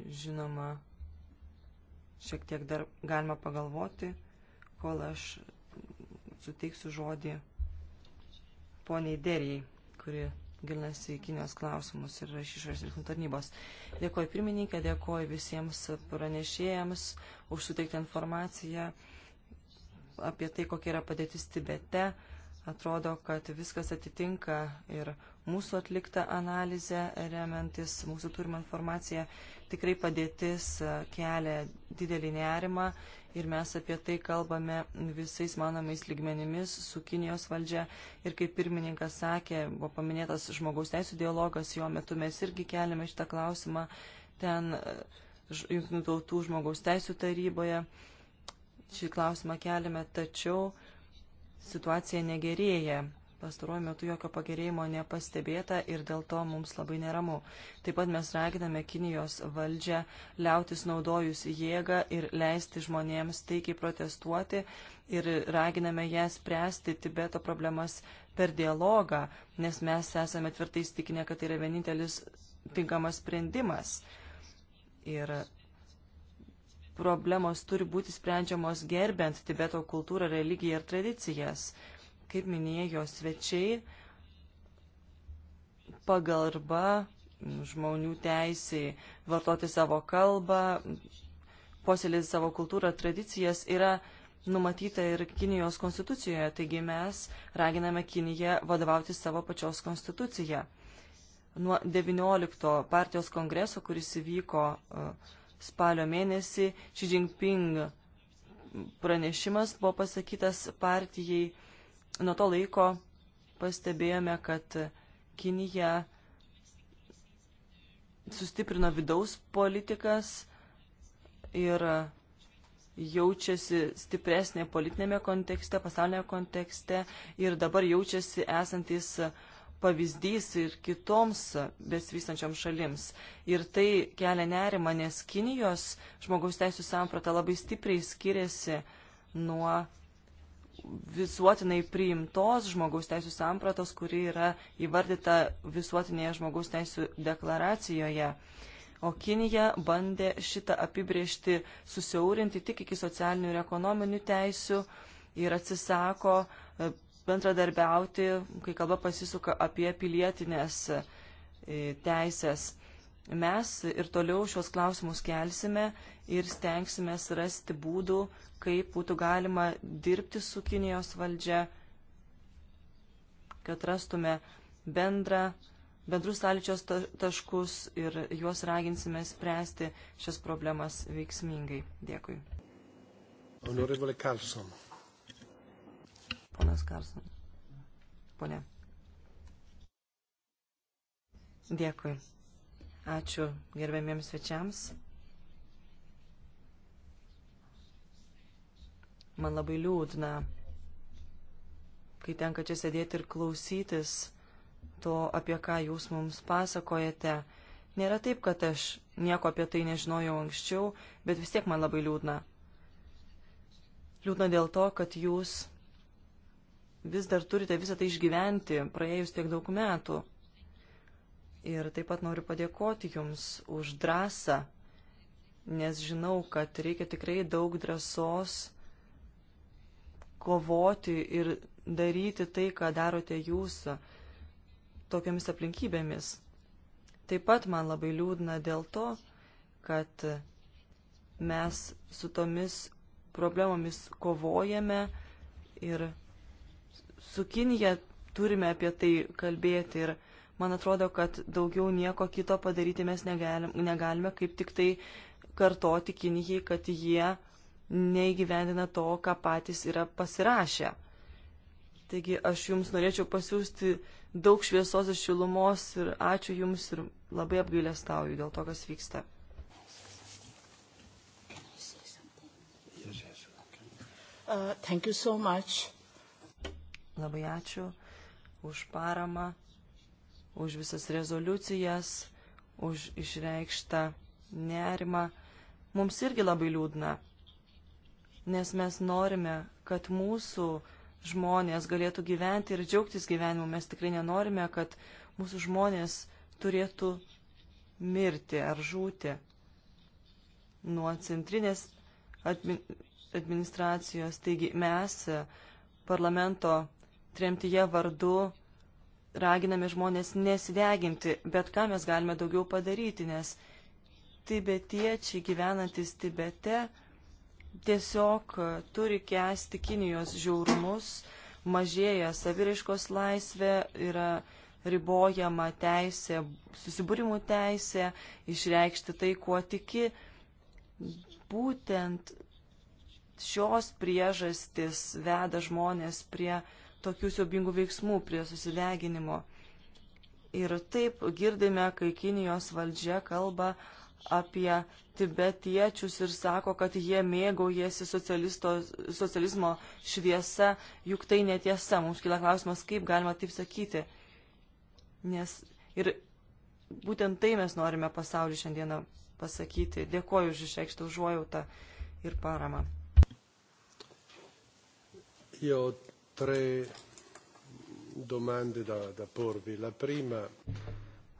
Žinoma, šiek tiek dar galima pagalvoti, kol aš suteiksiu žodį poniai Derijai, kuri gilinasi į Kinijos klausimus ir iš išorės reikalų tarnybos. Dėkoju pirmininkė, dėkoju visiems pranešėjams už suteiktą informaciją apie tai, kokia yra padėtis Tibete. Atrodo, kad viskas atitinka ir mūsų atliktą analizę, remiantis mūsų turimą informaciją. Tikrai padėtis e, kelia didelį nerimą ir mes apie tai kalbame visais manomais lygmenimis su Kinijos valdžia. Ir kaip pirmininkas sakė, buvo paminėtas žmogaus teisų dialogas, jo metu mes irgi keliame šitą klausimą ten e, Junktinių tautų žmogaus teisų taryboje. Šį klausimą keliame, tačiau situacija negerėja. Pastaruoju metu jokio pagerėjimo nepastebėta ir dėl to mums labai neramu. Taip pat mes raginame Kinijos valdžią liautis naudojus jėgą ir leisti žmonėms taikiai protestuoti ir raginame ją spręsti Tibeto problemas per dialogą, nes mes esame tvirtai įstikinę, kad tai yra vienintelis tinkamas sprendimas. Ir problemos turi būti sprendžiamos gerbent Tibeto kultūrą, religiją ir tradicijas. Kaip minėjo svečiai, pagalba žmonių teisiai vartoti savo kalbą, puoselėti savo kultūrą, tradicijas yra numatyta ir Kinijos konstitucijoje, taigi mes raginame Kiniją vadovauti savo pačios konstituciją. Nuo 19 partijos kongreso, kuris įvyko uh, spalio mėnesį Xi Jinping pranešimas buvo pasakytas partijai. Nuo to laiko pastebėjome, kad Kinija sustiprino vidaus politikas ir jaučiasi stipresnė politinėme kontekste, pasaulinėme kontekste ir dabar jaučiasi esantis uh, pavyzdys ir kitoms besivystančioms šalims. Ir tai kelia nerima, nes Kinijos žmogaus teisų samprata labai stipriai skiriasi nuo visuotinai priimtos žmogaus teisų sampratos, kuri yra įvardyta visuotinėje žmogaus teisų deklaracijoje. O Kinija bandė šitą apibriežti susiaurinti tik iki socialinių ir ekonominių teisių ir atsisako e, bendradarbiauti, kai kalba pasisuka apie pilietinės e, teisės. Mes ir toliau šios klausimus kelsime ir stengsime rasti būdų, kaip būtų galima dirbti su Kinijos valdžia, kad rastume bendrą, bendrus sąlyčios taškus ir juos raginsime spręsti šias problemas veiksmingai. Dėkui. Honorable Carlson ponas Karson. Pone. Dėkui. Ačiū gerbėmiems svečiams. Man labai liūdna, kai tenka čia sėdėti ir klausytis to, apie ką jūs mums pasakojate. Nėra taip, kad aš nieko apie tai nežinojau anksčiau, bet vis tiek man labai liūdna. Liūdna dėl to, kad jūs vis dar turite visą tai išgyventi praėjus tiek daug metų. Ir taip pat noriu padėkoti Jums už drąsą, nes žinau, kad reikia tikrai daug drąsos kovoti ir daryti tai, ką darote Jūs tokiamis aplinkybėmis. Taip pat man labai liūdna dėl to, kad mes su tomis problemomis kovojame ir su Kinija turime apie tai kalbėti ir man atrodo, kad daugiau nieko kito padaryti mes negalim, negalime, kaip tik tai kartoti Kinijai, kad jie neįgyvendina to, ką patys yra pasirašę. Taigi aš jums norėčiau pasiūsti daug šviesos ir šilumos ir ačiū jums ir labai apgailestauju dėl to, kas vyksta. Uh, thank you so much. Labai ačiū už paramą, už visas rezoliucijas, už išreikštą nerimą. Mums irgi labai liūdna, nes mes norime, kad mūsų žmonės galėtų gyventi ir džiaugtis gyvenimu. Mes tikrai nenorime, kad mūsų žmonės turėtų mirti ar žūti nuo centrinės administracijos. Taigi mes parlamento tremtyje vardu raginame žmonės nesideginti, bet ką mes galime daugiau padaryti, nes tibetiečiai gyvenantis Tibete tiesiog e, turi kesti Kinijos žiaurumus, mažėja saviraiškos laisvė, yra ribojama teisė, susibūrimų teisė, išreikšti tai, kuo tiki. Būtent šios priežastis veda žmonės prie uh, tokių siaubingų veiksmų, prie susideginimo. Ir taip girdime, kai Kinijos valdžia kalba apie tibetiečius ir sako, kad jie mėgaujasi socializmo šviesa, juk tai netiesa. Mums kila klausimas, kaip galima taip sakyti. Nes ir būtent tai mes norime pasauliu šiandieną pasakyti. Dėkoju už išreikštą užuojautą ir paramą. Jo, tre domande da, da porvi. La prima.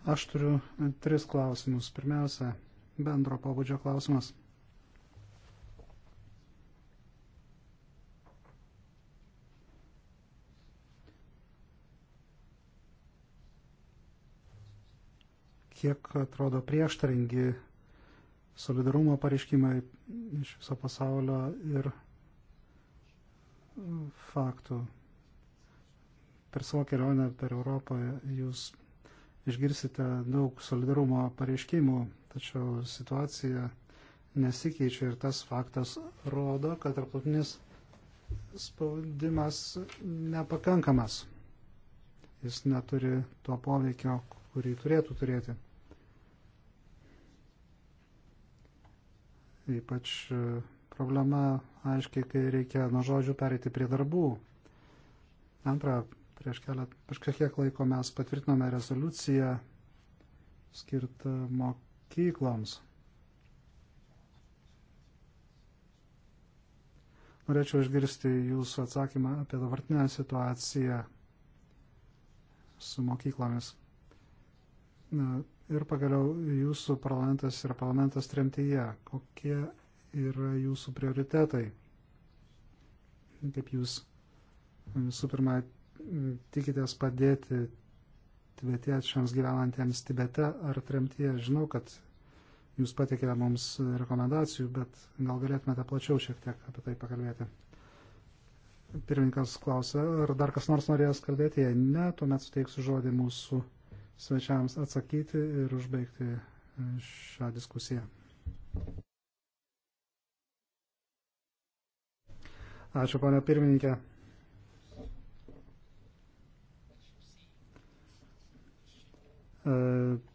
Aš turiu e, tris klausimus. Pirmiausia, bendro pobūdžio klausimas. kiek atrodo prieštaringi solidarumo pareiškimai iš viso pasaulio ir faktų. Per savo kelionę per Europą jūs išgirsite daug solidarumo pareiškimų, tačiau situacija nesikeičia ir tas faktas rodo, kad tarptautinis spaudimas nepakankamas. Jis neturi to poveikio, kurį turėtų turėti. Ypač Problema, aiškiai, kai reikia nuo žodžių pereiti prie darbų. Antra, prieš, kelią, prieš kiek laiko mes patvirtinome rezoliuciją skirtą mokykloms. Norėčiau išgirsti jūsų atsakymą apie dabartinę situaciją su mokyklomis. Ir pagaliau jūsų parlamentas yra parlamentas tremtyje. Kokie yra jūsų prioritetai? Kaip jūs visų pirma tikitės padėti tibetiečiams gyvenantiems Tibete ar tremtyje? Žinau, kad jūs patikėte mums rekomendacijų, bet gal galėtumėte plačiau šiek tiek apie tai pakalbėti. Pirmininkas klausė, ar dar kas nors norės kalbėti, jei ne, tuomet suteiksiu žodį mūsų svečiams atsakyti ir užbaigti šią diskusiją. Ačiū, ponia pirmininkė. E,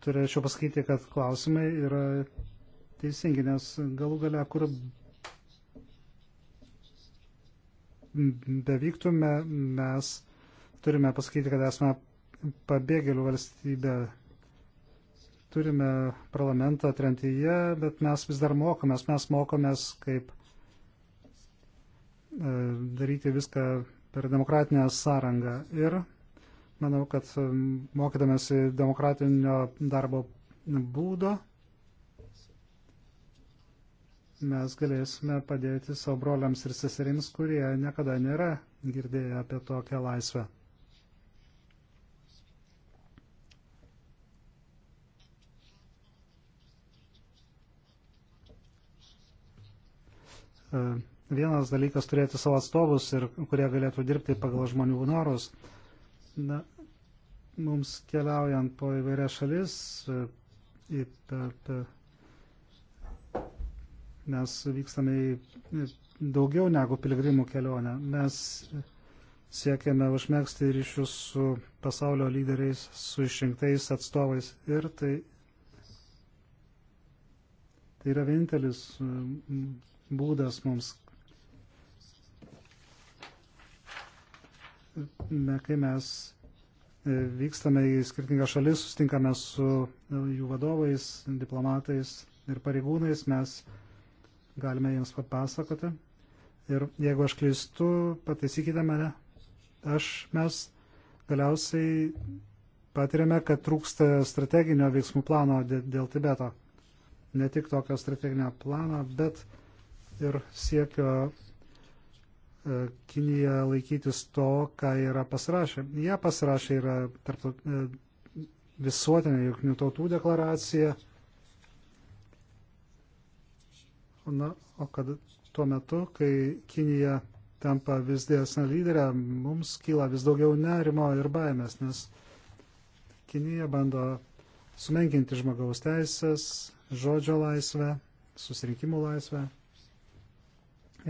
turėčiau pasakyti, kad klausimai yra teisingi, nes galų gale, kur bevyktume, mes turime pasakyti, kad esame pabėgėlių valstybė. Turime parlamentą atrentyje, bet mes vis dar mokomės, mes mokomės kaip E, daryti viską per demokratinę sąrangą. Ir manau, kad e, mokydamėsi demokratinio darbo būdo, mes galėsime padėti savo broliams ir seserims, kurie niekada nėra girdėję apie tokią laisvę. Uh, vienas dalykas turėti savo atstovus ir kurie galėtų dirbti pagal žmonių norus. Na, mums keliaujant po įvairias šalis, į, per, per, mes vykstame į daugiau negu piligrimų kelionę. Mes siekiame užmėgsti ryšius su pasaulio lyderiais, su išrinktais atstovais. Ir tai, tai yra vienintelis būdas mums kai mes e, vykstame į skirtingas šalis, sustinkame su e, jų vadovais, diplomatais ir pareigūnais, mes galime jiems papasakoti. Ir jeigu aš klystu, pataisykite mane. Aš mes galiausiai patiriame, kad trūksta strateginio veiksmų plano dėl Tibeto. Ne tik tokio strateginio plano, bet ir siekio E, Kinija laikytis to, ką yra pasirašę. Jie pasirašė yra tarptaut, e, visuotinė jungtinių tautų deklaracija. Na, o kad tuo metu, kai Kinija tampa vis dėsna lyderė, mums kyla vis daugiau nerimo ir baimės, nes Kinija bando sumenkinti žmogaus teisės, žodžio laisvę, susirinkimų laisvę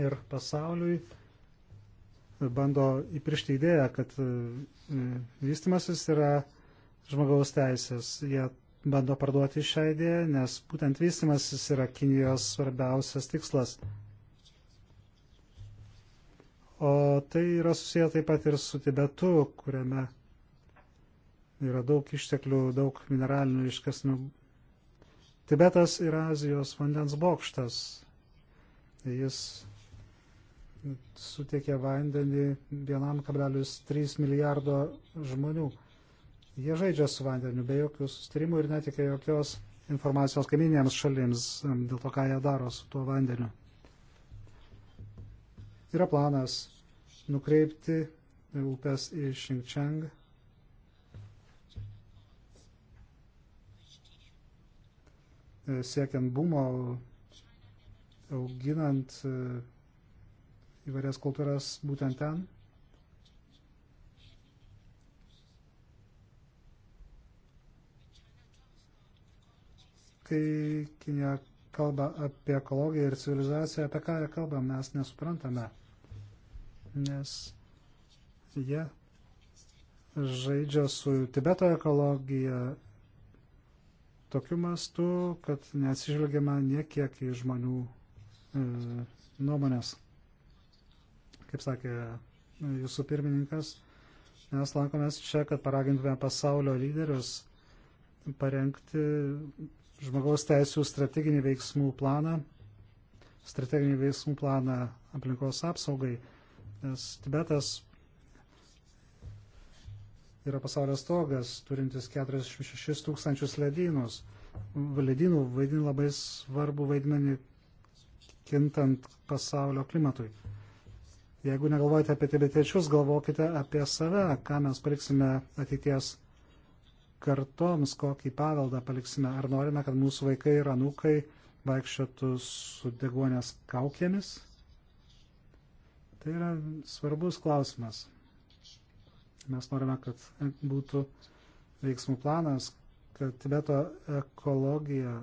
ir pasauliui bando įprišti idėją, kad e, vystimasis yra žmogaus teisės. Jie bando parduoti šią idėją, nes būtent vystimasis yra Kinijos svarbiausias tikslas. O tai yra susiję taip pat ir su Tibetu, kuriame yra daug išteklių, daug mineralinių iškasnių. Tibetas yra Azijos vandens bokštas. Jis suteikė vandenį 1,3 milijardo žmonių. Jie žaidžia su vandeniu be jokių sustarimų ir netikė jokios informacijos kaiminėms šalims dėl to, ką jie daro su tuo vandeniu. Yra planas nukreipti upės į Xinjiang. E, siekiant bumo, auginant e, įvairias kultūras būtent ten. Kai Kinija kalba apie ekologiją ir civilizaciją, apie ką jie kalba, mes nesuprantame, nes jie žaidžia su Tibeto ekologija tokiu mastu, kad neatsižvelgiama niekiek į žmonių e, nuomonės kaip sakė e, jūsų pirmininkas, mes lankomės čia, kad paragintume pasaulio lyderius parengti žmogaus teisų strateginį veiksmų planą, strateginį veiksmų planą aplinkos apsaugai, nes Tibetas yra pasaulio stogas, turintis 46 tūkstančius ledynus. Ledynų vaidina labai svarbu vaidmenį kintant pasaulio klimatui. Jeigu negalvojate apie tibetiečius, galvokite apie save, ką mes paliksime ateities kartoms, kokį paveldą paliksime. Ar norime, kad mūsų vaikai ir anūkai vaikščiotų su degonės kaukėmis? Tai yra svarbus klausimas. Mes norime, kad būtų veiksmų planas, kad Tibeto ekologija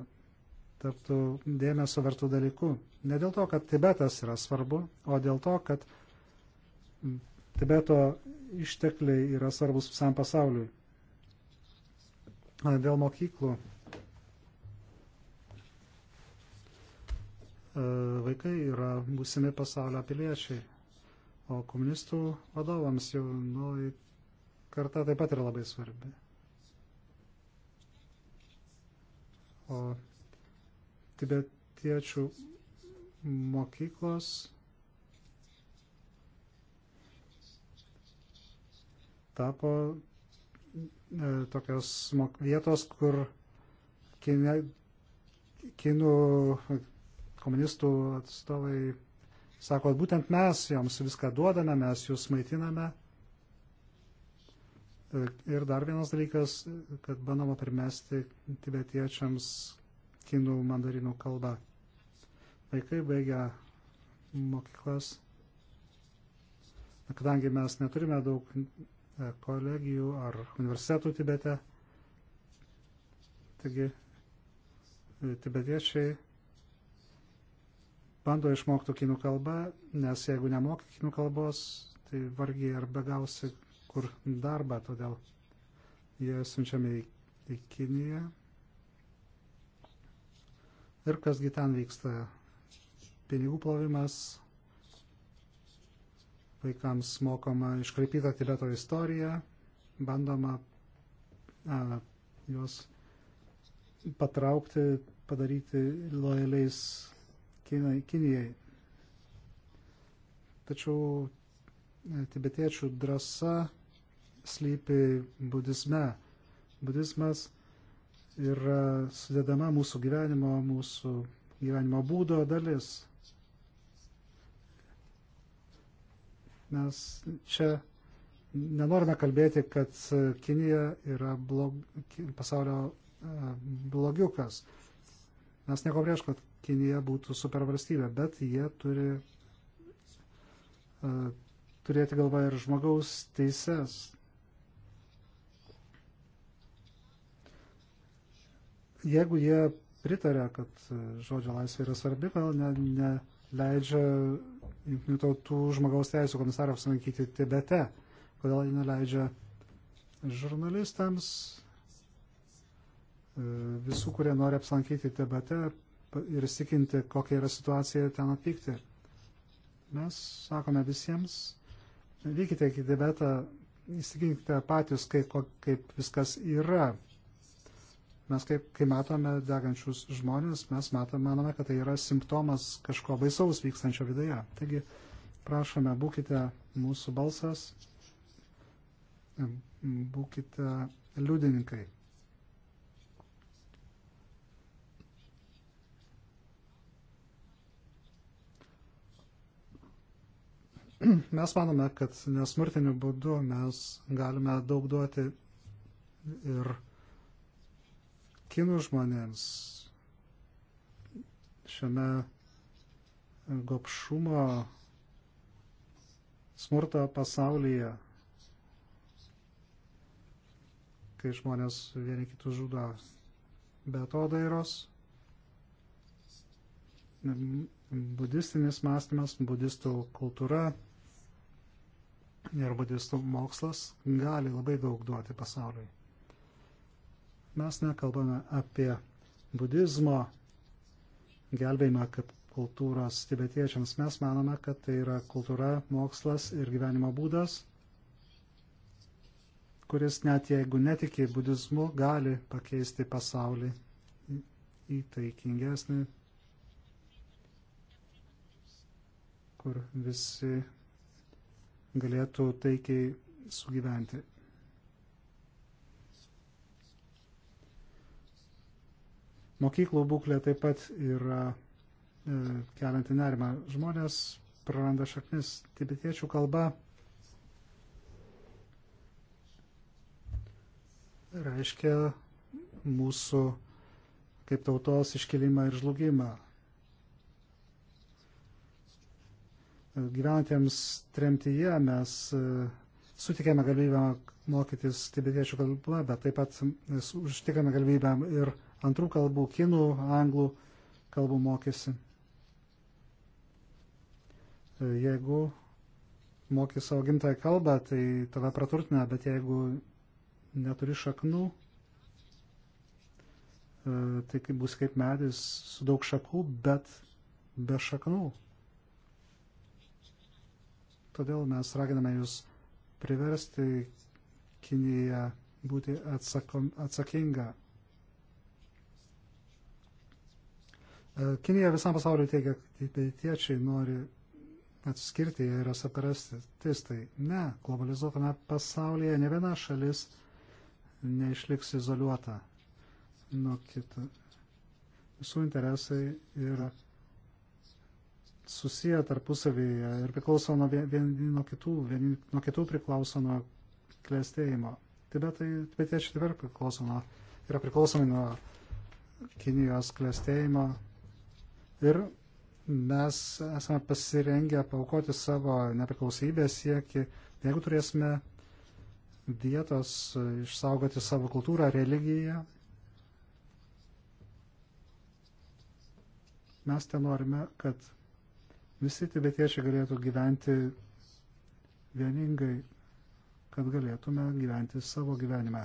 taptų dėmesio vertų dalykų. Ne dėl to, kad Tibetas yra svarbu, o dėl to, kad Tibeto ištekliai yra svarbus visam pasauliui. Dėl mokyklų. Vaikai yra būsimi pasaulio piliečiai, o komunistų vadovams jaunoji karta taip pat yra labai svarbi. O tibetiečių mokyklos tapo e, tokios vietos, kur kine, kinų komunistų atstovai sako, būtent mes joms viską duodame, mes jūs maitiname. E, ir dar vienas dalykas, kad bandoma primesti tibetiečiams kinų mandarinų kalbą. Vaikai baigia mokyklas. Kadangi mes neturime daug kolegijų ar universitetų Tibete. Taigi, tibetiečiai bando išmokti kinų kalbą, nes jeigu nemoki kinų kalbos, tai vargiai ar begausi kur darbą, todėl jie siunčiami į, į Kiniją. Ir kasgi ten vyksta pinigų plovimas, vaikams mokoma iškraipyta Tibeto istorija, bandoma a, juos patraukti, padaryti lojaliais Kinai, Kinijai. Tačiau e, tibetiečių drąsa slypi budizme. Budizmas yra sudėdama mūsų gyvenimo, mūsų gyvenimo būdo dalis. Mes čia nenorime kalbėti, kad Kinija yra blog, pasaulio e, blogiukas. Mes nieko prieš, kad Kinija būtų supervalstybė, bet jie turi uh, turėti galvą ir žmogaus teises. Jeigu jie pritarė, kad žodžio laisvė yra svarbi, gal neleidžia ne, ne jungtinių tautų žmogaus teisų komisarą apsilankyti Tibete, kodėl jie neleidžia žurnalistams e, visų, kurie nori apsilankyti Tibete ir įsikinti, kokia yra situacija ten atvykti. Mes sakome visiems, vykite į Tibetą, įsikinkite patys, kaip, kaip viskas yra, Mes kaip, kai matome degančius žmonės, mes matome, manome, kad tai yra simptomas kažko baisaus vykstančio viduje. Taigi, prašome, būkite mūsų balsas, būkite liudininkai. Mes manome, kad nesmurtiniu būdu mes galime daug duoti ir kinų žmonėms šiame gopšumo smurto pasaulyje, kai žmonės vieni kitus žudo be to dairos. Budistinis mąstymas, budistų kultūra ir budistų mokslas gali labai daug duoti pasauliui. Mes nekalbame apie budizmo gelbėjimą kaip kultūros tibetiečiams. Mes manome, kad tai yra kultūra, mokslas ir gyvenimo būdas, kuris net jeigu netiki budizmu, gali pakeisti pasaulį į taikingesnį, kur visi galėtų taikiai sugyventi. Mokyklų būklė taip pat yra e, kelianti nerimą. Žmonės praranda šaknis. Tibetiečių kalba reiškia mūsų kaip tautos iškilimą ir žlugimą. Gyventiems tremtyje mes e, sutikėme galimybę mokytis tibetiečių kalbą, bet taip pat užtikėme galimybę ir antrų kalbų, kinų, anglų kalbų mokėsi. E, jeigu moki savo gimtąją kalbą, tai tave praturtina, bet jeigu neturi šaknų, e, tai kaip bus kaip medis su daug šakų, bet be šaknų. Todėl mes raginame jūs priversti Kiniją būti atsakom, atsakinga E, Kinija visam pasauliu teigia, kad tibetiečiai nori atskirti, jie yra separatistai. Ne, globalizuotame pasaulyje ne viena šalis neišliks izoliuota nuo kitų. Visų interesai yra susiję tarpusavyje ir priklauso nuo vieni nuo kitų, vieni nuo kitų priklauso nuo klėstėjimo. Tibetai, tibetiečiai dabar priklauso nuo, yra priklausomi nuo Kinijos klėstėjimo Ir mes esame pasirengę paukoti savo nepriklausybę sieki, jeigu turėsime vietos išsaugoti savo kultūrą, religiją. Mes ten norime, kad visi tibetiečiai galėtų gyventi vieningai, kad galėtume gyventi savo gyvenime.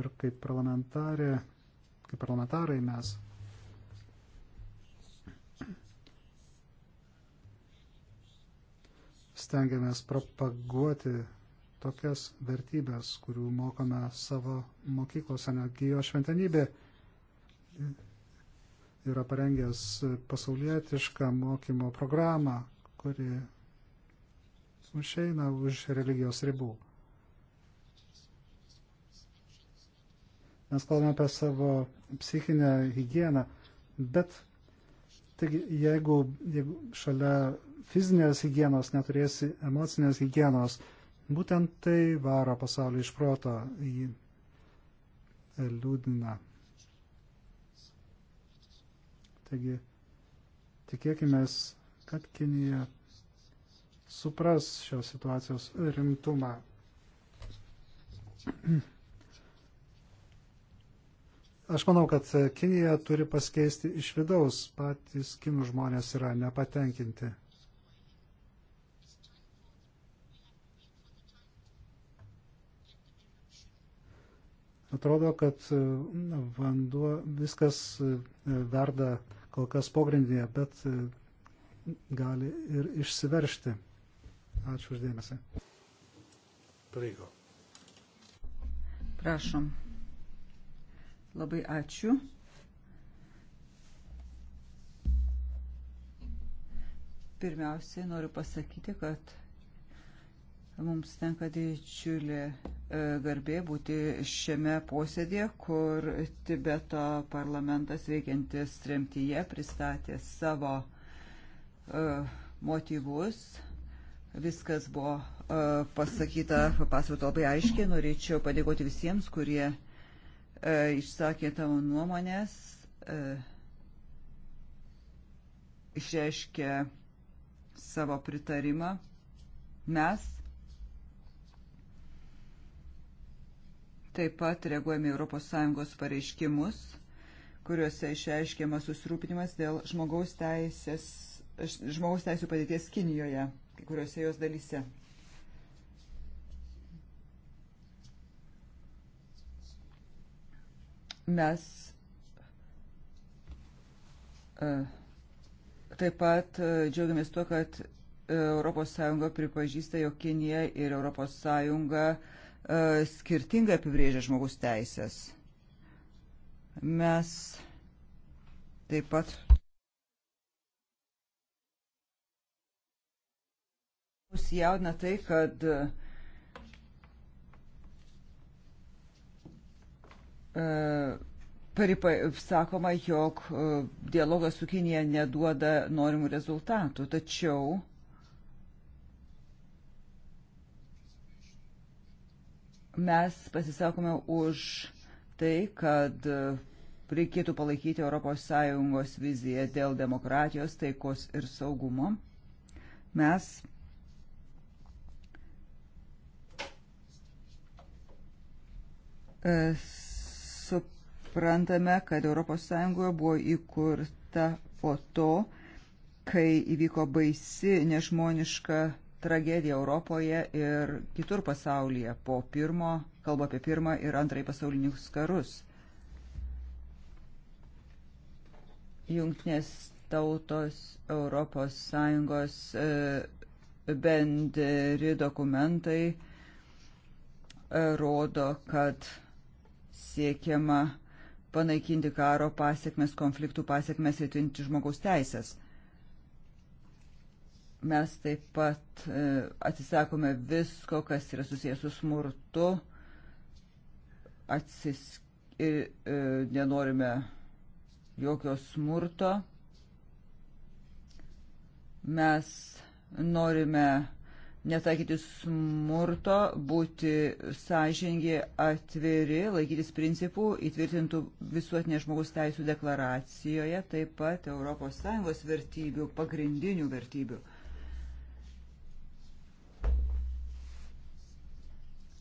Ir kaip parlamentarė, kaip parlamentarai mes stengiamės propaguoti tokias vertybės, kurių mokome savo mokyklose. Netgi jo šventenybė yra parengęs pasaulietišką mokymo programą, kuri išeina už religijos ribų. Mes kalbame apie savo psichinę higieną, bet Taigi, jeigu, jeigu šalia fizinės hygienos neturėsi emocinės hygienos, būtent tai varo pasaulį iš proto, jį liūdina. Taigi, tikėkime, kad Kinija supras šios situacijos rimtumą. Aš manau, kad Kinija turi pasikeisti iš vidaus, patys kinų žmonės yra nepatenkinti. Atrodo, kad vanduo viskas e, verda kol kas pogrindinėje, bet e, gali ir išsiveršti. Ačiū uždėmesi. Pareigo. Prašom. Labai ačiū. Pirmiausiai noriu pasakyti, kad mums tenka didžiulė e, garbė būti šiame posėdėje, kur Tibeto parlamentas veikiantis tremtyje pristatė savo e, motyvus. Viskas buvo e, pasakyta, papasakota labai aiškiai. Norėčiau padėkoti visiems, kurie E, išsakė tavo nuomonės, e, išreiškė savo pritarimą. Mes taip pat reaguojame ES pareiškimus, kuriuose išreiškiamas susirūpinimas dėl žmogaus, teisės, žmogaus teisų padėties Kinijoje, kai kuriuose jos dalyse. Mes e, taip pat e, džiaugiamės tuo, kad ES pripažįsta, jog Kinija ir ES e, skirtingai apibrėžia žmogus teisės. Mes taip pat jaudina tai, kad uh, E, paripa, sakoma, jog e, dialogas su Kinija neduoda norimų rezultatų, tačiau mes pasisakome už tai, kad e, reikėtų palaikyti ES viziją dėl demokratijos, taikos ir saugumo. Mes suprantame, kad ES buvo įkurta po to, kai įvyko baisi nežmoniška tragedija Europoje ir kitur pasaulyje po pirmo, kalbu apie pirmą ir antrąjį pasaulinius karus. Jungtinės tautos Europos Sąjungos e, bendri dokumentai e, rodo, kad siekiama panaikinti karo pasiekmes, konfliktų pasiekmes ir tvinti žmogaus teisės. Mes taip pat e, atsisakome visko, kas yra susijęs su smurtu atsis, ir e, nenorime jokio smurto. Mes norime netaikyti smurto, būti sąžingi, atviri, laikytis principų įtvirtintų visuotinė žmogus teisų deklaracijoje, taip pat ES vertybių, pagrindinių vertybių.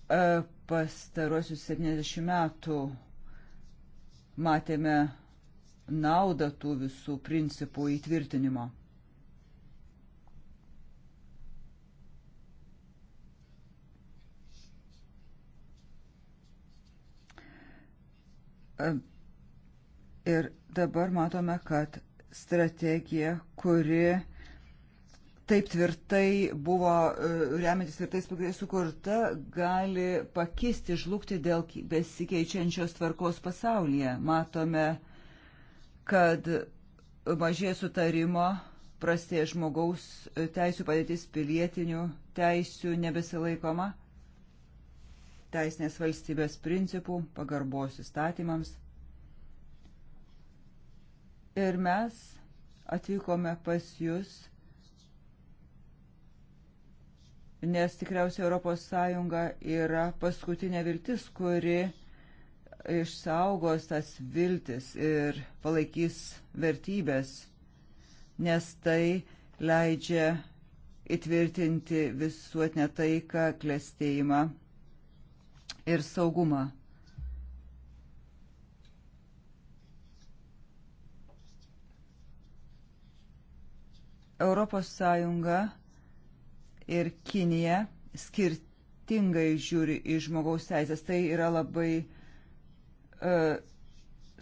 E, Pastaruosius 70 metų matėme naudą tų visų principų įtvirtinimo. Ir dabar matome, kad strategija, kuri taip tvirtai buvo e, remiantis tvirtais pagrindais sukurta, gali pakisti, žlugti dėl besikeičiančios tvarkos pasaulyje. Matome, kad mažė sutarimo, prastė žmogaus e, teisų padėtis pilietinių teisų nebesilaikoma teisinės valstybės principų, pagarbos įstatymams. Ir mes atvykome pas jūs, nes tikriausiai ES yra paskutinė viltis, kuri išsaugos tas viltis ir palaikys vertybės, nes tai leidžia įtvirtinti visuotinę taiką, klestėjimą ir saugumą. Europos Sąjunga ir Kinija skirtingai žiūri į žmogaus teisės. Tai yra labai uh,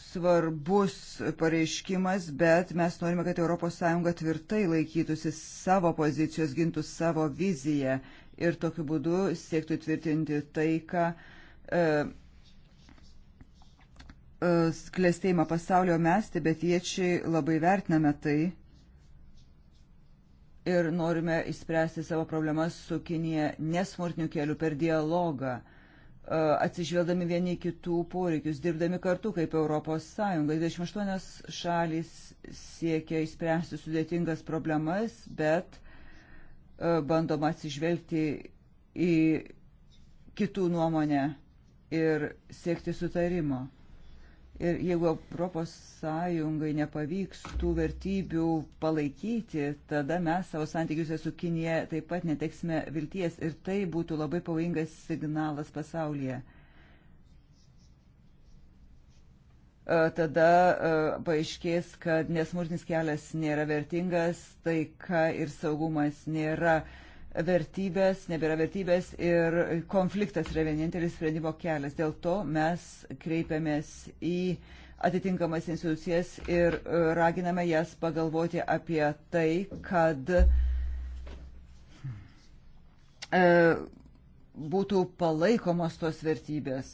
svarbus pareiškimas, bet mes norime, kad ES tvirtai laikytųsi savo pozicijos, gintų savo viziją ir tokiu būdu siektų tvirtinti taiką, e, e, klėstėjimą pasaulio mes, tibetiečiai, labai vertiname tai ir norime išspręsti savo problemas su Kinija nesmurtiniu keliu per dialogą e, atsižvelgdami vieni kitų poreikius, dirbdami kartu kaip Europos Sąjunga. 28 šalis siekia išspręsti sudėtingas problemas, bet E, bandoma atsižvelgti į kitų nuomonę ir siekti sutarimo. Ir jeigu Europos Sąjungai nepavyks tų vertybių palaikyti, tada mes savo santykiuose su Kinėje taip pat neteksime vilties ir tai būtų labai pavojingas signalas pasaulyje. E, tada e, paaiškės, kad nesmurtinis kelias nėra vertingas, taika ir saugumas nėra vertybės, nebėra vertybės ir konfliktas yra vienintelis sprendimo kelias. Dėl to mes kreipiamės į atitinkamas institucijas ir e, raginame jas pagalvoti apie tai, kad būtų palaikomos tos vertybės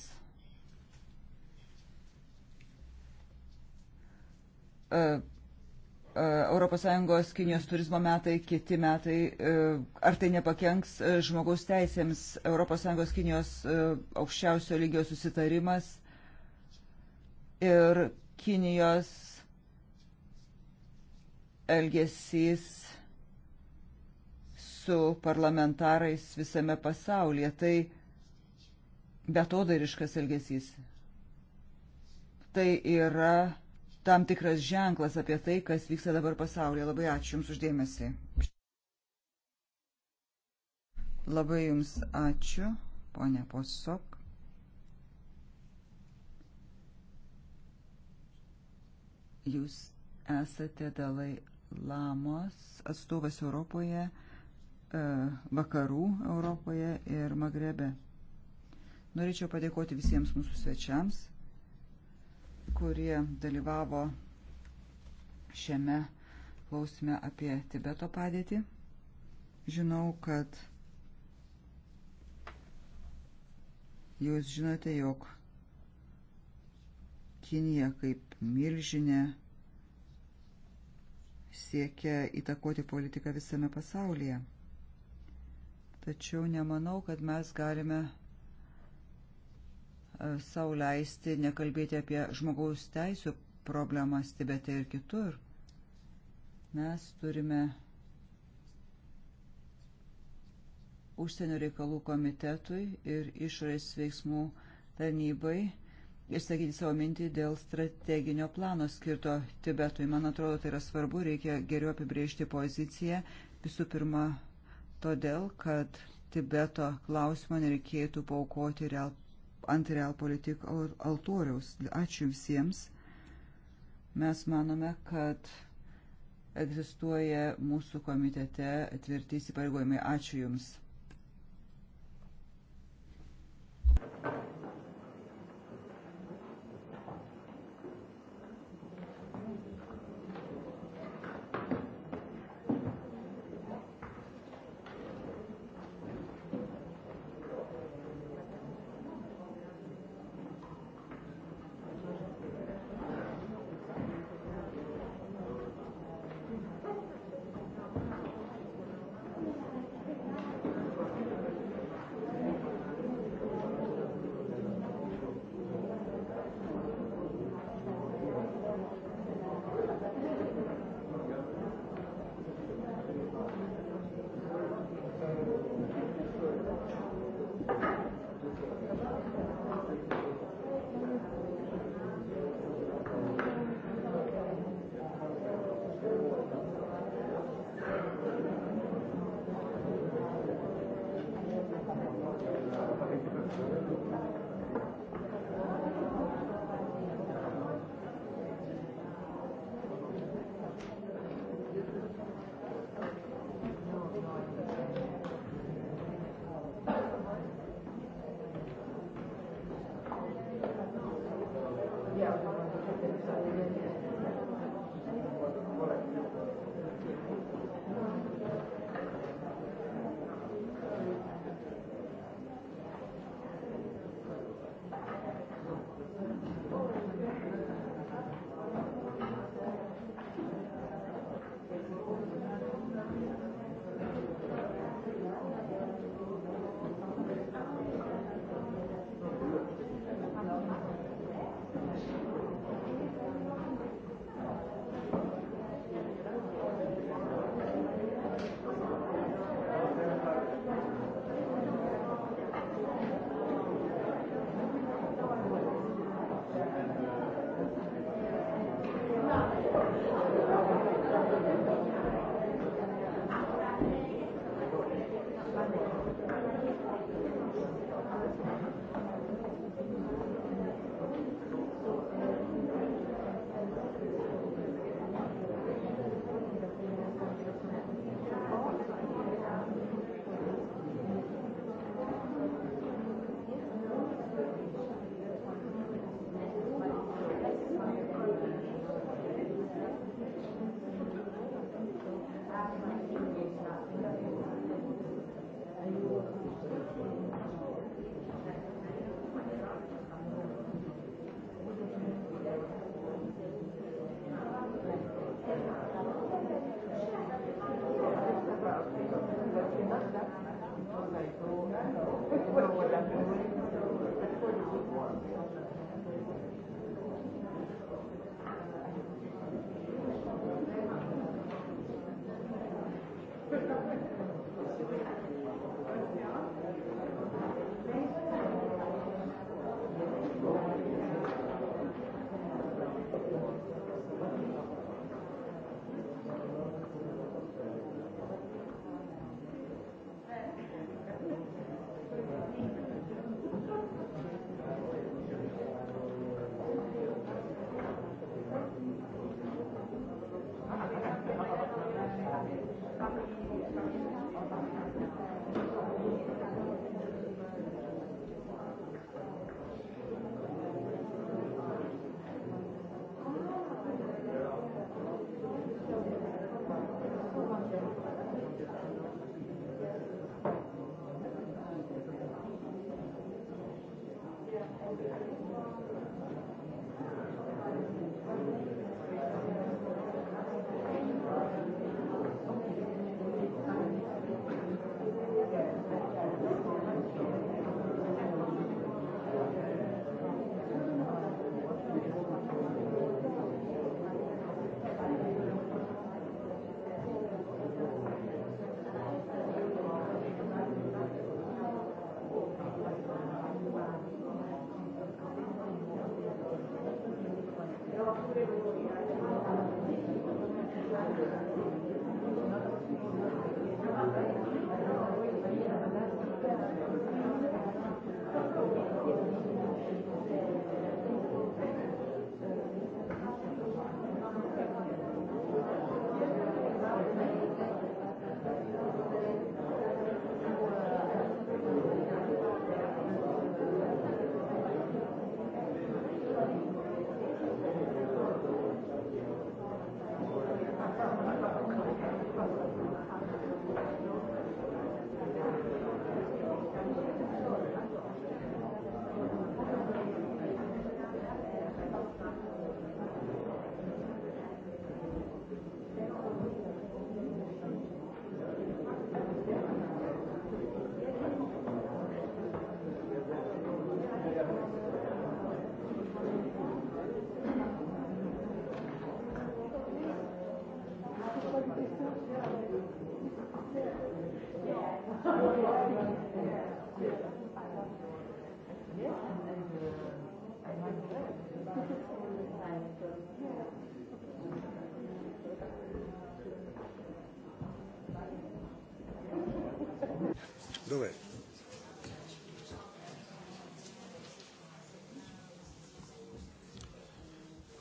ES e, Kinijos turizmo metai, kiti metai, e, ar tai nepakenks e, žmogaus teisėms ES Kinijos aukščiausio lygio susitarimas ir Kinijos elgesys su parlamentarais visame pasaulyje. Tai betodariškas elgesys. Tai yra tam tikras ženklas apie tai, kas vyksta dabar pasaulyje. Labai ačiū Jums uždėmesi. Labai Jums ačiū, ponė Posok. Jūs esate dalai lamos atstovas Europoje, e, vakarų Europoje ir Magrebe. Norėčiau padėkoti visiems mūsų svečiams kurie dalyvavo šiame klausime apie Tibeto padėtį. Žinau, kad jūs žinote, jog Kinija kaip milžinė siekia įtakoti politiką visame pasaulyje. Tačiau nemanau, kad mes galime savo leisti nekalbėti apie žmogaus teisų problemas Tibete ir kitur. Mes turime užsienio reikalų komitetui ir išorės veiksmų tarnybai išsakyti savo mintį dėl strateginio plano skirto Tibetui. Man atrodo, tai yra svarbu, reikia geriau apibriežti poziciją. Visų pirma, todėl, kad Tibeto klausimą nereikėtų paukoti real ant real politik altoriaus. Ačiū visiems. Mes manome, kad egzistuoja mūsų komitete tvirti įsipareigojimai. Ačiū Jums.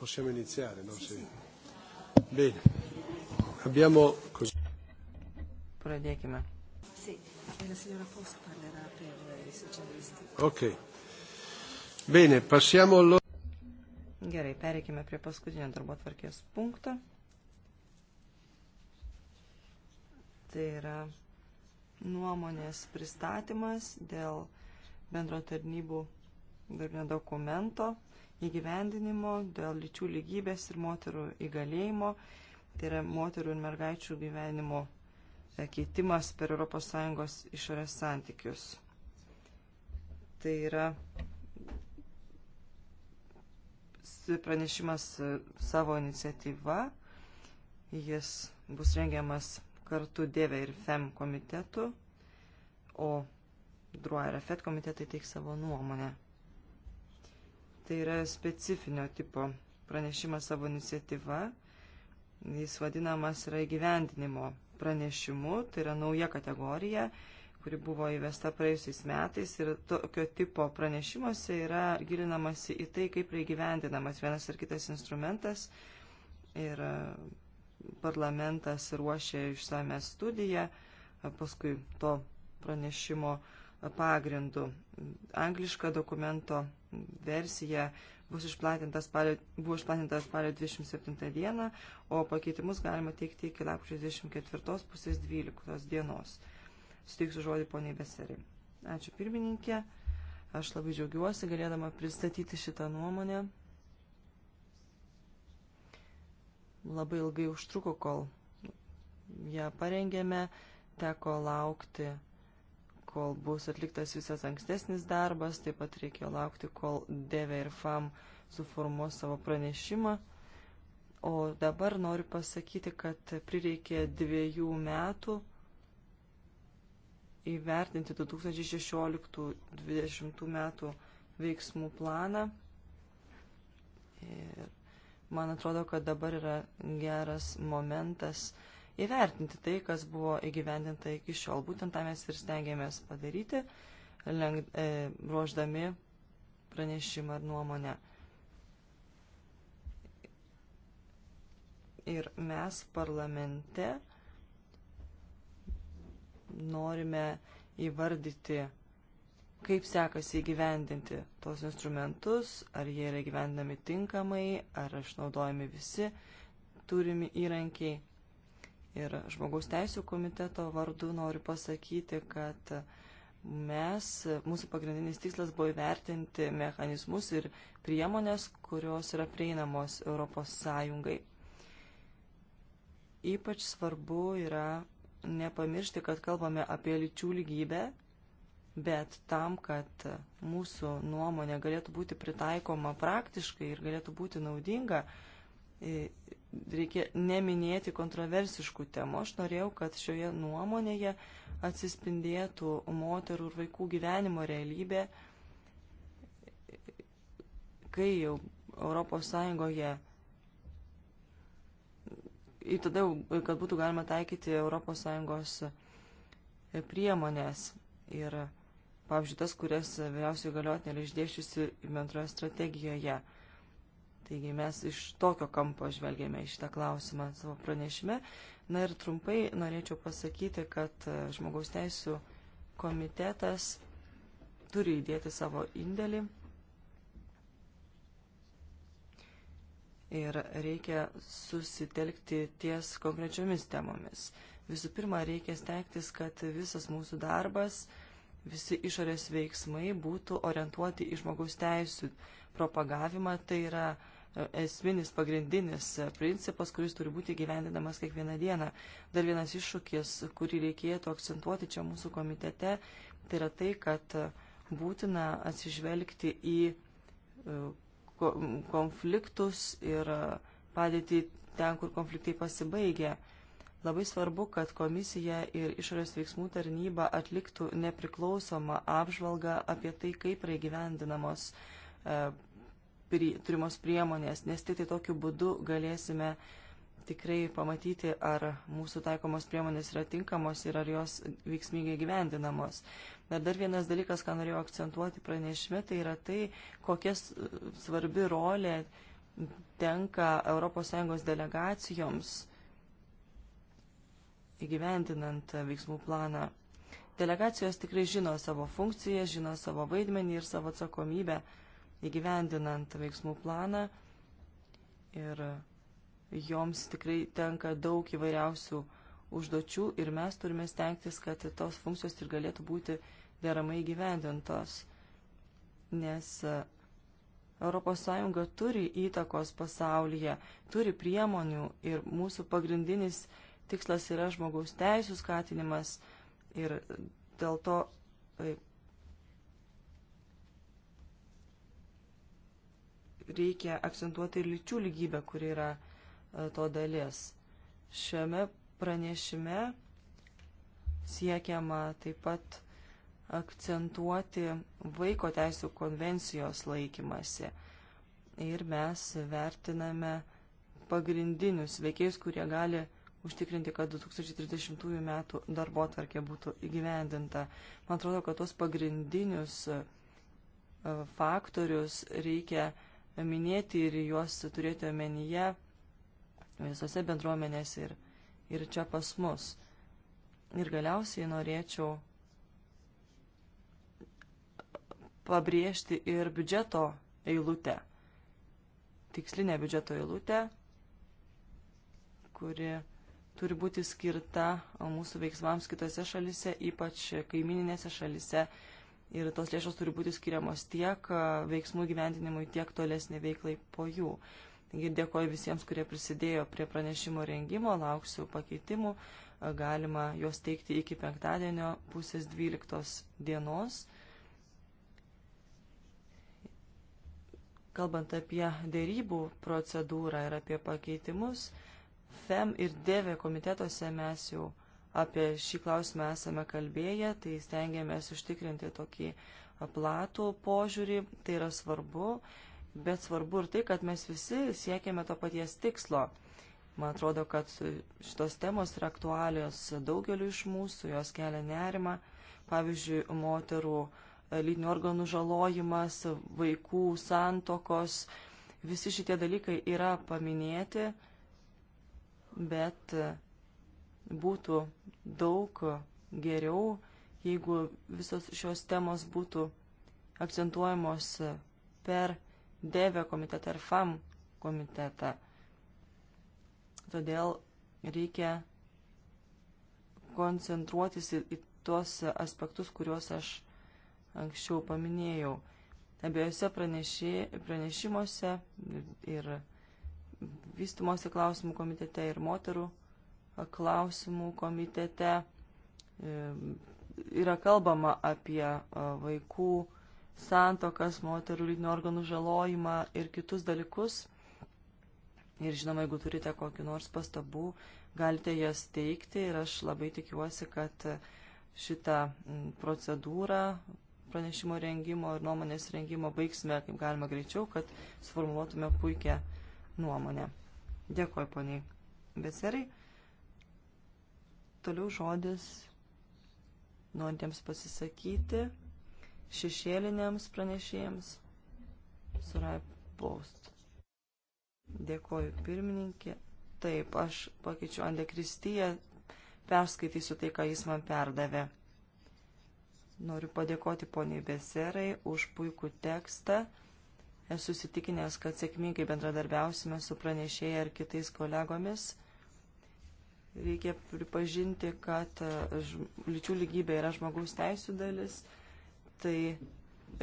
possiamo iniziare, no? Sì. Bene. Abbiamo così. Pradėkime. Sì, e la signora Post parlerà per i socialisti. Ok. Bene, passiamo allora. Gerai, pereikime prie paskutinio darbo tvarkės punkto. Tai yra nuomonės pristatymas dėl bendro tarnybų darbinio dokumento įgyvendinimo dėl lyčių lygybės ir moterų įgalėjimo, tai yra moterų ir mergaičių gyvenimo e, keitimas per ES išorės santykius. Tai yra pranešimas e, savo iniciatyva, jis bus rengiamas kartu Dėvė ir FEM komitetu, o Druo ir FED komitetai teiks savo nuomonę. Tai yra specifinio tipo pranešimas savo iniciatyva. Jis vadinamas yra įgyvendinimo pranešimu, tai yra nauja kategorija, kuri buvo įvesta praėjusiais metais ir tokio tipo pranešimuose yra gilinamasi į tai, kaip yra įgyvendinamas vienas ar kitas instrumentas ir e, parlamentas ruošia išsame studiją, e, paskui to pranešimo pagrindu. Angliška dokumento versija bus išplatintas spalio, buvo išplatintas spalio 27 dieną, o pakeitimus galima teikti iki lapkričio 24 pusės 12 dienos. Suteiksiu žodį poniai Beseri. Ačiū pirmininkė. Aš labai džiaugiuosi galėdama pristatyti šitą nuomonę. Labai ilgai užtruko, kol ją parengėme, teko laukti kol bus atliktas visas ankstesnis darbas, taip pat reikėjo laukti, kol Deve ir FAM suformuos savo pranešimą. O dabar noriu pasakyti, kad prireikė dviejų metų įvertinti 2016-2020 metų veiksmų planą. Ir man atrodo, kad dabar yra geras momentas uh, įvertinti tai, kas buvo įgyvendinta iki šiol. Būtent tą mes ir stengiamės padaryti, leng, e, ruoždami pranešimą ar nuomonę. Ir mes parlamente norime įvardyti, kaip sekasi įgyvendinti tos instrumentus, ar jie yra įgyvendami tinkamai, ar išnaudojami visi turimi įrankiai ir žmogaus teisų komiteto vardu noriu pasakyti, kad mes, mūsų pagrindinis tikslas buvo įvertinti mechanizmus ir priemonės, kurios yra prieinamos Europos Sąjungai. Ypač svarbu yra nepamiršti, kad kalbame apie lyčių lygybę, bet tam, kad mūsų nuomonė galėtų būti pritaikoma praktiškai ir galėtų būti naudinga, reikia neminėti kontroversiškų temų. Aš norėjau, kad šioje nuomonėje atsispindėtų moterų ir vaikų gyvenimo realybė, kai jau Europos Sąjungoje ir tada, kad būtų galima taikyti Europos Sąjungos priemonės ir, pavyzdžiui, tas, kurias vyriausiai galiotinė yra išdėščiusi bendroje strategijoje. Ja Taigi mes iš tokio kampo žvelgėme į šitą klausimą savo pranešime. Na ir trumpai norėčiau pasakyti, kad e, žmogaus teisų komitetas turi įdėti savo indėlį ir reikia susitelkti ties konkrečiomis temomis. Visų pirma, reikia stengtis, kad visas mūsų darbas, visi išorės veiksmai būtų orientuoti į žmogaus teisų propagavimą, tai yra uh, esminis, pagrindinis principas, kuris turi būti gyvendinamas kiekvieną dieną. Dar vienas iššūkis, kurį reikėtų akcentuoti čia mūsų komitete, tai yra tai, kad būtina atsižvelgti į e, konfliktus ir padėti ten, kur konfliktai pasibaigia. Labai svarbu, kad komisija ir išorės veiksmų tarnyba atliktų nepriklausomą apžvalgą apie tai, kaip yra įgyvendinamos e, turimos priemonės, nes tik tai tokiu būdu galėsime tikrai pamatyti, ar mūsų taikomos priemonės yra tinkamos ir ar jos veiksmingai gyvendinamos. Na, dar vienas dalykas, ką norėjau akcentuoti pranešime, tai yra tai, kokia svarbi rolė tenka ES delegacijoms įgyvendinant veiksmų planą. Delegacijos tikrai žino savo funkciją, žino savo vaidmenį ir savo atsakomybę. Uh, įgyvendinant veiksmų planą ir joms tikrai tenka daug įvairiausių užduočių ir mes turime stengtis, kad tos funkcijos ir galėtų būti deramai įgyvendintos, nes ES turi įtakos pasaulyje, turi priemonių ir mūsų pagrindinis tikslas yra žmogaus teisų skatinimas ir dėl to e, reikia akcentuoti ir lyčių lygybę, kuri yra e, to dalis. Šiame pranešime siekiama taip pat akcentuoti vaiko teisų konvencijos laikymasi. Ir mes vertiname pagrindinius veikėjus, kurie gali užtikrinti, kad 2030 metų darbo tvarkė būtų įgyvendinta. Man atrodo, kad tuos pagrindinius e, faktorius reikia uh, minėti ir juos turėti omenyje visose bendruomenėse ir, ir čia pas mus. Ir galiausiai norėčiau pabrėžti ir biudžeto eilutę, tikslinę biudžeto eilutę, kuri turi būti skirta mūsų veiksmams kitose šalise, ypač kaimininėse šalise ir tos lėšos turi būti skiriamos tiek veiksmų gyventinimui, tiek tolesnė veiklai po jų. Taigi dėkoju visiems, kurie prisidėjo prie pranešimo rengimo, lauksiu pakeitimų, galima juos teikti iki penktadienio pusės 12 dienos. Kalbant apie dėrybų procedūrą ir apie pakeitimus, FEM ir DV komitetuose mes jau apie šį klausimą esame kalbėję, tai stengiamės užtikrinti tokį platų požiūrį, tai yra svarbu, bet svarbu ir tai, kad mes visi siekiame to paties tikslo. Man atrodo, kad šitos temos yra aktualios daugeliu iš mūsų, jos kelia nerima, pavyzdžiui, moterų lytinių organų žalojimas, vaikų santokos, visi šitie dalykai yra paminėti, bet būtų daug geriau, jeigu visos šios temos būtų akcentuojamos per DEVE komitetą ir FAM komitetą. Todėl reikia koncentruotis į, į tuos aspektus, kuriuos aš anksčiau paminėjau. Abiejose praneši, pranešimuose ir vystimosi klausimų komitete ir moterų klausimų komitete e, yra kalbama apie e, vaikų santokas, moterų lygnių organų žalojimą ir kitus dalykus. Ir žinoma, jeigu turite kokį nors pastabų, galite jas teikti ir aš labai tikiuosi, kad šitą procedūrą pranešimo rengimo ir nuomonės rengimo baigsime kaip galima greičiau, kad sformuotume puikią nuomonę. Dėkuoju, poniai. Beserai. Toliau žodis norintiems pasisakyti šešėliniams pranešėjams. Surai Post. Dėkoju pirmininkė. Taip, aš pakeičiu Andė Kristiją, perskaitysiu tai, ką jis man perdavė. Noriu padėkoti poniai Beserai už puikų tekstą. Esu sitikinęs, kad sėkmingai bendradarbiausime su pranešėja ir kitais kolegomis Reikia pripažinti, kad e, lyčių lygybė yra žmogaus teisų dalis, tai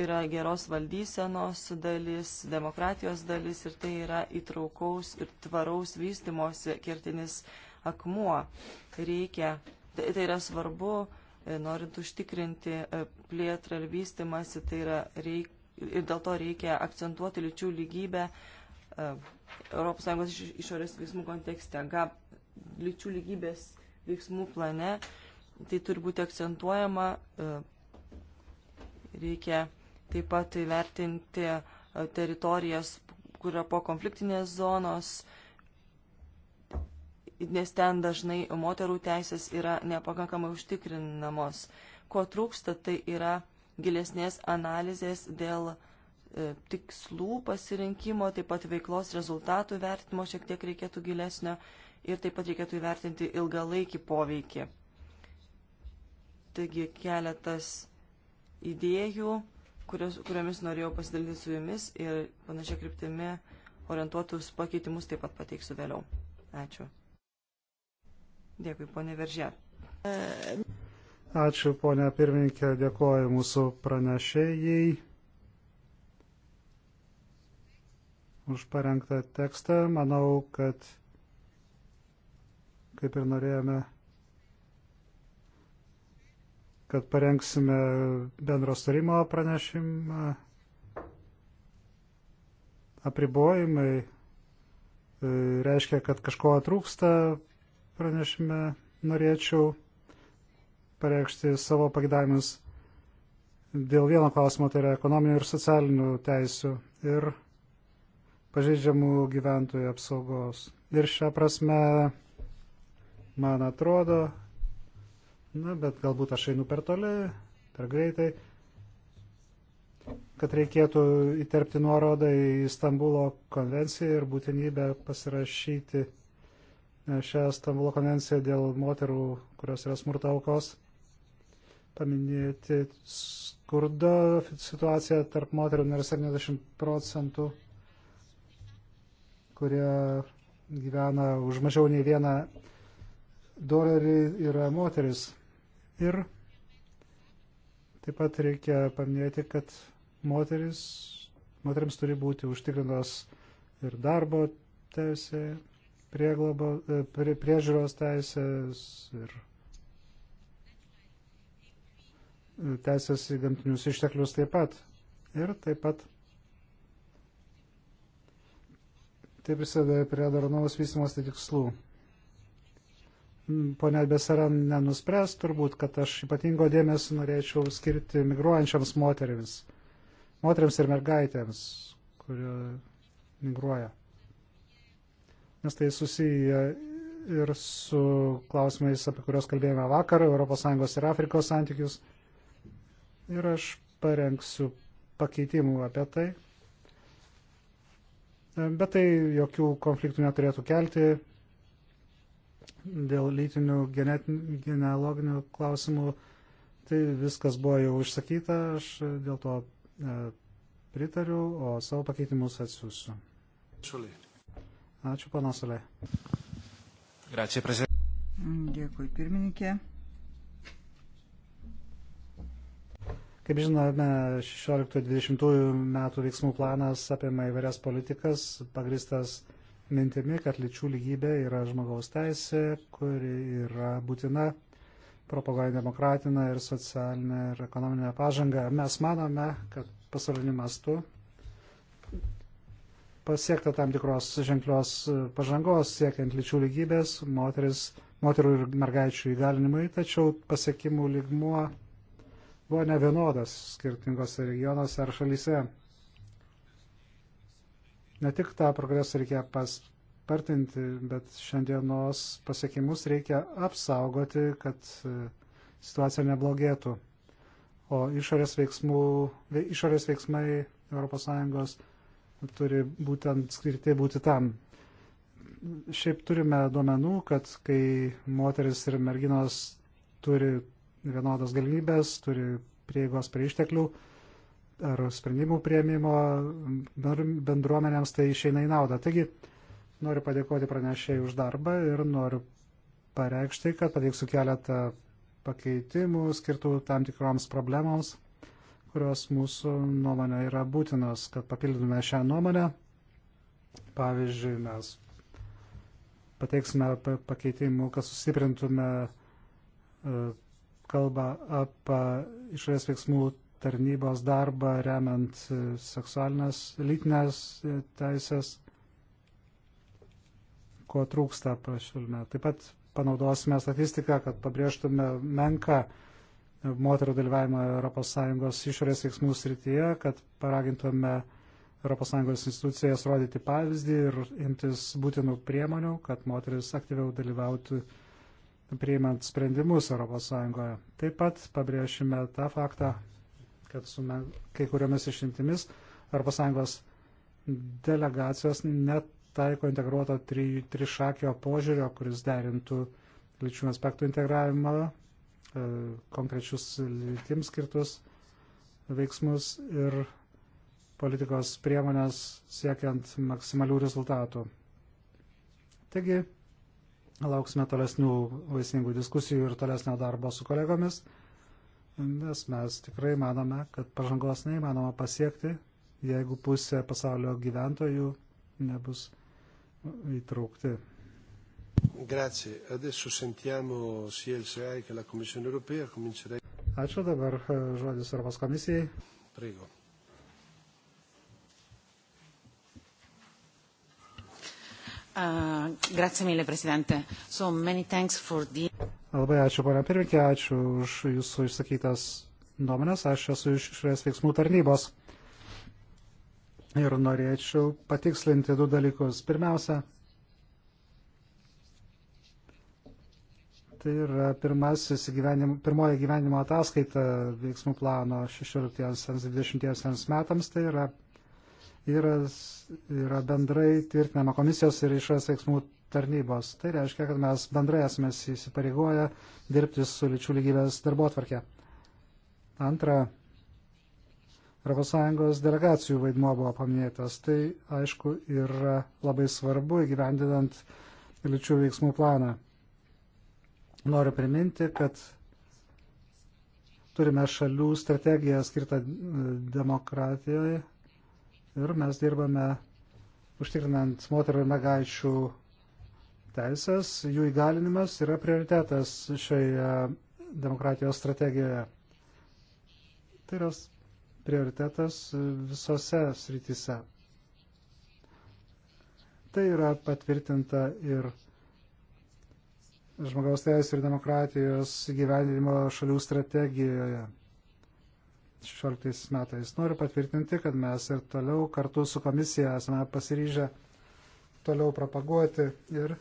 yra geros valdysenos dalis, demokratijos dalis ir tai yra įtraukaus ir tvaraus vystimosi kertinis akmuo. Reikia, tai, tai yra svarbu, e, norint užtikrinti e, plėtrą ir vystimasi, tai yra reik, ir dėl to reikia akcentuoti lyčių lygybę ES išorės veiksmų kontekste. GAP lyčių lygybės veiksmų plane. Tai turi būti akcentuojama. E, reikia taip pat įvertinti e, teritorijas, kur yra po konfliktinės zonos, nes ten dažnai moterų teisės yra nepakankamai užtikrinamos. Ko trūksta, tai yra gilesnės analizės dėl uh, E, tikslų pasirinkimo, taip pat veiklos rezultatų vertimo šiek tiek reikėtų gilesnio ir taip pat reikėtų įvertinti ilgalaikį poveikį. Taigi keletas idėjų, kurios, kuriomis norėjau pasidalinti su jumis ir panašia kryptimi orientuotus pakeitimus taip pat pateiksiu vėliau. Ačiū. Dėkui, ponė Veržė. Ačiū, ponė pirmininkė, dėkoju mūsų pranešėjai. už parengtą tekstą. Manau, kad kaip ir norėjome, kad parengsime bendro starimo pranešimą. Apribojimai e, reiškia, kad kažko trūksta pranešime. Norėčiau pareikšti savo pagidavimus dėl vieno klausimo, tai yra ekonominių ir socialinių teisių. Ir pažeidžiamų gyventojų apsaugos. Ir šią prasme, man atrodo, na, bet galbūt aš einu per toli, per greitai, kad reikėtų įterpti nuorodą į Stambulo konvenciją ir būtinybę pasirašyti e, šią Stambulo konvenciją dėl moterų, kurios yra smurto aukos, paminėti skurdo situaciją tarp moterų, nors 70 procentų kurie gyvena už mažiau nei vieną dolerį, yra moteris. Ir taip pat reikia paminėti, kad moteris, moteriams turi būti užtikrintos ir darbo teisė, prieglobo, e, prie, priežiūros teisės ir e, teisės į gamtinius išteklius taip pat. Ir taip pat tai prisideda prie darnaus vystimosi tikslų. Mm, Pone Besaran nenuspręs turbūt, kad aš ypatingo dėmesio norėčiau skirti migruojančiams moteriams, moteriams ir mergaitėms, kurie migruoja. Nes tai susiję ir su klausimais, apie kuriuos kalbėjome vakar, ES ir Afrikos santykius. Ir aš parengsiu pakeitimų apie tai bet tai jokių konfliktų neturėtų kelti dėl lytinių genealoginių klausimų. Tai viskas buvo jau išsakyta, aš dėl to e, pritariu, o savo pakeitimus atsiųsiu. Ačiū, panas Olė. Dėkui, pirmininkė. Kaip žinome, 16-20 metų veiksmų planas apima įvairias politikas, pagristas mintimi, kad lyčių lygybė yra žmogaus teisė, kuri yra būtina, propaguoja demokratinę ir socialinę ir ekonominę pažangą. Mes manome, kad pasauliniu mastu pasiekta tam tikros ženklios pažangos siekiant lyčių lygybės, moteris, moterų ir mergaičių įgalinimui, tačiau pasiekimų lygmuo buvo nevienodas skirtingose regionuose ar šalyse. Ne tik tą progresą reikia paspartinti, bet šiandienos pasiekimus reikia apsaugoti, kad e, situacija neblogėtų. O išorės, veiksmų, išorės veiksmai ES turi būtent skirti būti tam. Šiaip turime duomenų, kad kai moteris ir merginos turi vienodas galimybės, turi prieigos prie išteklių ar sprendimų prieimimo bendruomenėms tai išeina į naudą. Taigi noriu padėkoti pranešėjai už darbą ir noriu pareikšti, kad pateiksiu keletą pakeitimų skirtų tam tikroms problemoms, kurios mūsų nuomonė yra būtinos, kad papildytume šią nuomonę. Pavyzdžiui, mes pateiksime pakeitimų, kad sustiprintume e, kalba apie išorės veiksmų tarnybos darbą remiant e, seksualinės, lytinės e, teisės, ko trūksta prašvilme. Taip pat panaudosime statistiką, kad pabrėžtume menką e, moterų dalyvavimą ES išorės veiksmų srityje, kad paragintume ES institucijas rodyti pavyzdį ir imtis būtinų priemonių, kad moteris aktyviau dalyvautų priimant sprendimus ES. Taip pat pabrėšime tą faktą, kad su kai kuriomis išimtimis ES delegacijos netaiko integruoto tri, trišakio požiūrio, kuris derintų lyčių aspektų integravimą, e, konkrečius lytims skirtus veiksmus ir politikos priemonės siekiant maksimalių rezultatų. Taigi, Lauksime tolesnių vaisingų diskusijų ir tolesnio darbo su kolegomis, nes mes tikrai manome, kad pažangos neįmanoma pasiekti, jeigu pusė pasaulio gyventojų nebus įtraukti. Grazie. Adesso sentiamo sia il SEAI e che la Commissione europea. Comincerei. Ačiū dabar žodis Europos komisijai. Prego. Uh, grazie mille, Presidente. So many thanks for the... Labai ačiū, ponia pirmininkė, ačiū už jūsų išsakytas nuomonės. Aš esu iš išorės veiksmų tarnybos. Ir norėčiau patikslinti du dalykus. Pirmiausia, tai yra pirmasis gyvenim, pirmoji gyvenimo ataskaita veiksmų plano 16-20 metams. Tai yra yra, yra bendrai tvirtinama komisijos ir išras veiksmų tarnybos. Tai reiškia, kad mes bendrai esame įsipareigoję dirbti su lyčių lygybės darbo atvarkė. Antra, ES delegacijų vaidmuo buvo paminėtas. Tai aišku yra labai svarbu įgyvendinant lyčių veiksmų planą. Noriu priminti, kad turime šalių strategiją skirtą demokratijoje ir mes dirbame užtikrinant moterų ir mergaičių teisės, jų įgalinimas yra prioritetas šioje demokratijos strategijoje. Tai yra prioritetas visose srityse. Tai yra patvirtinta ir žmogaus teisų ir demokratijos gyvenimo šalių strategijoje. 2016 metais. Noriu patvirtinti, kad mes ir toliau kartu su komisija esame pasiryžę toliau propaguoti ir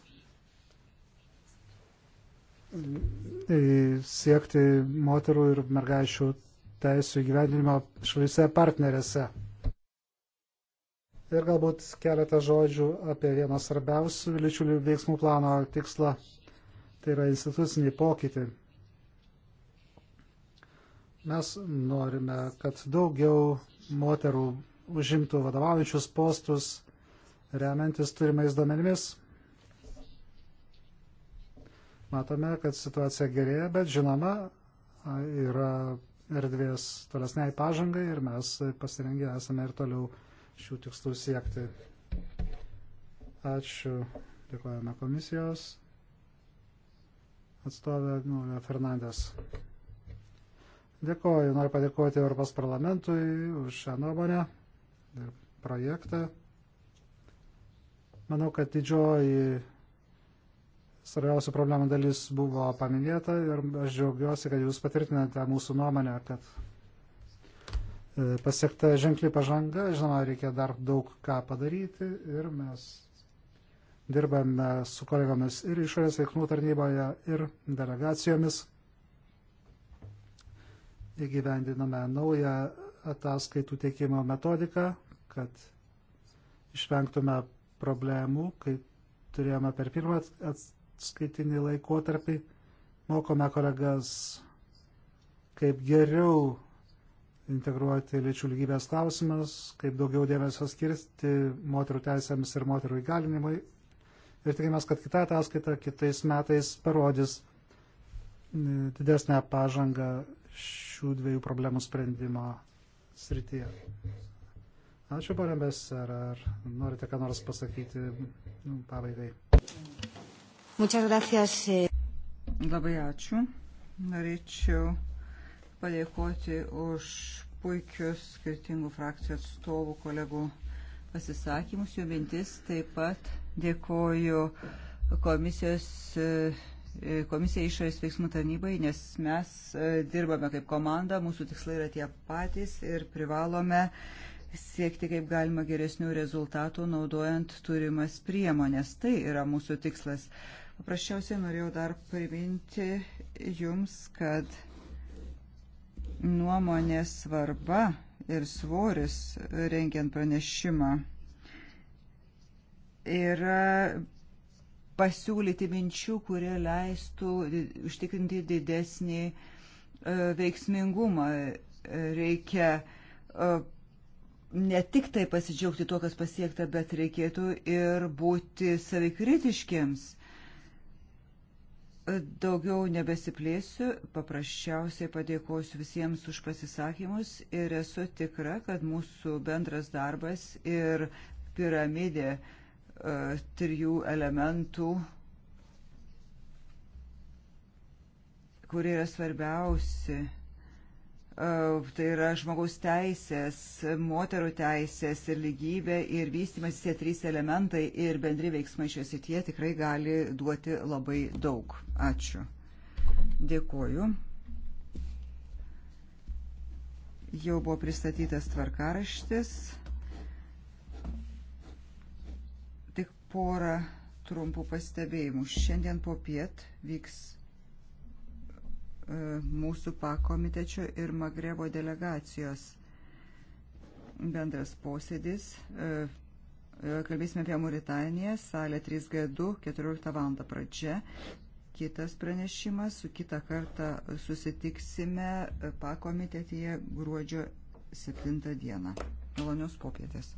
siekti moterų ir mergaičių teisų įgyvendinimo šalyse partnerėse. Ir galbūt keletą žodžių apie vieną svarbiausių lyčių veiksmų plano tikslą, tai yra institucinį pokytį. Mes norime, kad daugiau moterų užimtų vadovaujančius postus remiantis turimais duomenimis. Matome, kad situacija gerėja, bet žinoma, yra erdvės tolesniai pažangai ir mes pasirengę esame ir toliau šių tikslų siekti. Ačiū. Dėkojame komisijos atstovė Nulė Fernandes. Dėkoju, noriu padėkoti Europos parlamentui už šią nuomonę ir projektą. Manau, kad didžioji svarbiausių problemų dalis buvo paminėta ir aš džiaugiuosi, kad jūs patvirtinate mūsų nuomonę, kad e, pasiekta ženkli pažanga. Žinoma, reikia dar daug ką padaryti ir mes dirbame su kolegomis ir išorės veiklų tarnyboje, ir delegacijomis įgyvendiname naują ataskaitų teikimo metodiką, kad išvengtume problemų, kai turėjome per pirmą atskaitinį laikotarpį, mokome kolegas, kaip geriau integruoti lyčių lygybės klausimus, kaip daugiau dėmesio skirsti moterų teisėms ir moterų įgalinimui. Ir tikimės, kad kita ataskaita kitais metais parodys didesnę pažangą šių dviejų problemų sprendimo srityje. Ačiū, ponė Beser. Ar norite ką nors pasakyti nu, pabaigai? Eh. Labai ačiū. Norėčiau padėkoti už puikius skirtingų frakcijų atstovų kolegų pasisakymus, jų mintis. Taip pat dėkoju komisijos eh, komisijai išorės veiksmų tarnybai, nes mes e, dirbame kaip komanda, mūsų tikslai yra tie patys ir privalome siekti kaip galima geresnių rezultatų naudojant turimas priemonės. Tai yra mūsų tikslas. Paprasčiausiai norėjau dar priminti jums, kad nuomonės svarba ir svoris rengiant pranešimą yra pasiūlyti minčių, kurie leistų užtikrinti didesnį e, veiksmingumą. E, reikia e, ne tik tai pasidžiaugti tuo, kas pasiekta, bet reikėtų ir būti savikritiškiams. Daugiau nebesiplėsiu, paprasčiausiai padėkosiu visiems už pasisakymus ir esu tikra, kad mūsų bendras darbas ir piramidė uh, E, trijų elementų, kurie yra svarbiausi. E, tai yra žmogaus teisės, moterų teisės ir lygybė ir vystimas tie trys elementai ir bendri veiksmai šios įtie tikrai gali duoti labai daug. Ačiū. Dėkoju. Jau buvo pristatytas tvarkaraštis. porą trumpų pastebėjimų. Šiandien po piet vyks e, mūsų pakomitečio ir Magrebo delegacijos bendras posėdis. E, e, kalbėsime apie Mauritaniją, salė 3G2, 14 val. pradžia. Kitas pranešimas, su kitą kartą susitiksime pakomitetyje gruodžio 7 dieną. Malonios popietės.